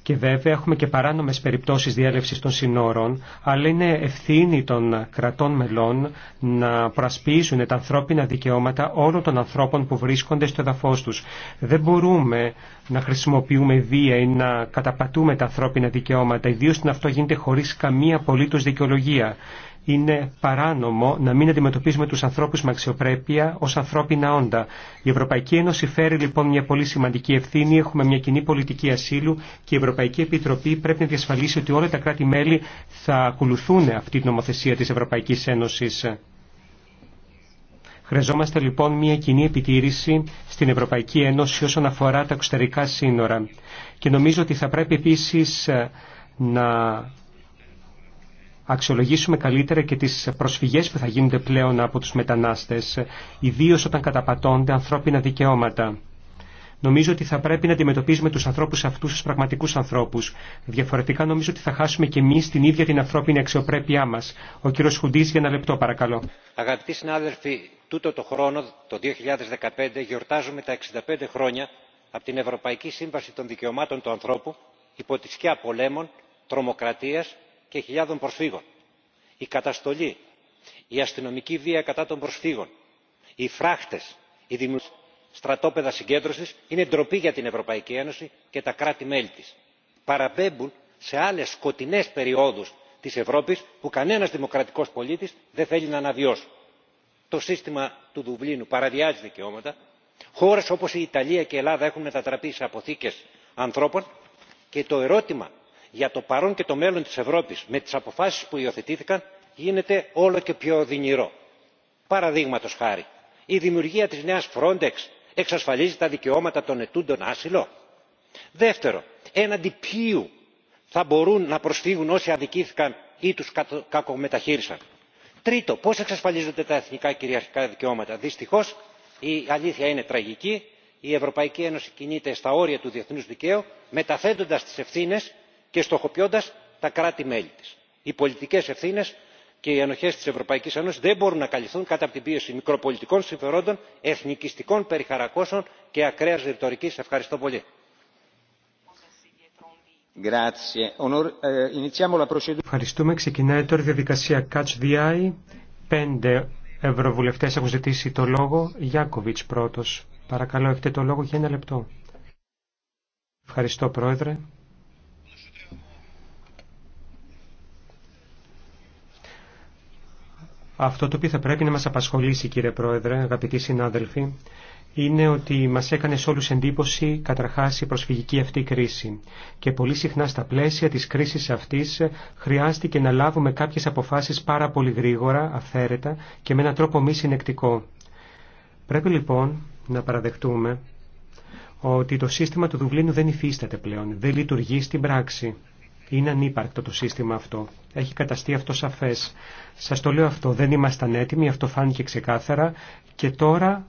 Και βέβαια έχουμε και παράνομες περιπτώσεις διέλευσης των συνόρων, αλλά είναι ευθύνη των κρατών μελών να προασπίσουν τα ανθρώπινα δικαιώματα όλων των ανθρώπων που βρίσκονται στο εδαφός τους. Δεν μπορούμε να χρησιμοποιούμε βία ή να καταπατούμε τα ανθρώπινα δικαιώματα, ιδίως όταν αυτό γίνεται χωρίς καμία απολύτως δικαιολογία είναι παράνομο να μην αντιμετωπίζουμε τους ανθρώπους με αξιοπρέπεια ως ανθρώπινα όντα. Η Ευρωπαϊκή Ένωση φέρει λοιπόν μια πολύ σημαντική ευθύνη, έχουμε μια κοινή πολιτική ασύλου και η Ευρωπαϊκή Επιτροπή πρέπει να διασφαλίσει ότι όλα τα κράτη-μέλη θα ακολουθούν αυτή την νομοθεσία της Ευρωπαϊκής Ένωσης. Χρειαζόμαστε λοιπόν μια κοινή επιτήρηση στην Ευρωπαϊκή Ένωση όσον αφορά τα εξωτερικά σύνορα. Και νομίζω ότι θα πρέπει επίσης να αξιολογήσουμε καλύτερα και τις προσφυγές που θα γίνονται πλέον από τους μετανάστες, ιδίως όταν καταπατώνται ανθρώπινα δικαιώματα. Νομίζω ότι θα πρέπει να αντιμετωπίζουμε τους ανθρώπους αυτούς ως πραγματικούς ανθρώπους. Διαφορετικά νομίζω ότι θα χάσουμε και εμείς την ίδια την ανθρώπινη αξιοπρέπειά μας. Ο κύριος Χουντής για ένα λεπτό παρακαλώ. Αγαπητοί συνάδελφοι, τούτο το χρόνο, το 2015, γιορτάζουμε τα 65 χρόνια από την Ευρωπαϊκή Σύμβαση των Δικαιωμάτων του Ανθρώπου υπό τη σκιά πολέμων, τρομοκρατίας και χιλιάδων προσφύγων η καταστολή η αστυνομική βία κατά των προσφύγων οι φράχτε, οι δημιουργία στρατόπεδα συγκέντρωση είναι ντροπή για την ευρωπαϊκή ένωση και τα κράτη μέλη τη παραπέμπουν σε άλλε σκοτεινέ περιόδου τη Ευρώπη που κανένα δημοκρατικό πολίτη δεν θέλει να αναβιώσει. το σύστημα του δουβλίνου παραβιάζει δικαιώματα χώρε όπω η ιταλία και η ελλάδα έχουν μετατραπεί σε αποθήκε ανθρώπων και το ερώτημα για το παρόν και το μέλλον της ευρώπης με τις αποφάσεις που υιοθετήθηκαν γίνεται όλο και πιο οδυνηρό. παραδείγματο χάρη η δημιουργία της νέας frontex εξασφαλίζει τα δικαιώματα των ετούντων άσυλο. δεύτερο έναντι ποιου θα μπορούν να προσφύγουν όσοι αδικήθηκαν ή τους κακομεταχείρισαν. τρίτο πώς εξασφαλίζονται τα εθνικά κυριαρχικά δικαιώματα. δυστυχώς η αλήθεια είναι τραγική η ευρωπαϊκή ένωση κινείται στα όρια του διεθνούς δικαίου μεταθέτοντας τις ευθύνες και στοχοποιώντα τα κράτη μέλη τη. οι πολιτικέ ευθύνε και οι ενοχέ τη ευρωπαϊκή ένωση δεν μπορούν να καλυφθούν κατά την πίεση μικροπολιτικών συμφερόντων εθνικιστικών περιχαρακώσεων και ακραία ρητορική. ευχαριστώ πολύ. Eh, Ευχαριστούμε. Ξεκινάει τώρα η διαδικασία Catch the Eye. Πέντε ευρωβουλευτέ έχουν ζητήσει το λόγο. Γιάκοβιτ πρώτο. Παρακαλώ, έχετε το λόγο για ένα λεπτό. Ευχαριστώ, Πρόεδρε. Αυτό το οποίο θα πρέπει να μας απασχολήσει κύριε Πρόεδρε, αγαπητοί συνάδελφοι, είναι ότι μας έκανε σε όλους εντύπωση καταρχάς η προσφυγική αυτή κρίση και πολύ συχνά στα πλαίσια της κρίσης αυτής χρειάστηκε να λάβουμε κάποιες αποφάσεις πάρα πολύ γρήγορα, αυθαίρετα και με έναν τρόπο μη συνεκτικό. Πρέπει λοιπόν να παραδεχτούμε ότι το σύστημα του Δουβλίνου δεν υφίσταται πλέον, δεν λειτουργεί στην πράξη. Είναι ανύπαρκτο το σύστημα αυτό. Έχει καταστεί αυτό σαφές. Σας το λέω αυτό, δεν ήμασταν έτοιμοι, αυτό φάνηκε ξεκάθαρα και τώρα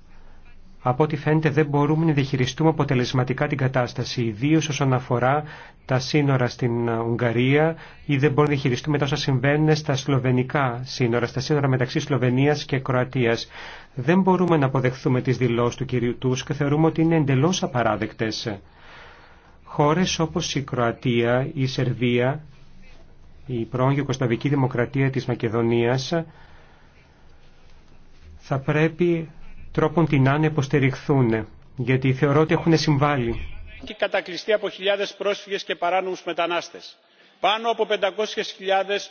από ό,τι φαίνεται δεν μπορούμε να διαχειριστούμε αποτελεσματικά την κατάσταση, ιδίω όσον αφορά τα σύνορα στην Ουγγαρία ή δεν μπορούμε να διαχειριστούμε τα όσα συμβαίνουν στα σλοβενικά σύνορα, στα σύνορα μεταξύ Σλοβενίας και Κροατίας. Δεν μπορούμε να αποδεχθούμε τις δηλώσεις του κυρίου Τούσκ, θεωρούμε ότι είναι εντελώς απαράδεκτες. Χώρες όπως η δεν μπορουμε να διαχειριστουμε τα οσα συμβαινουν στα σλοβενικα συνορα στα συνορα μεταξυ σλοβενιας και κροατιας δεν μπορουμε να αποδεχθουμε τις δηλωσεις του κυριου τους και θεωρουμε οτι ειναι εντελως απαραδεκτες χωρες οπως η Σερβία η πρώην Κωνσταντική Δημοκρατία της Μακεδονίας θα πρέπει τρόπον την άνε υποστηριχθούν, γιατί θεωρώ ότι έχουν συμβάλει. Έχει κατακλειστεί από χιλιάδες πρόσφυγες και παράνομους μετανάστες. Πάνω από 500.000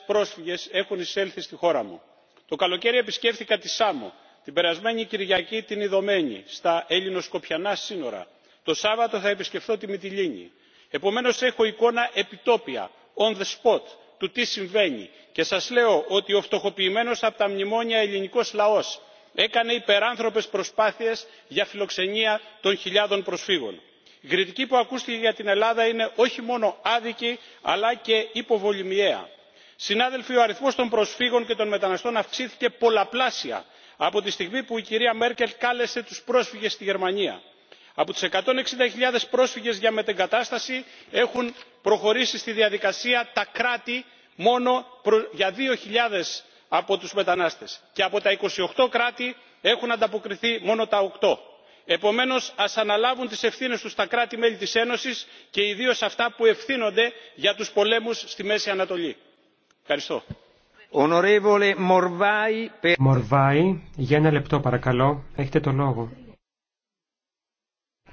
πρόσφυγες έχουν εισέλθει στη χώρα μου. Το καλοκαίρι επισκέφθηκα τη Σάμο, την περασμένη Κυριακή την Ιδωμένη, στα ελληνοσκοπιανά σύνορα. Το Σάββατο θα επισκεφθώ τη Μυτιλίνη. Επομένως έχω εικόνα επιτόπια, on the spot, του τι συμβαίνει και σας λέω ότι ο φτωχοποιημένος από τα μνημόνια ελληνικός λαός έκανε υπεράνθρωπες προσπάθειες για φιλοξενία των χιλιάδων προσφύγων. η κριτική που ακούστηκε για την ελλάδα είναι όχι μόνο άδικη αλλά και υποβολημιαία. συνάδελφοι ο αριθμός των προσφύγων και των μεταναστών αυξήθηκε πολλαπλάσια από τη στιγμή που η κυρία μέρκελ κάλεσε τους πρόσφυγες στη γερμανία από τις 160.000 πρόσφυγες για μετεγκατάσταση έχουν προχωρήσει στη διαδικασία τα κράτη μόνο για 2.000 από τους μετανάστες και από τα 28 κράτη έχουν ανταποκριθεί μόνο τα 8. Επομένως, ας αναλάβουν τις ευθύνες τους τα κράτη-μέλη της Ένωσης και ιδίως αυτά που ευθύνονται για τους πολέμους στη Μέση Ανατολή. Ευχαριστώ.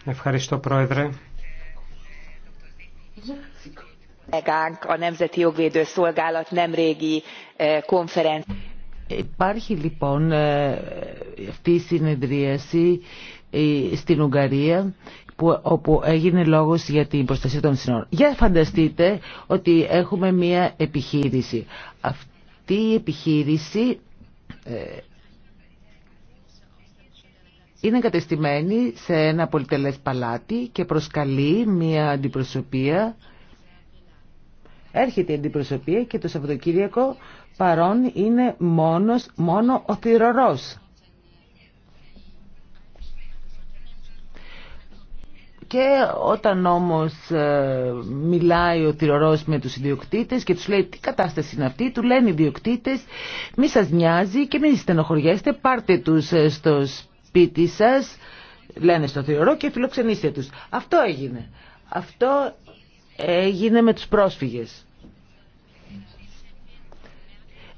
Ευχαριστώ, Πρόεδρε. Eh, Υπάρχει λοιπόν ε, αυτή η συνεδρίαση ε, στην Ουγγαρία που, όπου έγινε λόγος για την προστασία των συνόρων. Για φανταστείτε ότι έχουμε μία επιχείρηση. Αυτή η επιχείρηση ε, είναι εγκατεστημένη σε ένα πολυτελές παλάτι και προσκαλεί μια αντιπροσωπεία. Έρχεται η αντιπροσωπεία και το Σαββατοκύριακο παρόν είναι μόνος, μόνο ο θηρορός. Και όταν όμως ε, μιλάει ο θηρορός με τους ιδιοκτήτες και τους λέει τι κατάσταση είναι αυτή, του λένε οι ιδιοκτήτες μη σας νοιάζει και μην στενοχωριέστε, πάρτε τους ε, στο σπίτι σπίτι σας, λένε στο θεωρό και φιλοξενήστε τους. Αυτό έγινε. Αυτό έγινε με τους πρόσφυγες.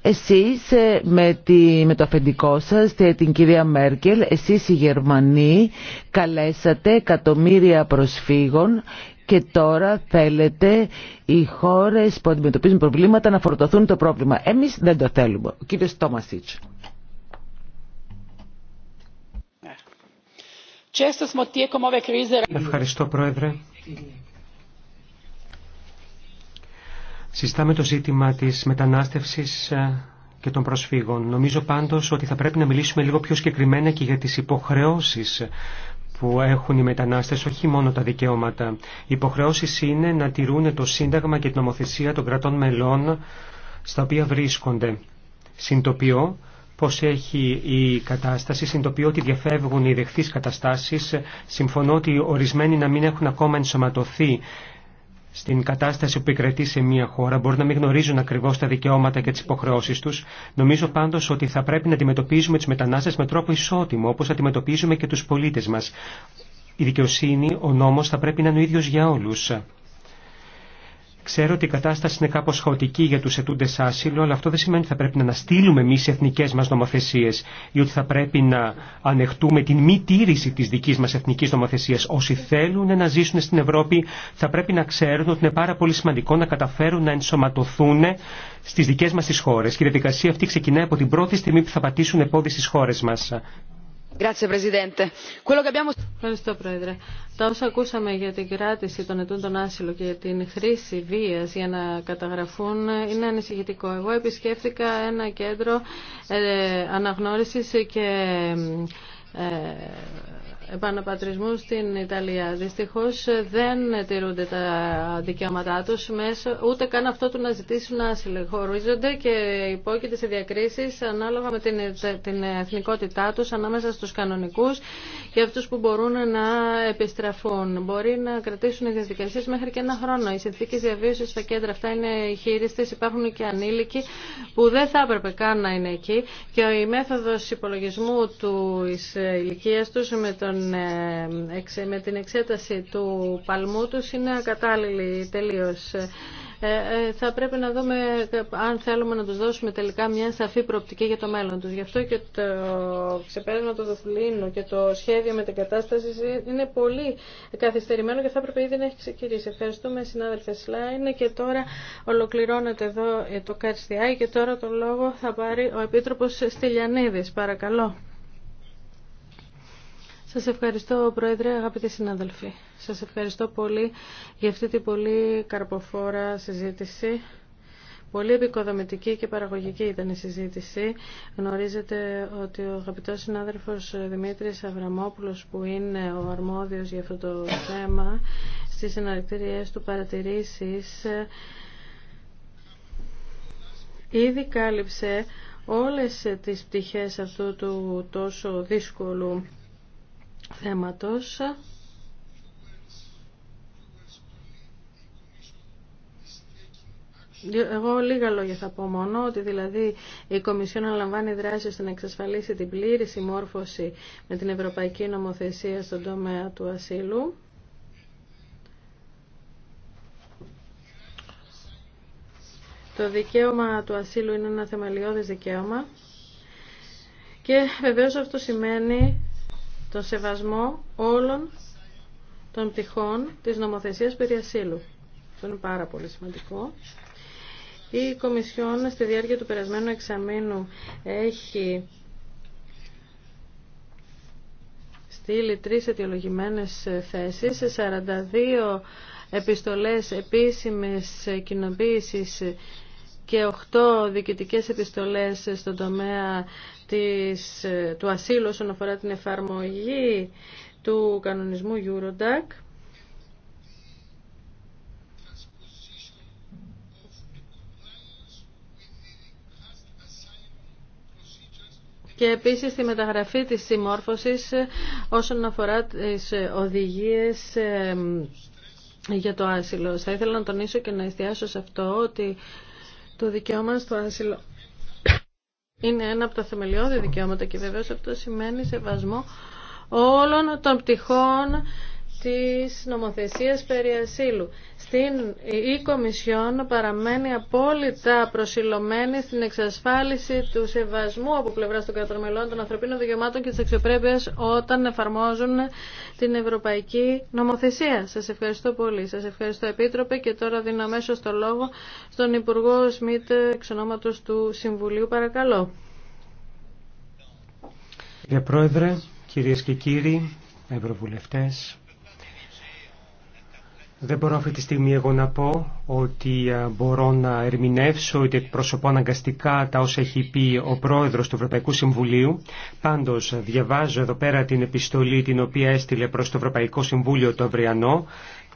Εσείς ε, με, με το αφεντικό σας, την κυρία Μέρκελ, εσείς οι Γερμανοί καλέσατε εκατομμύρια προσφύγων και τώρα θέλετε οι χώρες που αντιμετωπίζουν προβλήματα να φορτωθούν το πρόβλημα. Εμείς δεν το θέλουμε. Ο κύριος Τόμασίτς. Ευχαριστώ, Πρόεδρε. Συστάμε το ζήτημα της μετανάστευσης ε, και των προσφύγων. Νομίζω πάντως ότι θα πρέπει να μιλήσουμε λίγο πιο συγκεκριμένα και για τις υποχρεώσεις που έχουν οι μετανάστες, όχι μόνο τα δικαιώματα. Οι υποχρεώσεις είναι να τηρούν το Σύνταγμα και την νομοθεσία των κρατών μελών στα οποία βρίσκονται. Συντοπιώ πώς έχει η κατάσταση, συνειδητοποιώ ότι διαφεύγουν οι δεχθείς καταστάσεις, συμφωνώ ότι ορισμένοι να μην έχουν ακόμα ενσωματωθεί στην κατάσταση που επικρατεί σε μια χώρα, μπορεί να μην γνωρίζουν ακριβώ τα δικαιώματα και τι υποχρεώσει του. Νομίζω πάντω ότι θα πρέπει να αντιμετωπίζουμε του μετανάστε με τρόπο ισότιμο, όπω αντιμετωπίζουμε και του πολίτε μα. Η δικαιοσύνη, ο νόμο θα πρέπει να είναι ο ίδιο για όλου. Ξέρω ότι η κατάσταση είναι κάπως χαοτική για τους ετούντες άσυλο, αλλά αυτό δεν σημαίνει ότι θα πρέπει να αναστείλουμε εμεί οι εθνικές μας νομοθεσίες ή ότι θα πρέπει να ανεχτούμε την μη τήρηση της δικής μας εθνικής νομοθεσίας. Όσοι θέλουν να ζήσουν στην Ευρώπη θα πρέπει να ξέρουν ότι είναι πάρα πολύ σημαντικό να καταφέρουν να ενσωματωθούν στις δικές μας τις χώρες. Και η διαδικασία αυτή ξεκινάει από την πρώτη στιγμή που θα πατήσουν πόδι στις χώρες μας. Ευχαριστώ, Πρόεδρε. Τα όσα ακούσαμε για την κράτηση των ετούντων άσυλο και για την χρήση βία για να καταγραφούν είναι ανησυχητικό. Εγώ επισκέφθηκα ένα κέντρο ε, αναγνώριση και ε, επαναπατρισμού στην Ιταλία. Δυστυχώ δεν τηρούνται τα δικαιώματά του μέσα, ούτε καν αυτό του να ζητήσουν άσυλο. Χωρίζονται και υπόκειται σε διακρίσει ανάλογα με την, την εθνικότητά του ανάμεσα στου κανονικού και αυτού που μπορούν να επιστραφούν. Μπορεί να κρατήσουν οι διαδικασίε μέχρι και ένα χρόνο. Οι συνθήκε διαβίωση στα κέντρα αυτά είναι χείριστε, υπάρχουν και ανήλικοι που δεν θα έπρεπε καν να είναι εκεί και η μέθοδο υπολογισμού του ε, ηλικία του με τον τον, ε, με την εξέταση του παλμού τους είναι ακατάλληλη τελείως. Ε, ε, θα πρέπει να δούμε αν θέλουμε να τους δώσουμε τελικά μια σαφή προοπτική για το μέλλον τους. Γι' αυτό και το ξεπέρασμα του Δοφλίνου και το σχέδιο κατάσταση είναι πολύ καθυστερημένο και θα έπρεπε ήδη να έχει ξεκινήσει. Ευχαριστούμε συνάδελφε Σλάιν και τώρα ολοκληρώνεται εδώ το Καρστιάι και τώρα τον λόγο θα πάρει ο Επίτροπος Στυλιανίδης. Παρακαλώ. Σας ευχαριστώ, Πρόεδρε, αγαπητοί συνάδελφοι. Σας ευχαριστώ πολύ για αυτή την πολύ καρποφόρα συζήτηση. Πολύ επικοδομητική και παραγωγική ήταν η συζήτηση. Γνωρίζετε ότι ο αγαπητός συνάδελφος Δημήτρης Αβραμόπουλος που είναι ο αρμόδιος για αυτό το θέμα στις συναρκτήριές του παρατηρήσεις ήδη κάλυψε όλες τις πτυχές αυτού του τόσο δύσκολου θέματος. Εγώ λίγα λόγια θα πω μόνο, ότι δηλαδή η Κομισιόν αναλαμβάνει δράση ώστε να εξασφαλίσει την πλήρη συμμόρφωση με την Ευρωπαϊκή Νομοθεσία στον τομέα του ασύλου. Το δικαίωμα του ασύλου είναι ένα θεμελιώδες δικαίωμα και βεβαίως αυτό σημαίνει το σεβασμό όλων των πτυχών της νομοθεσίας περί ασύλου. Αυτό είναι πάρα πολύ σημαντικό. Η Κομισιόν στη διάρκεια του περασμένου εξαμήνου έχει στείλει τρεις αιτιολογημένες θέσεις 42 επιστολές επίσημες κοινοποίησης και 8 διοικητικές επιστολές στον τομέα της, του ασύλου όσον αφορά την εφαρμογή του κανονισμού Eurodac και επίσης τη μεταγραφή της συμμόρφωσης όσον αφορά τις οδηγίες για το άσυλο. Θα ήθελα να τονίσω και να εστιάσω σε αυτό ότι το δικαίωμα στο άσυλο είναι ένα από τα θεμελιώδη δικαιώματα και βεβαίως αυτό σημαίνει σεβασμό όλων των πτυχών της νομοθεσίας περί ασύλου. Στην, η Κομισιόν παραμένει απόλυτα προσιλωμένη στην εξασφάλιση του σεβασμού από πλευρά των κρατών των ανθρωπίνων δικαιωμάτων και της αξιοπρέπειας όταν εφαρμόζουν την ευρωπαϊκή νομοθεσία. Σας ευχαριστώ πολύ. Σας ευχαριστώ Επίτροπε και τώρα δίνω αμέσω το λόγο στον Υπουργό Σμίτ εξ του Συμβουλίου. Παρακαλώ. Κύριε Πρόεδρε, κύριε και κύριοι, Ευρωβουλευτές, δεν μπορώ αυτή τη στιγμή εγώ να πω ότι ε, μπορώ να ερμηνεύσω ότι εκπροσωπώ αναγκαστικά τα όσα έχει πει ο πρόεδρος του Ευρωπαϊκού Συμβουλίου. Πάντως διαβάζω εδώ πέρα την επιστολή την οποία έστειλε προς το Ευρωπαϊκό Συμβούλιο το Αυριανό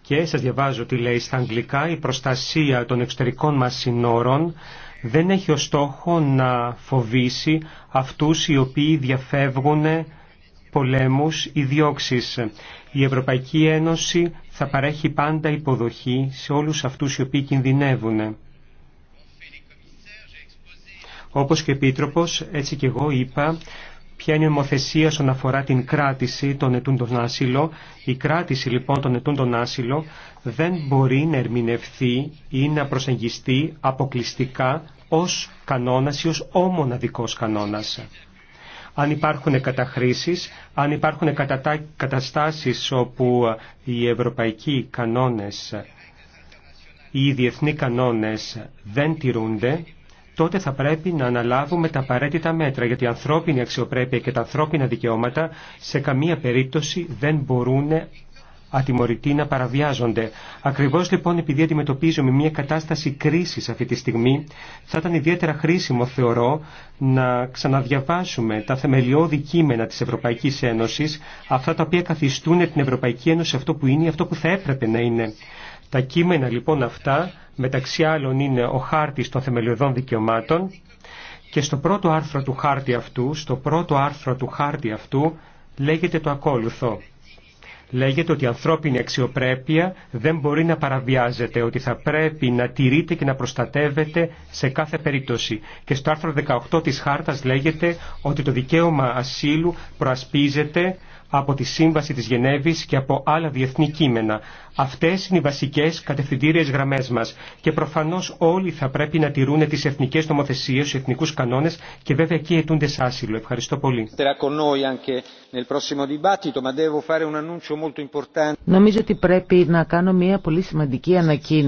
και σας διαβάζω τι λέει στα αγγλικά η προστασία των εξωτερικών μας συνόρων δεν έχει ως στόχο να φοβήσει αυτούς οι οποίοι διαφεύγουν πολέμους ή διώξεις. Η Ευρωπαϊκή Ένωση θα παρέχει πάντα υποδοχή σε όλους αυτούς οι οποίοι κινδυνεύουν. Όπως και Επίτροπος, έτσι και εγώ είπα, ποια είναι η νομοθεσία όσον αφορά την κράτηση των ετούντων άσυλο. Η κράτηση λοιπόν των ετούντων άσυλο δεν μπορεί να ερμηνευθεί ή να προσεγγιστεί αποκλειστικά ως κανόνας ή ως ομοναδικός κανόνας αν υπάρχουν καταχρήσεις, αν υπάρχουν καταστάσεις όπου οι ευρωπαϊκοί κανόνες ή οι διεθνοί κανόνες δεν τηρούνται, τότε θα πρέπει να αναλάβουμε τα απαραίτητα μέτρα, γιατί η ανθρώπινη αξιοπρέπεια και τα ανθρώπινα δικαιώματα σε καμία περίπτωση δεν μπορούν ατιμωρητοί να παραβιάζονται. Ακριβώς λοιπόν επειδή αντιμετωπίζουμε μια κατάσταση κρίσης αυτή τη στιγμή, θα ήταν ιδιαίτερα χρήσιμο θεωρώ να ξαναδιαβάσουμε τα θεμελιώδη κείμενα της Ευρωπαϊκής Ένωσης, αυτά τα οποία καθιστούν την Ευρωπαϊκή Ένωση αυτό που είναι, ή αυτό που θα έπρεπε να είναι. Τα κείμενα λοιπόν αυτά, μεταξύ άλλων είναι ο χάρτης των θεμελιωδών δικαιωμάτων και στο πρώτο άρθρο του χάρτη αυτού, στο πρώτο άρθρο του χάρτη αυτού λέγεται το ακόλουθο λέγεται ότι η ανθρώπινη αξιοπρέπεια δεν μπορεί να παραβιάζεται, ότι θα πρέπει να τηρείται και να προστατεύεται σε κάθε περίπτωση. Και στο άρθρο 18 της χάρτας λέγεται ότι το δικαίωμα ασύλου προασπίζεται από τη Σύμβαση της Γενέβης και από άλλα διεθνή κείμενα. Αυτές είναι οι βασικές κατευθυντήριες γραμμές μας και προφανώς όλοι θα πρέπει να τηρούν τις εθνικές νομοθεσίες, τους εθνικούς κανόνες και βέβαια εκεί αιτούνται σε άσυλο. Ευχαριστώ πολύ. Νομίζω ότι πρέπει να κάνω μια πολύ σημαντική ανακοίνωση.